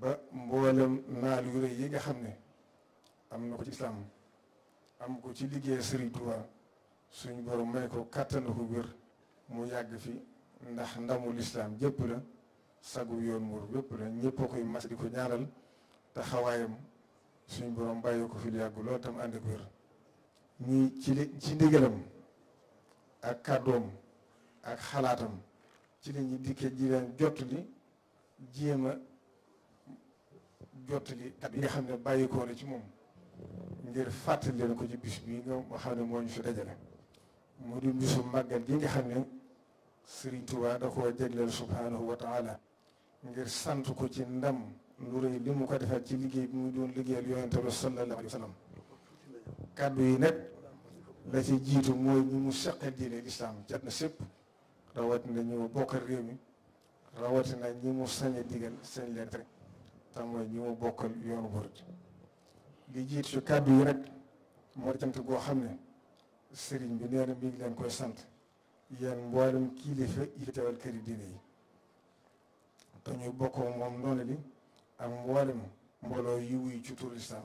ba mboolem naal yu rëy yi nga xam ne am na ko ci islam am ko ci liggéey sëriñ Tuubaa suñu borom may ko kattana ko wér mu yàgg fi ndax ndamu lislaam jëpp la sagu yoon muur bépp la ñëpp a koy mas di ko ñaanal te xawaayam suñu borom bàyyi ko fi lu yàgg loolu tam ànd ak wér ñi ci li ci ndigalam ak kàddoom ak xalaatam ci la ñuy dikkee ji leen jot li jéem a jot li kat yi nga xam ne bàyyi ko la ci moom ngir fàttali leen ko ci bis bii nga xam ne moo ñu fi dajale mu di bisu màggal gi nga xam ne Sëriñ Tuubaa da koo jagleel subhaanahu wa ngir sant ko ci ndam lu rëy li mu ko defal ci liggéey bi mu doon liggéeyal yonente bi sallallahu alayhi kàddu yi nag la ci jiitu mooy ñi mu seqal diine lislaam jot na sépp rawatina ñi mu bokkal réew mi rawatina ñi mu sañ a digal sañ leen rek te mooy ñi mu bokkal yoonu murit li jiitu ci kàddu yi rek mooy cant goo xam ne sëriñ bi nee bi mi leen koy sant yéen mboolem kilifa yi fi teewal këri diine yi dañuy ñu bokkoo moom noonu li ak mboolem mbooloo yi wuy ci turu lislaam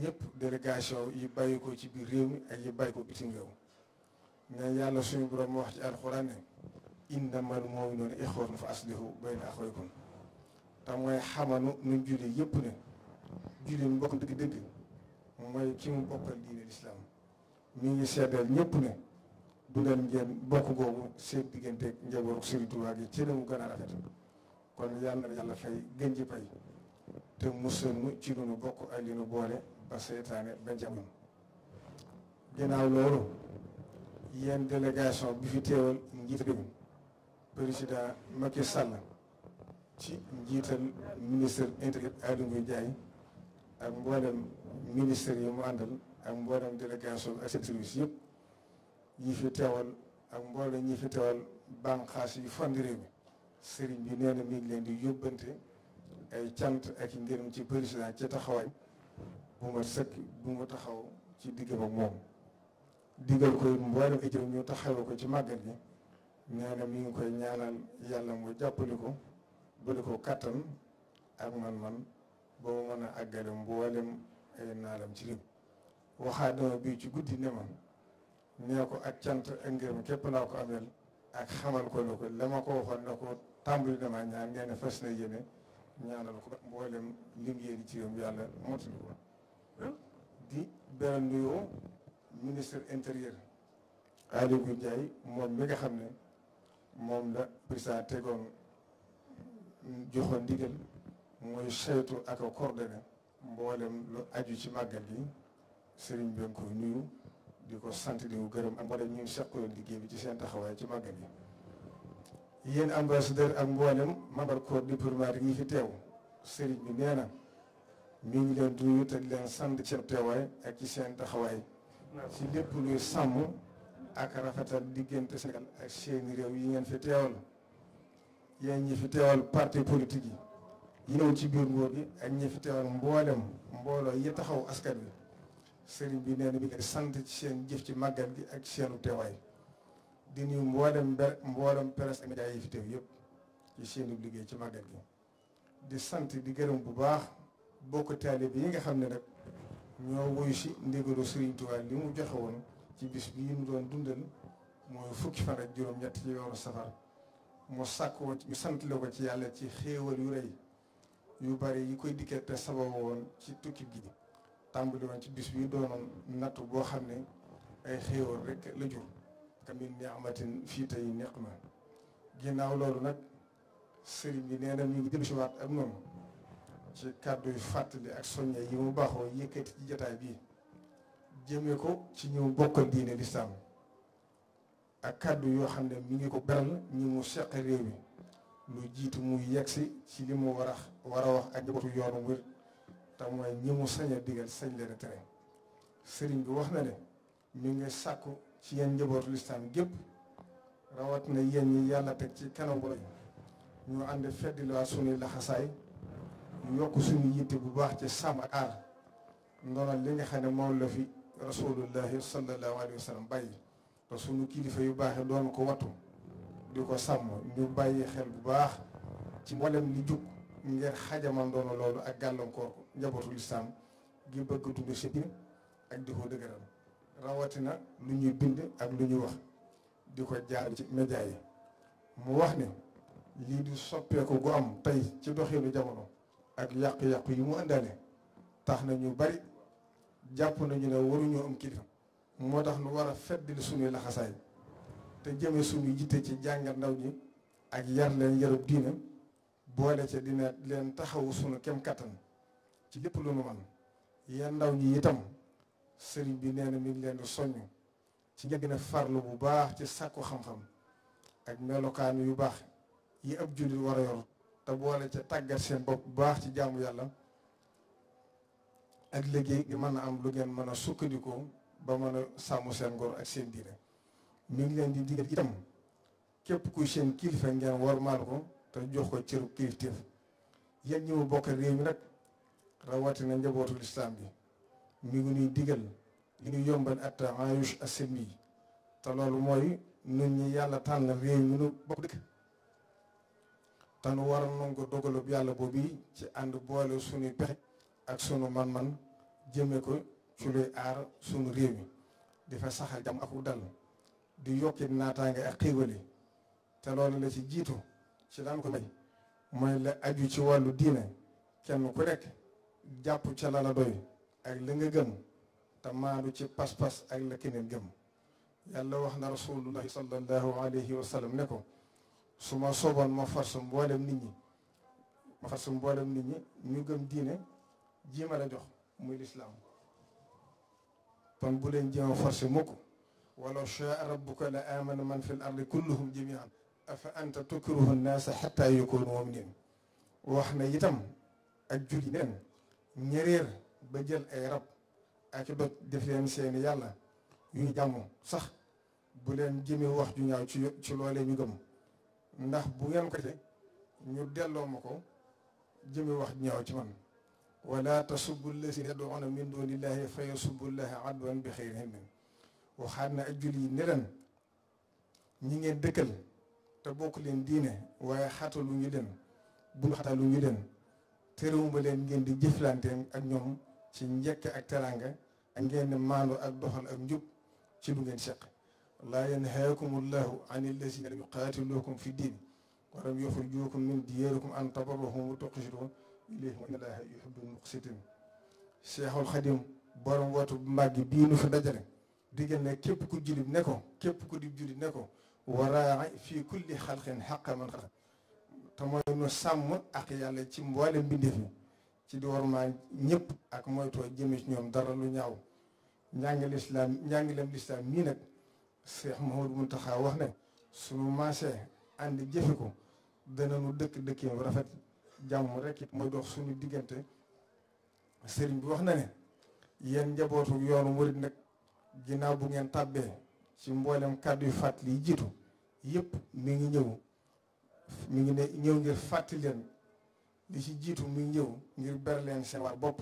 ñëpp délégation yi bàyyi ko ci biir réew mi ak yi bàyyi ko bitim réew ne yàlla suñu borom mu wax ci alxuraan ne innamal mu'minuuna ixwatun fa aslihu bayna axawaykum te mooy xamanu nu julli yëpp ne julli mbokk dëgg-dëgg mooy ki mu bokkal diine lislaam mu ngi seddeel ñëpp ne dundal ngeen bokk googu seen diggante njabootu Serigne Touba gi ci la mu gën a rafet kon yàlla na yàlla fay gën ji pay te musal nu ci lu bokk ay li boole ba seytaane ba njamoon ginnaaw loolu yéen délégation bi fi teewal njiit réew président Macky Sall ci njiital ministre intérieur Aly Ngouille Ndiaye ak mboolem ministre yi mu àndal ak mboolem délégation ak seen service yëpp ñi fi teewal ak mboolem ñi fi teewal bànqaas yu fond sëriñ bi nee na leen di yóbbante ay cant ak i ngërëm ci président ci taxawaay bu ma sëkk bu ma taxaw ci diggam ak moom diggal koy mboolem ijërëm ñu taxawee ko ci màggal gi nee na mi ngi koy ñaanal yàlla mu jàppale ko bëri ko kattan ak man-man boo mu mën a àggale mboolem ay naalam ci réew waxaat dama bii ci guddi ne ma nee ko ak cant ak ngërëm képp laa ko amel ak xamal ko ne ko la ma ko waxoon ne ko tàmbali damaa ñaan nee na fas ñaanal ko mboolem lim yéen ci yoon yàlla mottali ko di ministre intérieur Aly Ngouille Ndiaye moom mi nga xam ne moom la président tegoon joxoon ndigal mooy saytu ak a mboolem lu aju ci màggal gi sëriñ bi nga koy nuyu di ko sant di ko gërëm ak mboolem ñun seqaloon liggéey bi ci seen taxawaay ci màggal yi yéen ambassadeur ak mboolem membre corps diplomatique yi fi teew sëriñ bi nee na mi ngi leen di nuyu te leen sant ci seen teewaay ak ci seen taxawaay ci lépp luy sàmm ak rafetal diggante Sénégal ak seeni réew yi ngeen fi teewal yéen ñi fi teewal parti politique yi ñëw ci biir nguur gi ak ñi fi teewal mboolem mbooloo yi taxaw askan wi. sëriñ bi nee na mi ngi sant ci seen jëf ci màggal gi ak seenu teewaay di nuyu mboolem mber mboolem presse ak média yi fi teew yëpp ci seenu liggéey ci màggal gi di sant di gërëm bu baax bokk taalibe yi nga xam ne nag ñoo wuyu si ndigalu sëriñ Tuubaa li mu joxe woon ci bis bi ñu doon dundal mooy fukki fan ak juróom-ñett ci yoonu safar mu sàkkoo ñu sant la ko ci yàlla ci xéewal yu rëy yu bari yi koy dikkee te sabab woon ci tukki gi tàmbali woon ci bis bi doonoon nattu boo xam ne ay xéewal rek la jur kamin ni amatin fii tey neq ma ginnaaw loolu nag sëriñ bi nee na ngi dellu si waat ak noonu ci kàddu yu fàttali ak soññe yi mu baaxoo yëkkati ci jataay bii jëmee ko ci ñëw bokkal diine lislaam ak kàddu yoo xam ne mi ngi ko beral ñi mu seq réew mi lu jiitu muy yegsi ci li mu war a war a wax ak njabootu yoonu wér te mooy ñi mu sañ a digal sañ leen a sëriñ bi wax na ne ñu ngi sàkku ci yéen njabootu lislaam gépp rawat na yéen yàlla teg ci kanam bu ñu ànd feddiliwaat suñuy laxasaay yokk suñu yitte bu baax ci sàmm ak aar ndono li nga xam ne moom la fi rasulullahi sallallahu alayhi wa bàyyi te suñu kilifa yu baax yi doon ko wattu di ko sàmm ñu bàyyi xel bu baax ci mboolem li jug ngir xajamal ndono loolu ak gàllankoor ko njabootu lislaam gi bëgg a dund si biir ak di ko dëgëral rawatina lu ñuy bind ak lu ñuy wax di ko jaar ci média yi mu wax ni lii di soppeeku gu am tey ci doxinu jamono ak yàqu-yàqu yi mu àndaale tax na ñu bari jàpp nañu ne waruñoo am kilifa moo tax nu war a fedd feddali suñuy laxasaay te jëme suñu jitte ci jàngal ndaw ñi ak yar leen yarub diine boole ca dina leen taxawu suñu kem kattan ci lépp lu nu man yéen ndaw ñi itam sëriñ bi nee na mi ngi leen di soññ ci ngeen gën a farlu bu baax ci sàkku xam-xam ak melokaan yu baax yi ab jullit war a yor te boole ca tàggat seen bopp bu baax ci jaamu yàlla ak liggéey gi mën na am lu ngeen mën a sukkandikoo ba mën a sàmm seen ngor ak seen diine mi ngi leen di digal itam képp kuy seen kilifa ngeen war maal ko te jox ko cëru kilifteef yéen ñi mu bokk réew mi nag rawatina njabootul islam bi mi ngi nuy digal li ñu yombal at ayush asemi te loolu mooy nun ñi yàlla tànn réew mi nu bokk dëkk te nu war nun ko dogalub yàlla boobu ci ànd boole suñuy pexe ak sunu man-man jëme ko ci luy aar sunu réew mi di fa saxal jàmm aku dal di yokki naataange ak xiiwale te loolu la ci jiitu ci daan ko may mooy la aju ci wàllu diine kenn ku rekk jàpp ca la la doy ak la nga gëm te ci pas-pas ak la keneen gëm yàlla wax na rasulullahi sallallahu alayhi wa sallam ne ko su ma soboon ma far mboolem nit ñi ma mboolem ni ñi ñu gëm diine jii ma la jox muy lislaam kon bu leen jéem a forcé mukk walaw shaa rabbuka la amana man fi l ardi kulluhum jamian afa anta tukrihu nnaasa xatta yakunu muminin wax na itam ak julli neen ñereer ba jël ay rab ak doj def yàlla yuy jàmm sax bu leen jëmee wax ju ñaaw ci ci loolee ñu gëm ndax bu ngeen ko te ñu delloo ma ko jëmee wax ju ñaaw ci man wala tasubbu llazina yad'una min dunillahi subu yasubbu llaha adwan bi xayri ilmin waxaat na ak jul yi ne leen ñi ngeen dëkkal te bokk leen diine waaye xatalu ñu leen buñu xatalu ñu leen terewuma leen ngeen di jëflante ak ñoom ci njëkk ak teraanga ak ngeen di maandu ak doxal ak njub ci lu ngeen seq laa yanhaakum allahu an allazina lam yuqaatilukum fi diin wa lam yuxrijukum min diyaarikum an tabarruhum wa tuqsitu ilayhim wa inna allaha yuhibbul muqsitin ku jullit ne ko képp ku di jullit ne ko waraa fi kulli xalqin xaqa man xalaq te mooy nu sàmm ak yàlla ci mboole mbindeef yi ci di warmaa ñëpp ak moytoo jëme ci ñoom dara lu ñaaw njàngi lislaam njàngileem lislaam mii nag Cheikh mu Mountakha wax ne suñu maasee ànd jëfe ko dana nu dëkk dëkkin rafet jàmm rek mooy dox sunu diggante sëriñ bi wax na ne yéen njabootu yoonu murit nag ginnaaw bu ngeen tàbbee ci mboolem kàddu yu fàttali yi jiitu yëpp mi ngi ñëw ñu ngi ne ñëw ngir fàttali leen li ci jiitu muy ñëw ngir ber leen seen war bopp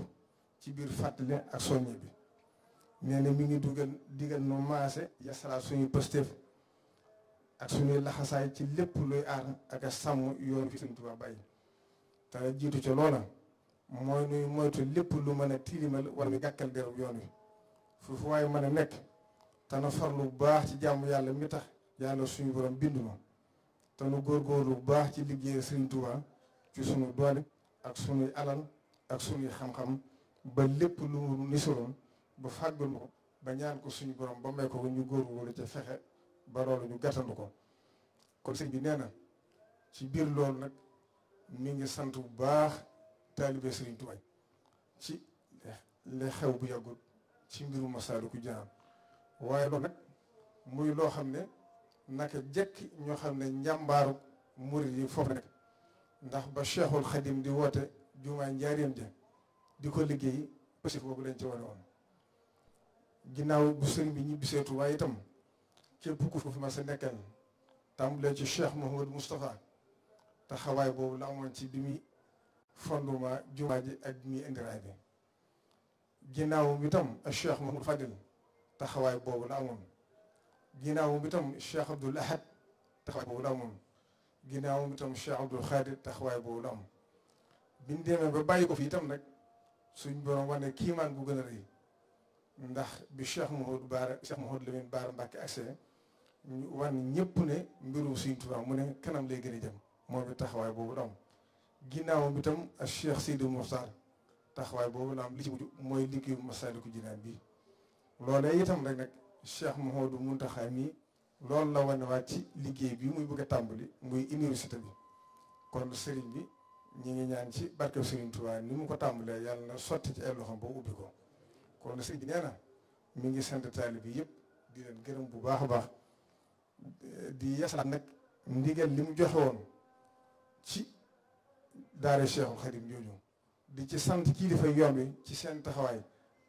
ci biir fàttali ak soññi bi nee na mi ngi dugal digal nu maase yasalaat suñu pësteef ak suñuy laxasaay ci lépp luy aar ak a sàmm yoon fi Sëñ Tuubaa bàyyi te jiitu ca mooy nuy moytu lépp lu mën a tilimal wala mu gàkkal derub yoon wi foofu waaye mën a nekk te na farlu baax ci jàmm yàlla mi tax yàlla suñu borom bindu ma te nu góorgóorlu bu baax ci liggéey Serigne Touba ci sunu doole ak suñuy alal ak suñuy xam-xam ba lépp lu mu nisoroon ba fàggul ko ba ñaan ko suñu borom ba may ko ñu góorgóorlu ca fexe ba loolu ñu gàttandu ko kon sëñ bi nee na ci biir loolu nag mi ngi sant bu baax taalibe Serigne Touba ci le xew bu yàggul ci mbiru loolu nag muy loo xam ne. naka jëkk ñoo xam ne njàmbaaru murid yi foofu nekk ndax ba Cheikhul Khadim di woote jumaa njaareem ja di ko liggéey pasif boobu lañ ci ginnaaw bu bi ñibbi seetu waaye itam képp ku fi ma sa nekkal ci Cheikh Mouhamadou Moustapha taxawaay boobu la amoon ci bi muy fondement jumaa ji ak bi muy indiraay bi ginnaaw bi tam ak Cheikh Mouhamadou Fadil taxawaay boobu la amoon ginnaawam itam Cheikh Abdoul Ahad taxawaay boobu la amoon ginnaawam itam Cheikh Abdoul Khadir taxawaay boobu la am biñ demee ba bàyyi ko fi itam nag suñ borom wane kiimaan bu gën a ndax bi Cheikh Mouhamadou Baara Cheikh Mouhamadou Lamine baar Mbacke accès ñu wan ñëpp ne mbirum Sëriñ Tuubaa mu ne kanam lay gën a jëm moom it taxawaay boobu la am ginnaawam itam ak Cheikh Seydou Mokhtar taxawaay boobu la am li ci mujj mooy liggéeyu Masaalikul Jinaan bi loolee Cheikh Mouhamadou Mountakha mi loolu la wanewaat ci liggéey bi muy bëgg a tàmbali muy université bi kon sëriñ bi ñu ngi ñaan ci barkeb sëriñ Tuubaa ni mu ko tàmbalee yàlla na sotti ci ay loxoom ba ubbi ko kon sëriñ bi nee mu ngi sant taalibe bi yëpp di leen gërëm bu baax a baax di yeesalaat nag ndigal li mu joxe woon ci daara Cheikhul Khadim jooju di ci sant kilifa yoon wi ci seen taxawaay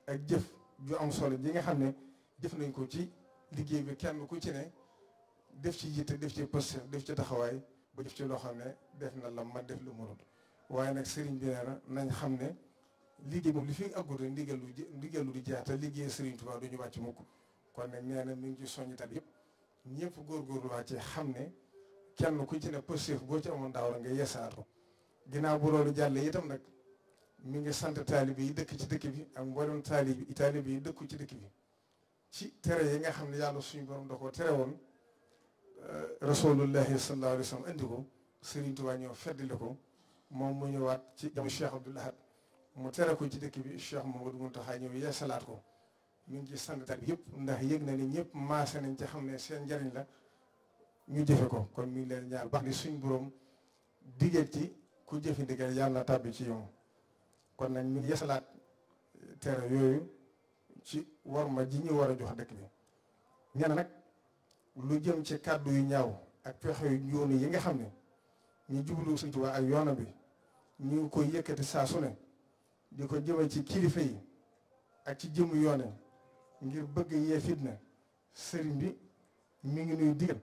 ak jëf ju am solo ji nga xam ne. def nañ ko ci liggéey bi kenn ku ci ne def ci yitte def ci poste def ci taxawaay ba def ci loo xam ne def na la ma def lu mënut waaye nag sëriñ bi nee na nañ xam ne liggéey moom li fi àggut rek ndigal lu ndigal lu di jeex liggéey sëriñ Tuubaa du ñu wàcc mukk kon nag nee na mi ngi ci soññ tat yëpp ñëpp góorgóorlu waa ci xam ne kenn ku ci ne positif boo ci amoon daaw la nga yeesaat ko ginnaaw bu loolu jàllee itam nag mu ngi sant taalibe yi dëkk ci dëkk bi ak mboolem taalibe yi taalibe yi ci dëkk bi ci tere yi nga xam ne yàlla suñu borom da koo tere woon euh, rasulullahi sallallahu alayhi wa sallam andi ko Serigne Touba ñëw feddali ko moom mu ñëwaat ci jamono Cheikh Abdoul Ahad mu tere ko ci dëkk bi Cheikh Mamadou Mountakha ñëw yeesalaat ko mu ngi ci sant bi yëpp ndax yëg na ni ñëpp maase nañ ci xam ne seen njariñ la ñu jëfe ko kon mi ngi leen ñaar baax di suñ borom digal ci ku jëfe ndigal yàlla tàbbi ci yow kon nag ñu yeesalaat tere yooyu ci warma ji ñu war a jox dëkk bi nee nag lu jëm ci kàddu yu ñaaw ak pexe yu yoon yi nga xam ne ñu jublu Sëñ ak yoona bi ñu ngi koy yëkkati saa ne di ko jëme ci kilifa yi ak ci jëm yoone ngir bëgg yee na sëriñ bi mu ngi nuy digal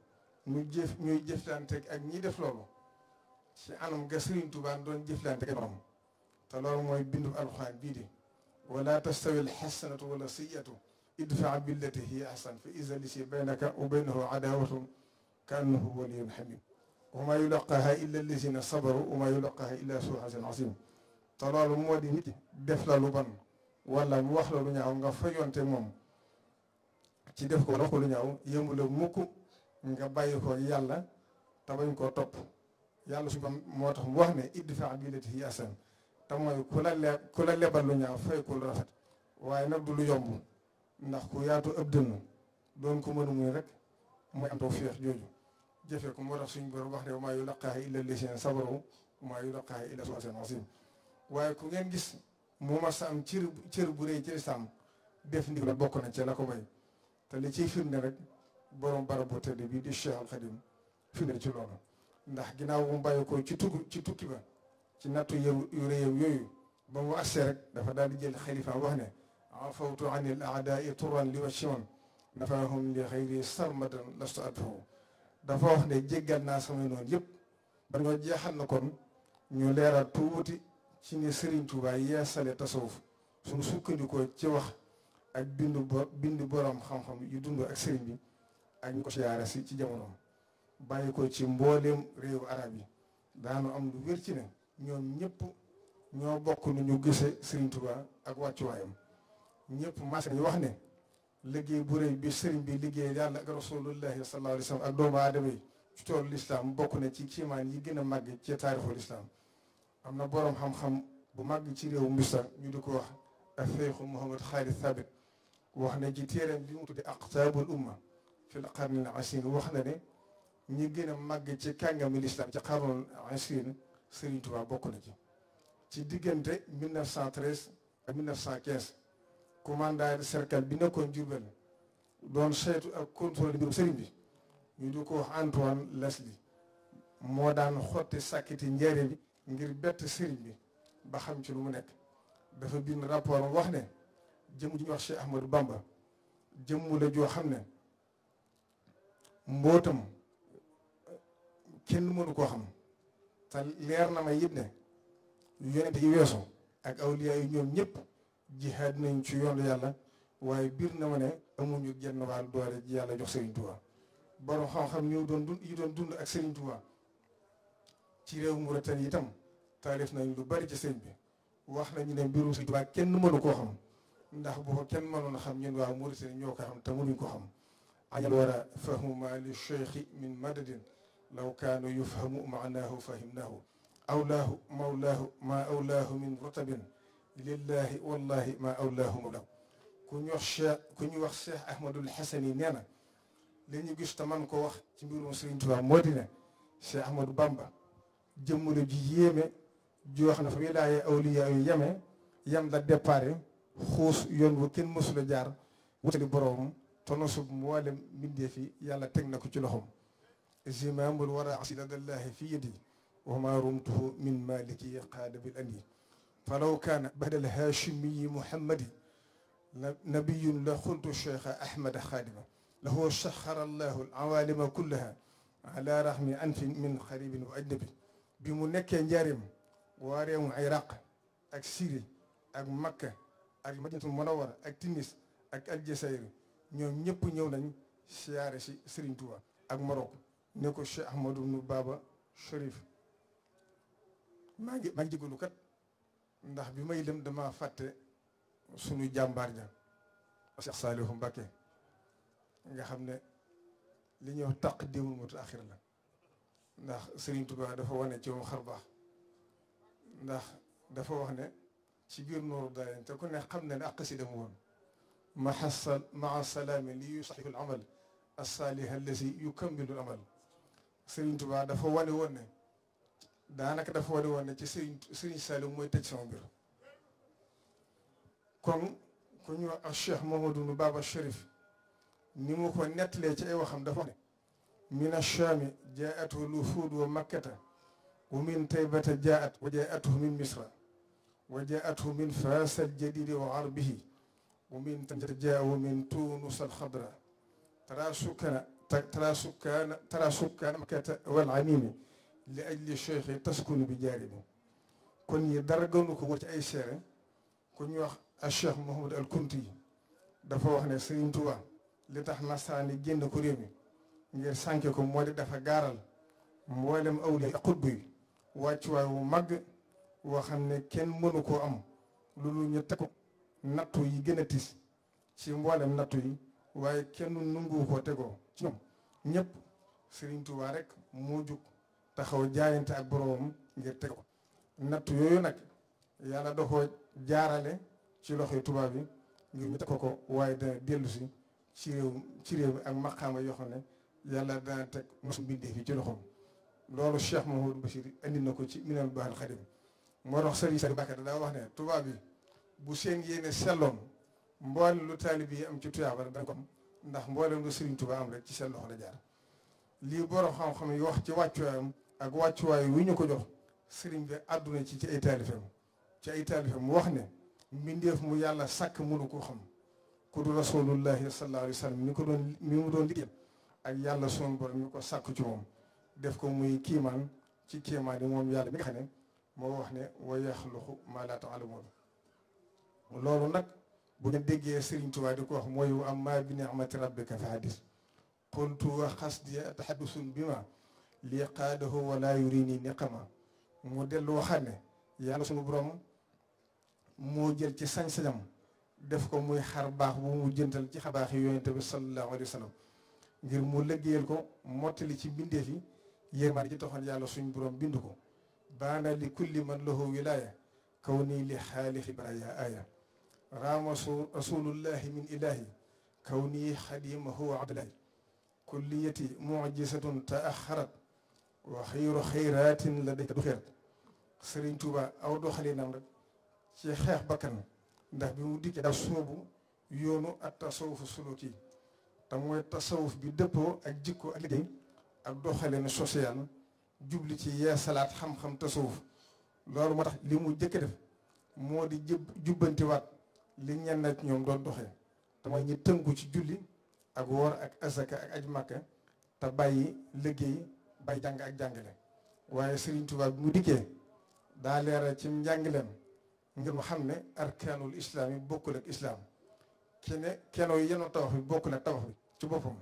ñu jëf ñuy jëflanteeg ak ñi def loolu ci anam ga Sëriñ Tuubaa doon jëflanteeg ak te loolu mooy bindu alxuraan bii di wala tastawi alxasanatu wala sayatu idfaa billati hiya ahsan fa ida lisi baynaka wa baynahu adawatun ka annahu waliyun xamim wa maa yulaqaaha illa allazina sabaru wa maa yulaqaaha illa su xasin asim te loolu moo di nit def la lu ban wala mu wax la lu ñaaw nga fayonte moom ci def ko wala lu ñaaw yëmu la mukk nga bàyyi ko yàlla te ko koo topp yàlla su ban moo tax mu wax ne idfaa billati hiya ahsan te mooy ku la le ku la lebal lu ñaaw fay ku lu rafet waaye nag du lu yomb ndax ku yaatu ëpp dënnu doon ko mënu muy rek mooy am tawfiix jooju jëfe ko moo a suñ borom wax ne maa yulaqaaha illa llaziina sabaru maa yulaqaaha illa zu azrin aziim waaye ku ngeen gis mu mas am cër cër bu rëy ci lislaam def ndigal bokk na ci la ko bay te li ciy firnde rek borom barab bu tëdd bi di Cheikh Al Xadim firnde ci loolu ndax ginnaaw bu mu bàyyi ko ci tukki ci tukki ba ci nattu yu réyam yooyu ba mu agsee rek dafa daal di jël xalifa wax ne afawtu an il aadaai turan li wasiman nafaahum li xayri sarmadan lastu adduhu dafa wax ne jéggal naa samay noonu yëpp ba ñoo jeexal na kon ñu leeral tuuti ci ne Serigne Touba yeesale su suñu sukkandikoo ci wax ak bindu bo bindu borom xam-xam yu dund ak sëriñ bi ak ñu ko siyaare si ci jamono bàyyi ko ci mbooleem réewu arab yi daanu am lu wér ci ne ñoom ñëpp ñoo bokk nu ñu gisee Serigne Touba ak wàccuwaayam ñëpp mas nañu wax ne liggéey bu rëy bi Serigne bi liggéey yàlla ak rasulullahi sallallahu alayhi ak doomu aadama yi ci toolu lislaam bokk na ci kiimaan yi gën a màgg ci taarixu lislaam am na boroom xam-xam bu màgg ci réewu Misra ñu di ko wax ak Seexu Muhammad Xaalid Thabit wax na ci téereem bi mu tudde aqtaabul umma fil qarnil asiir wax na ne ñi gën a màgg ci kàngami lislaam ci qarnul asiir Serigne Touba bokk na ci ci diggante 1913 ak 1915 commandant de cercle bi nekkoon Diourbel doon saytu ak contrôle mbirum Serigne bi ñu di ko wax Antoine Leslie moo daan xotti sàkkiti njëriñ bi ngir bett Serigne bi ba xam ci lu mu nekk dafa bind rapport wax ne jëmm ju ñu wax si Ahmadou Bamba jëmm la joo xam ne mbootam kenn mënu koo xam te leer na ma yit ne yonent yi weesu ak awliya yi ñoom ñëpp jihaad nañu ci yoonu yàlla waaye biir na ma ne amuñu genn wàll doole ji yàlla jox Serigne Touba borom xam-xam ñëw doon dund yi doon ak Serigne Touba ci réew Mauritanie itam taalif nañ lu bari ci seen bi wax nañu ne mbirum Serigne Touba kenn mënu koo xam ndax bu ko kenn mënoon a xam ñun waa Mauritanie ñoo ko xam te mënuñ ko xam. añal war a fahmu ma li cheikhi law kaanu yufhamu maanaahu fahimnaahu awlaahu maa awlaahu min rutabin lillahi wallahi maa awlaahu mawlaahu ku ñu wax cheikh ku ñu wax cheikh ahmadul xasan yi nee ñu gis te ko wax ci mbirum Sëriñ Tuubaa moo di ne cheikh bamba jëmm la ju yéeme wax na fa wilaaya awliya yu yeme yam la déparé xuus yoon wu kenn mësula jaar wutali boroom tonosub mboolem mbindee fi yàlla teg na ko ci loxoom zimaamul wara asidadallahi fi yadi wa ma rumtuhu min maliki qaada bil ani falaw kaana badal hachimiyi muhammadi nabiyun la xultu cheikha ahmada xaadima lahu saxara allahu alawalima kullaha ala rahmi anfi min xaribin wa ajnabi bi mu nekkee njaarim waa réewum iraq ak syrie ak makka ak madinatul munawara ak tunis ak aljazair ñoom ñëpp ñëw nañ siyaare si Serigne Touba ak Maroc ne ko Cheikh Ahmadou nu Baba Chérif maa ngi maa ngi jégalu kat ndax bi may dem dama fàtte sunu jàmbaar ja Cheikh Saliou Mbacké nga xam ne li ñuy wax taqdimul mutaaxir la ndax Serigne Touba dafa wane ci moom baax ndax dafa wax ne ci biir nooru daalen te ku ne xam na ak si dem woon maa maa salaami li yusaxihu al amal assaaliha allasi yukammilu amal Serigne Touba dafa wane woon ne dafa wane woon ne ci Serigne Serigne Saliou mooy tëj sama mbir kon ku ñu wax ak Cheikh Mamadou nu Baba Chérif ni mu ko nettalee ci ay waxam dafa ne min achaami jaatu lufuud wa makkata wa min taybata jaat wa jaatuhu min misra wa jaatuhu min faas aljadidi wa arbihi wa min tanjata jaa wa min sukkana ترى سكان ترى سكان مكة والعميم لأجل الشيخ تسكن بجانبه kon ñi dara gënu ko wut ci ay seere ku ñuy wax a Cheikh Mouhamadou al Kunti dafa wax ne Serigne Touba li tax nasaraan yi génn ko réew mi ngir sànke ko moo di dafa gaaral mboolem awli ak xutb yi wàccuwaay wu màgg woo xam ne kenn mënu koo am loolu ñu teg ko nattu yi gën a tiis ci mboolem nattu yi waaye kenn nanguwu koo tegoo ci ñoom ñëpp Serigne Touba rek moo jug taxaw jaayante ak boromam ngir teg ko natt yooyu nag yàlla doxoo jaarale ci loxo tubaab yi ngir ñu teg ko ko waaye dana dellusi ci réew ci réew bi ak maqaama yoo xam ne yàlla dana teg mosu mbindee fi ci loxoom loolu Cheikh Mahamadou Bachir indi na ko ci minal baaxal xadim moo tax Serigne Sary Bakke daa wax ne tubaab yi bu seen yéene selloon mboolem lu taalib yi am ci tuyaaba rek dañ ko am ndax mboolem lu Serigne Touba am rek ci seen loxo la jaar lii borom xam-xam yi wax ci wàccuwaayam ak wàccuwaay wu ñu ko jox sëriñ bi àdduna ci ci ay taalifam ci ay taalifam mu wax ne mbindeef mu yàlla sàkk mënu ko xam ku du rasulullahi sallallahu alayhi wa sallam mi ko doon mi mu doon liggéey ak yàlla sunu borom mi ko sàkk ci moom def ko muy kiimaan ci kiimaan yi moom yàlla mi nga xam ne moo wax ne wa yaxluqu ma la taalamuun loolu nag bu nga déggee Serigne Touba di ko wax mooy wa amma bi ni'mati rabbika fa hadis qultu wa xasdi tahaddusun bi ma lii qaadahu wala yurini niqama mu dellu waxaat ne yàlla sunu borom moo jël ci sañ def ko muy xar baax bu mu jëntal ci xabaax yi yonent bi sallallahu alayhi wa ngir mu liggéeyal ko mottali ci mbindeef yi yéen ci taxoon yàlla suñ borom bind ko baana li kulli man lahu wilaaya kaw nii li xaalixi baraya aaya raama rasulullahi min ilahi kawni xadimahu wa abdahi kulliyati mujisatun taaxarat wa xayru xayratin la dayka du xeerat sëriñ Tuuba aw doxalinam rek ci xeex bakkan ndax bi mu dikkee daa soobu yoonu ak tasawufu suluki te mooy tasawuf bi dëppoo ak jikko ak liggéey ak doxalin social jubli ci yeesalaat xam-xam tasawuf loolu moo tax li mu jëkk def moo di jub jubbantiwaat li ñenn nag ñoom doon doxee te mooy ñi tënku ci julli ak woor ak asaka ak aj màkka te bàyyi liggéey bàyyi jàng ak jàngale waaye Serigne Touba mu dikkee daa leeral ci njàngaleem ngir mu xam ne arkaanul islaam yi bokkul ak islaam ki ne kenoo yenoo tabax bi bokkul ak tabax bi ci boppam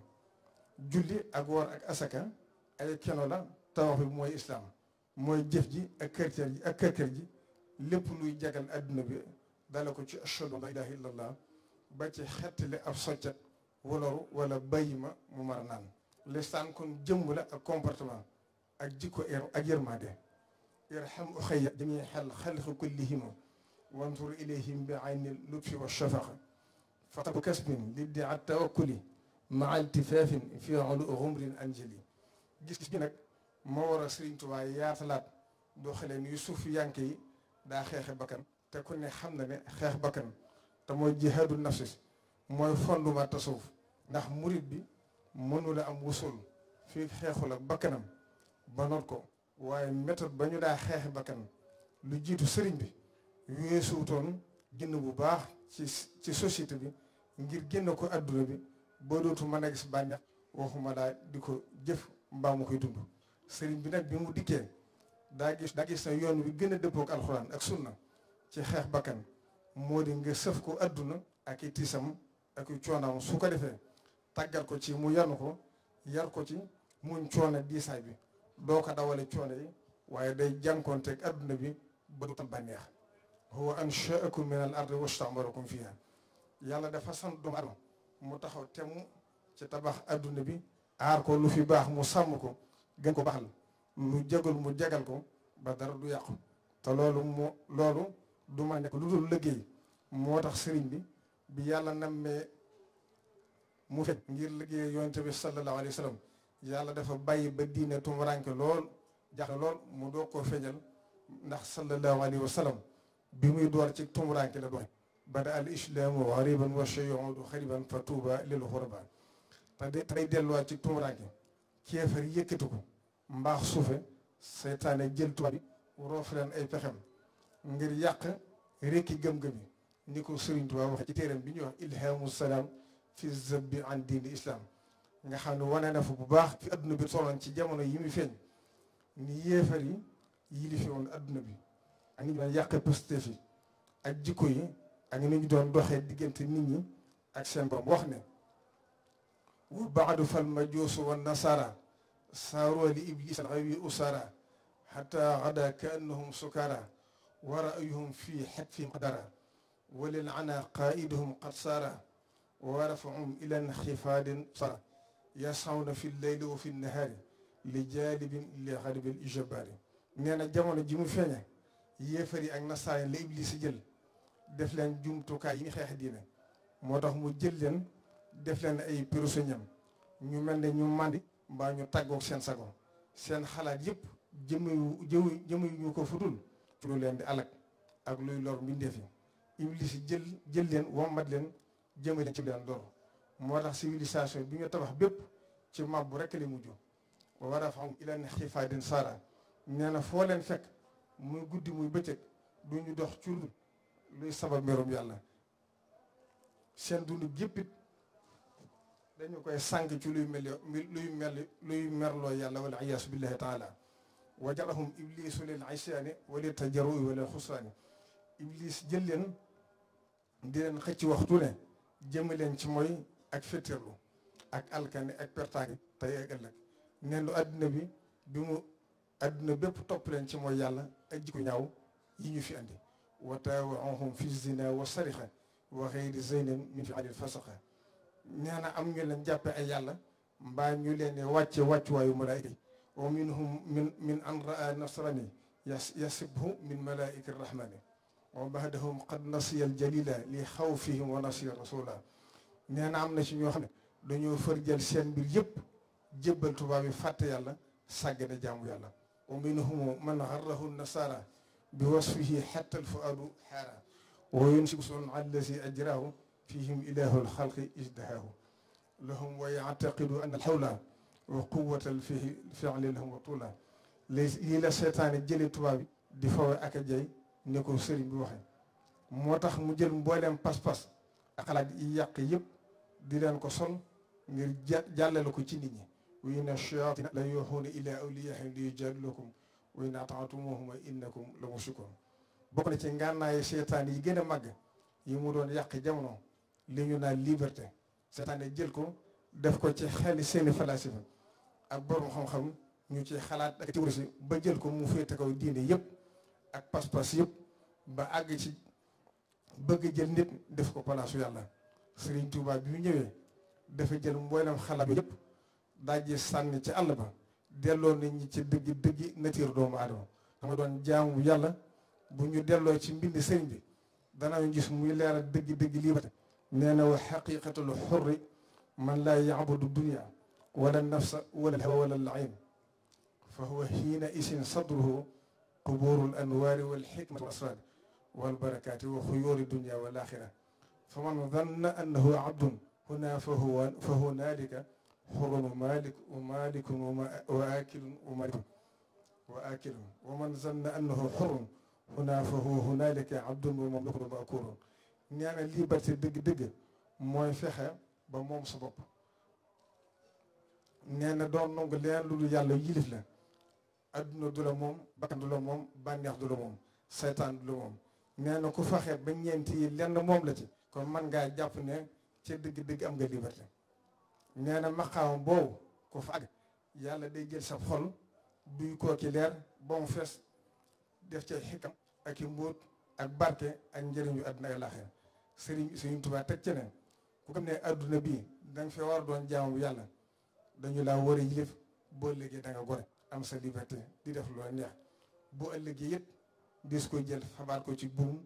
julli ak woor ak asaka ay keno la tabax bi mooy islaam mooy jëf ji ak kërkër ji ji lépp luy jagal àdduna bi dale ko ci ashhadu la ilaha illallah ba ci xettali ab soccet woloru wala bàyyi ma mu mar naan lisaan kon jëmb ak comportement ak jikko er ak yërmande irham uxayya jami xel xalqi kullihima wantur ilayhim bi ayni lutfi wa shafaqa fataku kasbin libdia tawakkuli maa iltifaafin fi ulu xumrin anjali gis bi nag moo war a Sëriñ Tuubaa yaatalaat doxaleen yu suuf yanke yi daa xeexe bakkan te ku ne xam na ne xeex bakkan te mooy jihaadu nafsi mooy fondement tasawuf ndax murit bi mënula am wusul fii xeexula bakkanam ba ko waaye méthode ba ñu daa xeex bakkan lu jiitu sëriñ bi weesuutoon génn bu baax ci ci bi ngir génn ko adduna bi boo dootu ma a gis bànneex waxuma daa di ko jëf mbaamu mu koy dund sëriñ bi nag bi mu dikkee daa gis daa gis na yoon wi gën a dëppook alxuraan ak sunna ci xeex bakkan moo di nga sëf ko adduna ak i tiisam ak i coonaam su ko defee tàggat ko ci mu yanu ko yar ko ci muñ coono diisaay bi doo ko dawale coono yi waaye day jànkoonteeg àdduna bi ba du tam bànneex huwa anshaakum min al ardi wastamarakum fiha yàlla dafa sant doomu adama mu taxaw temm ci tabax àdduna bi aar ko lu fi baax mu sàmm ko gën ko baxal lu jagul mu jagal ko ba dara du yàqu te loolu mu loolu du ma ko lu dul liggéey moo tax sëriñ bi bi yàlla nammee mu fekk ngir liggéey yonent bi sallallahu alayhi wa sallam yàlla dafa bàyyi ba diine tumuranke lool jax lool mu doog koo feeñal ndax sallallahu alayhi wa sallam bi muy door ci tumuranke la doon bada al islaamu xariban wa sayuudu xariban fa tuuba lil xurba te de tey delluwaat ci tumuranke keefar yëkkati ko mbaax suufe seytaane jël tubaab bi roof leen ay pexem ngir yàq rekki gëm-gëm yi ni ko Sëriñ Tuubaa wax ci téeram bi ñuy wax ilhamu salaam fi zabbi an diini islam nga xam ne wane na fa bu baax fi adduna bi tolloon ci jamono yi muy feeñ ni yi yilife woon bi ak ni ñu doon yàq ak jikko yi ak ni ñu doon doxee diggante nit ñi ak seen borom wax ne wa baadu fal majuusu wa nasara saaru li ibliis al ghawi usara hatta gada ka annahum sukara wa ra'yuhum fi xatfihim qadara wa lil ana qaa'iduhum qad sara wa rafa'uhum ila nxifaadin sara yasawna fi leyli wa fi nahaari li jaalibin li xaribil ijabaari nee na jamono ji mu feeñe yéefar yi ak nasaaraan la iblis jël def leen jumtukaay yi ñu xeex diine moo tax mu jël leen def leen ay prisonniers ñu mel ne ñu màndi mbaa ñu tàggoog seen sago seen xalaat yëpp jëmewu jëmewu ñu ko futul pour leen di alak ak luy lor mbindeef yi iblis yi jël jël leen wommat leen jëmale ci leen lor moo tax civilisation bi nga tabax bépp ci mabbu rek la mujj wa warafahum ilaa xifaadin saara nee foo leen fekk muy guddi muy bëccëg du ñu dox cur luy sabab merum yàlla seen dund géppit dañu koy sànq ci luy mel luy mel luy merloo yàlla wala iyaasu billahi taala wajarahum iblisu lil isyaani wali tajarui wala xusaani iblis jël leen di leen xëcc waxtu ne jëme leen ci mooy ak fettirlu ak alkane ak pertaange tey ak ëllëg neen lu bi bi mu àdduna bépp topp leen ci mooy yàlla ak jikko ñaaw yi ñu fi andi wa taawaahum fi zina wa sarixa wa xeyri zeynin min fi alil fasaxa nee na am ñu leen jàppe ay yàlla mbaa ñu leen wàcce wàccuwaayu malaayika wa minhum min min an raa nasrani yasibhu min malaika rahmani wa baadahum qad nasiya aljalila li xawfihim wa nasiya rasula nee na am na ci ñoo xam ne dañoo fër jël seen mbir yëpp jébbal tubaab yi fàtte yàlla sàggane jaamu yàlla wa minhum man xarrahu nasara bi wasfihi xatta alfuadu xaara wa yunsibu sun allazi ajrahu fihim ilahu alxalqi ijdahahu lahum wa yactaqidu an alxawla wa quwatal fii fi'lilhum wa tuula lii la seetaane jële tubaab yi di fawe ak a jay ni ko sëriñ bi waxee moo tax mu jël mbooleem pas-pas ak xalaat yi yàq yëpp di leen ko sol ngir jàllale ko ci nit ñi wa inna shayaatina la yuuhuuna ilaa awliyaahim li yujaadilukum wa in ata'tumuuhum innakum la mushrikuun bokk na ci ngànnaayu seetaan yi gën a màgg yi mu doon yàq jamono li ñu naan liberté seetaan jël ko def ko ci xel seeni falaasifa ak borom xam-xam ñu ci xalaat ak ci ba jël ko mu féete kaw diine yëpp ak pas-pas yëpp ba àgg ci bëgg jël nit def ko palaasu yàlla Serigne Touba bi mu ñëwee dafa jël mboolem xalaat bi yëpp daaje sànni ci àll delloo nit ñi ci dëgg dëgg nature doomu aadama dama doon jaamu yàlla bu ñu delloo ci mbind sëriñ bi danañ gis muy leeral dëgg dëgg lii ba nee na wa xaqiqatul xurri man laa yaabudu dunia wala nafsa wala alhawa wala alayn fa huwa xiina isin sadruhu qubuuru al anwaari wal xikmati wal asraar wal barakaati wa xuyuuri dunya wal axira fa man danna annahu abdun huna fa huwa fa hunaalika xurun wa maalik wa maalikun wa aakilun wa maalikun wa aakilun wa man zanna annahu xurun huna fa huwa hunaalika abdun wa mamluukun wa maakuurun ñaanal liberté dëgg-dëgg mooy fexe ba moom sa bopp nee na doon nangu leneen lu dul yàlla yilif la adduna du la moom bakkan la moom bànneex du la moom saytaan du la moom nee na ku faxe ba ñeenti yi lenn moom la ci kon man ngaa jàpp ne ci dëgg-dëgg am nga liberté nee na maqaam boobu ku fa àgg yàlla day jël sa xol duy koo ci leer ba mu fees def ci xikam ak i mbóot ak barke ak njëriñ yu àdduna ak laaxee sëriñ sëriñ Tuubaa teg ci ne ku xam ne adduna bii danga fee war doon jaamu yàlla dañu laa war a yilif boo ëllëgee da nga gore am sa liberté di def loo neex boo ëllëgee yëpp dis ko jël xabaar ko ci buum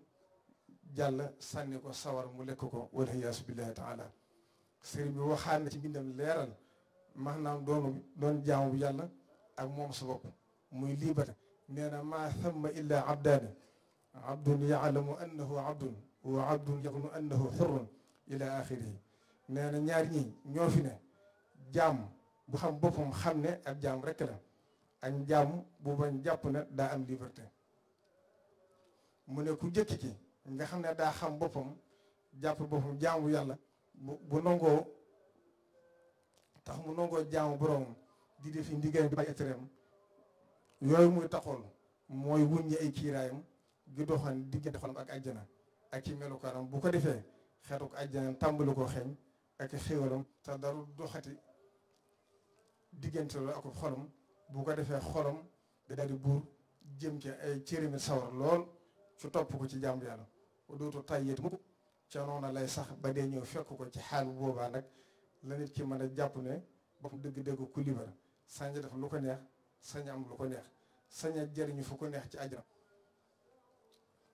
jàll sànni ko sawar mu lekk ko wala yaasu billahi taala sëriñ bi waxaat na ci bindam leeral maanaam doonu doon jaamu bu yàlla ak moom sa bopp muy liberté nee na maa thamma illaa abdaani abdun yaalamu annahu abdun wa abdun yaqnu annahu xurrun ila axirihi nee ñaar ñi ñoo fi ne jaam bu xam boppam xam ne ak jaam rek la ak jaam bu bañ jàpp na daa am liberté mu ne ku jëkk ki nga xam ne daa xam boppam jàpp boppam jaamu yàlla bu bu nangoo tax mu nangoo jaamu boroomam di def fi ndigal di bàyyi tereem yooyu muy taxool mooy wuññi ay kiiraayam gi doxan diggante xolam ak àjjana ak ci melukaaram bu ko defee xetuk àjjana tàmbali koo xeeñ ak xéwalam te darul doxati diggante loolu ak xolom bu ko defee xolom da daal buur jëm ci ay eh, cërëmi sawar lool ci topp ko ci jàmm yàlla dootu tàyyeet mukk ca noona lay sax ba dee ñëw fekk ko ci xaal boobaa nag la nit ki mën a jàpp ne boppam dëgg-dëgg ku libar sañ def lu ko neex sañ am neex sañ a jëriñu ko neex ci àjjana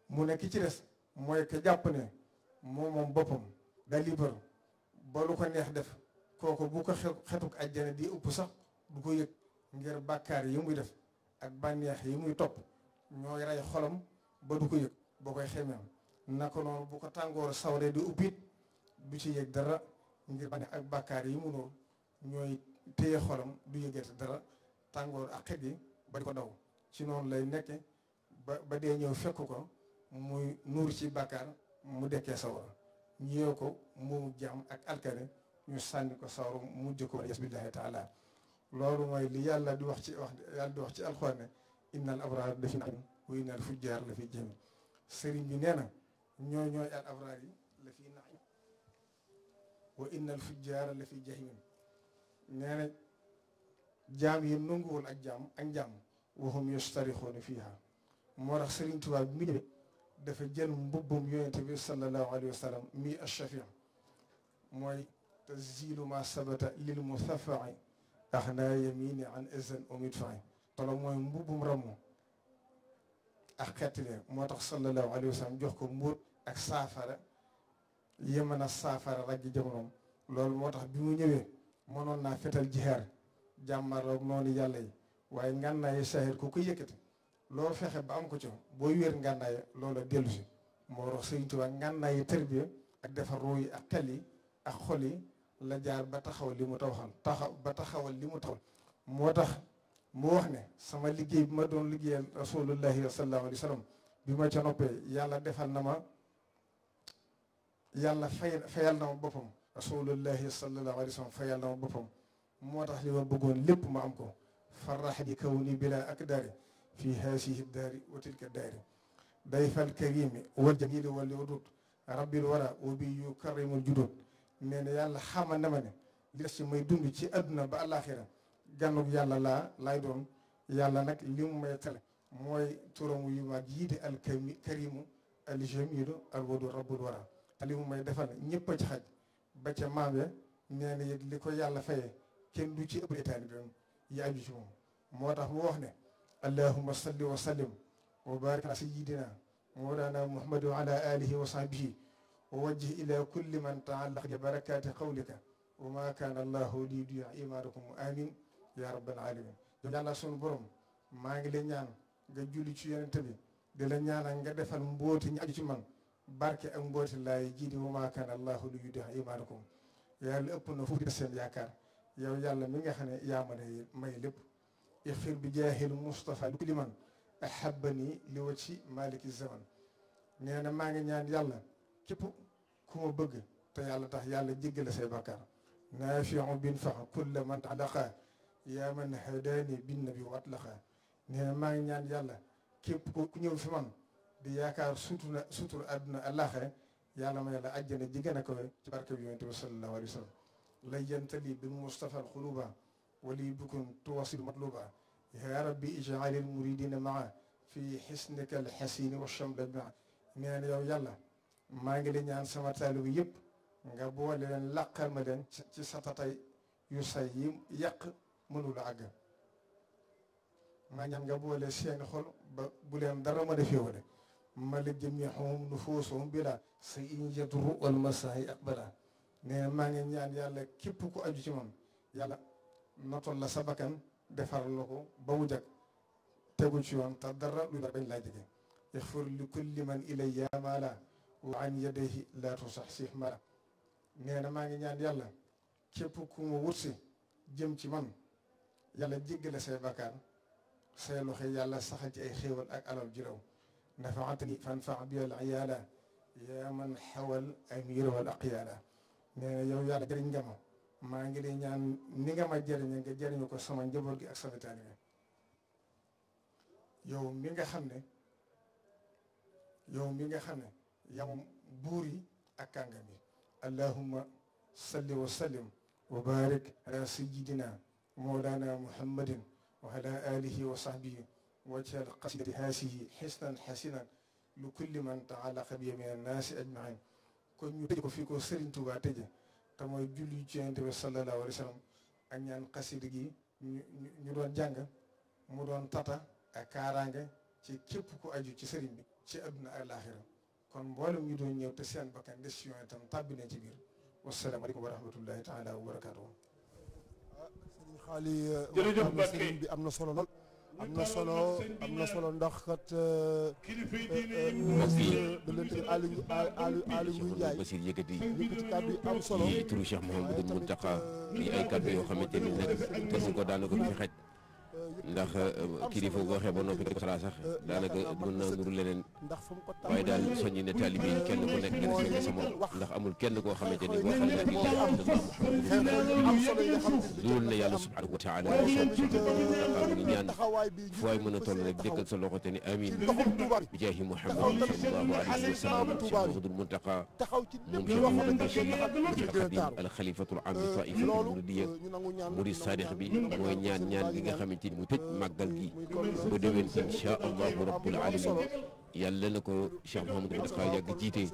mu ne ci des mooy jàpp ne moom moom boppam da libar ba lu ko neex def kooku bu ko xetuk àjjana di ëpp sax du ko yëg ngir bàkkaar yi muy def ak bànneex yi muy topp ñooy rey xolam ba du ko yëg boo koy xemeem naka noonu bu ko tàngoor sawre di uppit du ci yëg dara ngir bànneex ak bàkkaar yi mu noonu ñooy téye xolom du yëgate dara tàngoor ak xet yi ba di ko daw ci noonu lay nekke ba ba dee ñëw fekk ko muy nuur ci bàkkaar mu dekkee sawra ñëw ko moomu jaam ak alkane ñu sànni ko sawru mujj ko yes billahi taala loolu mooy li yàlla di wax ci wax yàlla di wax ci alxuraan ne innal abraar dafi naim wa innal fujjaar la fi jëm sëriñ bi nee na ñoo ñooy al fi naim wa innal fujjaar la jahim nee jaam yi nanguwul ak jaam ak jaam waxum yastarixoona fiiha moo tax sëriñ Tuubaa bi mu ñëwee dafa jël mbubbum yonente bi sallallahu alayhi wa sallam mi ashafii mooy تسجيل ما ثبت للمثفع أخنا يميني عن إذن ومدفع طلب mooy mbubum ramu ak xettile moo tax sallallahu alayhi wa jox ko mbóot ak saafara yi mën a saafara raggi jamonoom loolu moo tax bi mu ñëwee mënoon naa fetal jihaar jàmmaroog noonu yàlla yi waaye ngànnaaye sahir ku ko yëkkati loolu fexe ba am ko ci boo wéer ngànnaaye loola dellu si moo tax Sëriñ Tuubaa ngànnaaye tërbiya ak defar ruu yi ak xel yi ak xol yi la jaar ba taxawal li mu taxaw ba taxawal li mu taxawal moo tax mu wax ne sama liggéey bi ma doon liggéeyal rasulullahi sallallahu alayhi wa sallam bi ma ca noppee yàlla defal na ma yàlla fay fayal na ma boppam rasulullahi sallallahu alayhi wa sallam fayal na ma boppam moo tax li ma bëggoon lépp ma am ko farrax bi kaw ni bila ak daari fii haasihi daari wa tilka daari dayfal karimi wal jamili wal wadud rabbil wara wa bi yukarrimul judud nee na yàlla xamal na ma ne li des ci may dund ci adduna ba àllaaxira gànnug yàlla laa laay doon yàlla nag li mu may tale mooy turamu yu waat yii di al karimu al jamilu al wadu rabbul wara te li mu may defal ñëpp a ci xaj ba ca maam ya nee na li ko yàlla fayee kenn du ci ëpp état bi yi aju ci moom moo tax mu wax ne allahumma salli wa sallim wa barik ala sayyidina mawlana muhammad wa alihi wa sahbihi wa wajjih ila kulli man taallaq bi barakaati qawlika wa ma kaana allahu li yudiia imaanakum amin ya rabbal alamin yàlla sunu borom maa ngi lay ñaan nga julli ci yonent bi di la nga defal mbooti ñu aju ci man barke ak mbooti laay jiidi wa ma kaana allahu li yudiia imaanakum yàlla ëpp na foofu seen yakaar yow yàlla mi nga xam ne yaa mën a may lépp ixfir bi jaahil Mustafa li kulli man ahabbani li wajhi maliki zaman nee maa ngi ñaan yàlla képp ku ma bëgg te yàlla tax yàlla jéggale say bakkaar naafiu bin fax kulla man adaqa yaa man hadaani bin nabi wa atlaqa nee na maa ngi ñaan yàlla képp ku ñëw fi man di yaakaar sutura sutura àdduna àllaaxira yàlla may la àjjana ji gën a kawe ci barke bi yonent bi sallallahu alayhi wa sallam la yantali bi mustafa alxuluba wali bukun tuwasil matluba yaa rabbi ijaalil muridina maa fi xisnika alxasini wa chamla maa nee na yow yàlla maa ngi di ñaan sama taalibu yëpp nga boole leen ma den ci satatay yu say yi yàq mënula àgg maa ñaan nga boole seeni xol ba bu leen dara ma defee wala mali jamiihum nufuusuhum bila sa in yadru wal masaahi aqbala nee na maa ngi ñaan yàlla képp ko aju ci moom yàlla notoon la sa bakkan defar la ko ba mu jag tegu ci yoon te dara lu dara bañ laa jege ixfir li kulli man ilayya maala wa an yadayhi laa tusaxsih mara nee na maa ngi ñaan yàlla képp ku ma wutsi jëm ci man yalla jéggale say bakkaar say loxo yàlla saxal ci ay xéewal ak alal ju raw nafaatani fanfaa bi al iyaala yaa man xawal ay wal aqyaala nee na yow yàlla jëriñ nga ma maa ngi de ñaan ni nga ma nga jëriñu ko sama njaboot gi ak sama taalibe yow mi nga xam ne yow mi nga xam ne yamam buur yi ak kàngam yi allahumma salli wa wa barik ala sayidina mawlana muhammadin wa ala alihi wa sahbihi wajhal qasidati haasihi xisnan xasinan lu kulli man taalaqa bi min annaasi ajmain kon ñu tëj ko fii ko Sëriñ Tuubaa tëje te mooy julli ci Yonent bi sallallahu alayhi wa sallam ak ñaan xasida gi ñu ñu doon jàng mu doon tata ak kaaraange ci képp ku aju ci sëriñ bi ci àdduna ak kon mboolem ñu doon ñëw te seen bakkan décision itam tàbbi na ci biir wasalaamaaleykum wa rahmatullahi taala wa barakaatuhu. ah sëriñ xaali. Euh, jërëjëf Mbacke bi am na solo lool. am na solo am na solo ndax kat. ministre de l'intérieur Aliou Aliou Aliou Ndiaye. Bassir yëkkati yëkkati kàddu yi am solo. turu Cheikh Mouhamadou euh, Mountakha. ay kàddu yoo xamante ni nag te su ko daanaka du fi xaj. ndax euh, kilifa boo waxee ba noppi di ko xalaat sax daanaka mën naa nuru leneen waaye daal soññi ne taalibe yi kenn ku nekk nga respecté sa morom ndax amul kenn koo xamante ni boo xam ne bii loolu ne yàlla subhanahu wa taala moo soog suñu ngi ñaan fu waay mën a toll rek dëkkal sa loxo te ni amiin bi jaahi Muhammad sallallahu alayhi wa sallam Cheikh Mouhamadoul Mountakha moom Cheikh Mouhamadou Bachir Khadim al xalifatul am bi taifatul muridiyya murid sadiq bi mooy ñaan ñaan gi nga xamante ni tëj màggal gi ba déwén incha allahu rabbil alamin yàlla na ko Cheikh Mouhamadou Moustapha yàgg jiite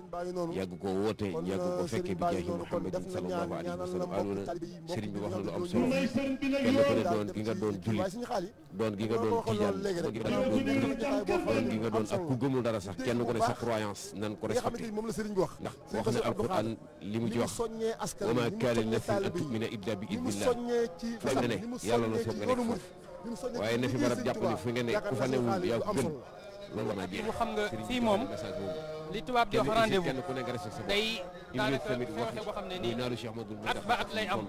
yàgg koo woote yàgg ko euh, fekke bi jaahi Muhammadin sallallahu alayhi wa sallam aloona sëriñ bi wax na lu am solo kenn ku ne doon gi nga doon jullit doon gi nga doon tijaan doon gi nga doon jullit doon gi nga doon ak ku gëmul dara sax kenn ku sa croyance nan ko respecté wax na alquran li mu ci wax wa ma kaana li nafsin an tu'mina illa bi idnillah fañ na ne yàlla la soog nga nekk foofu waaye na fi barab jàpp ne fu bu xam nga fii moom li tubaab di wax rendez-vous day daanaka xew-xew boo xam ne nii at ba at lay am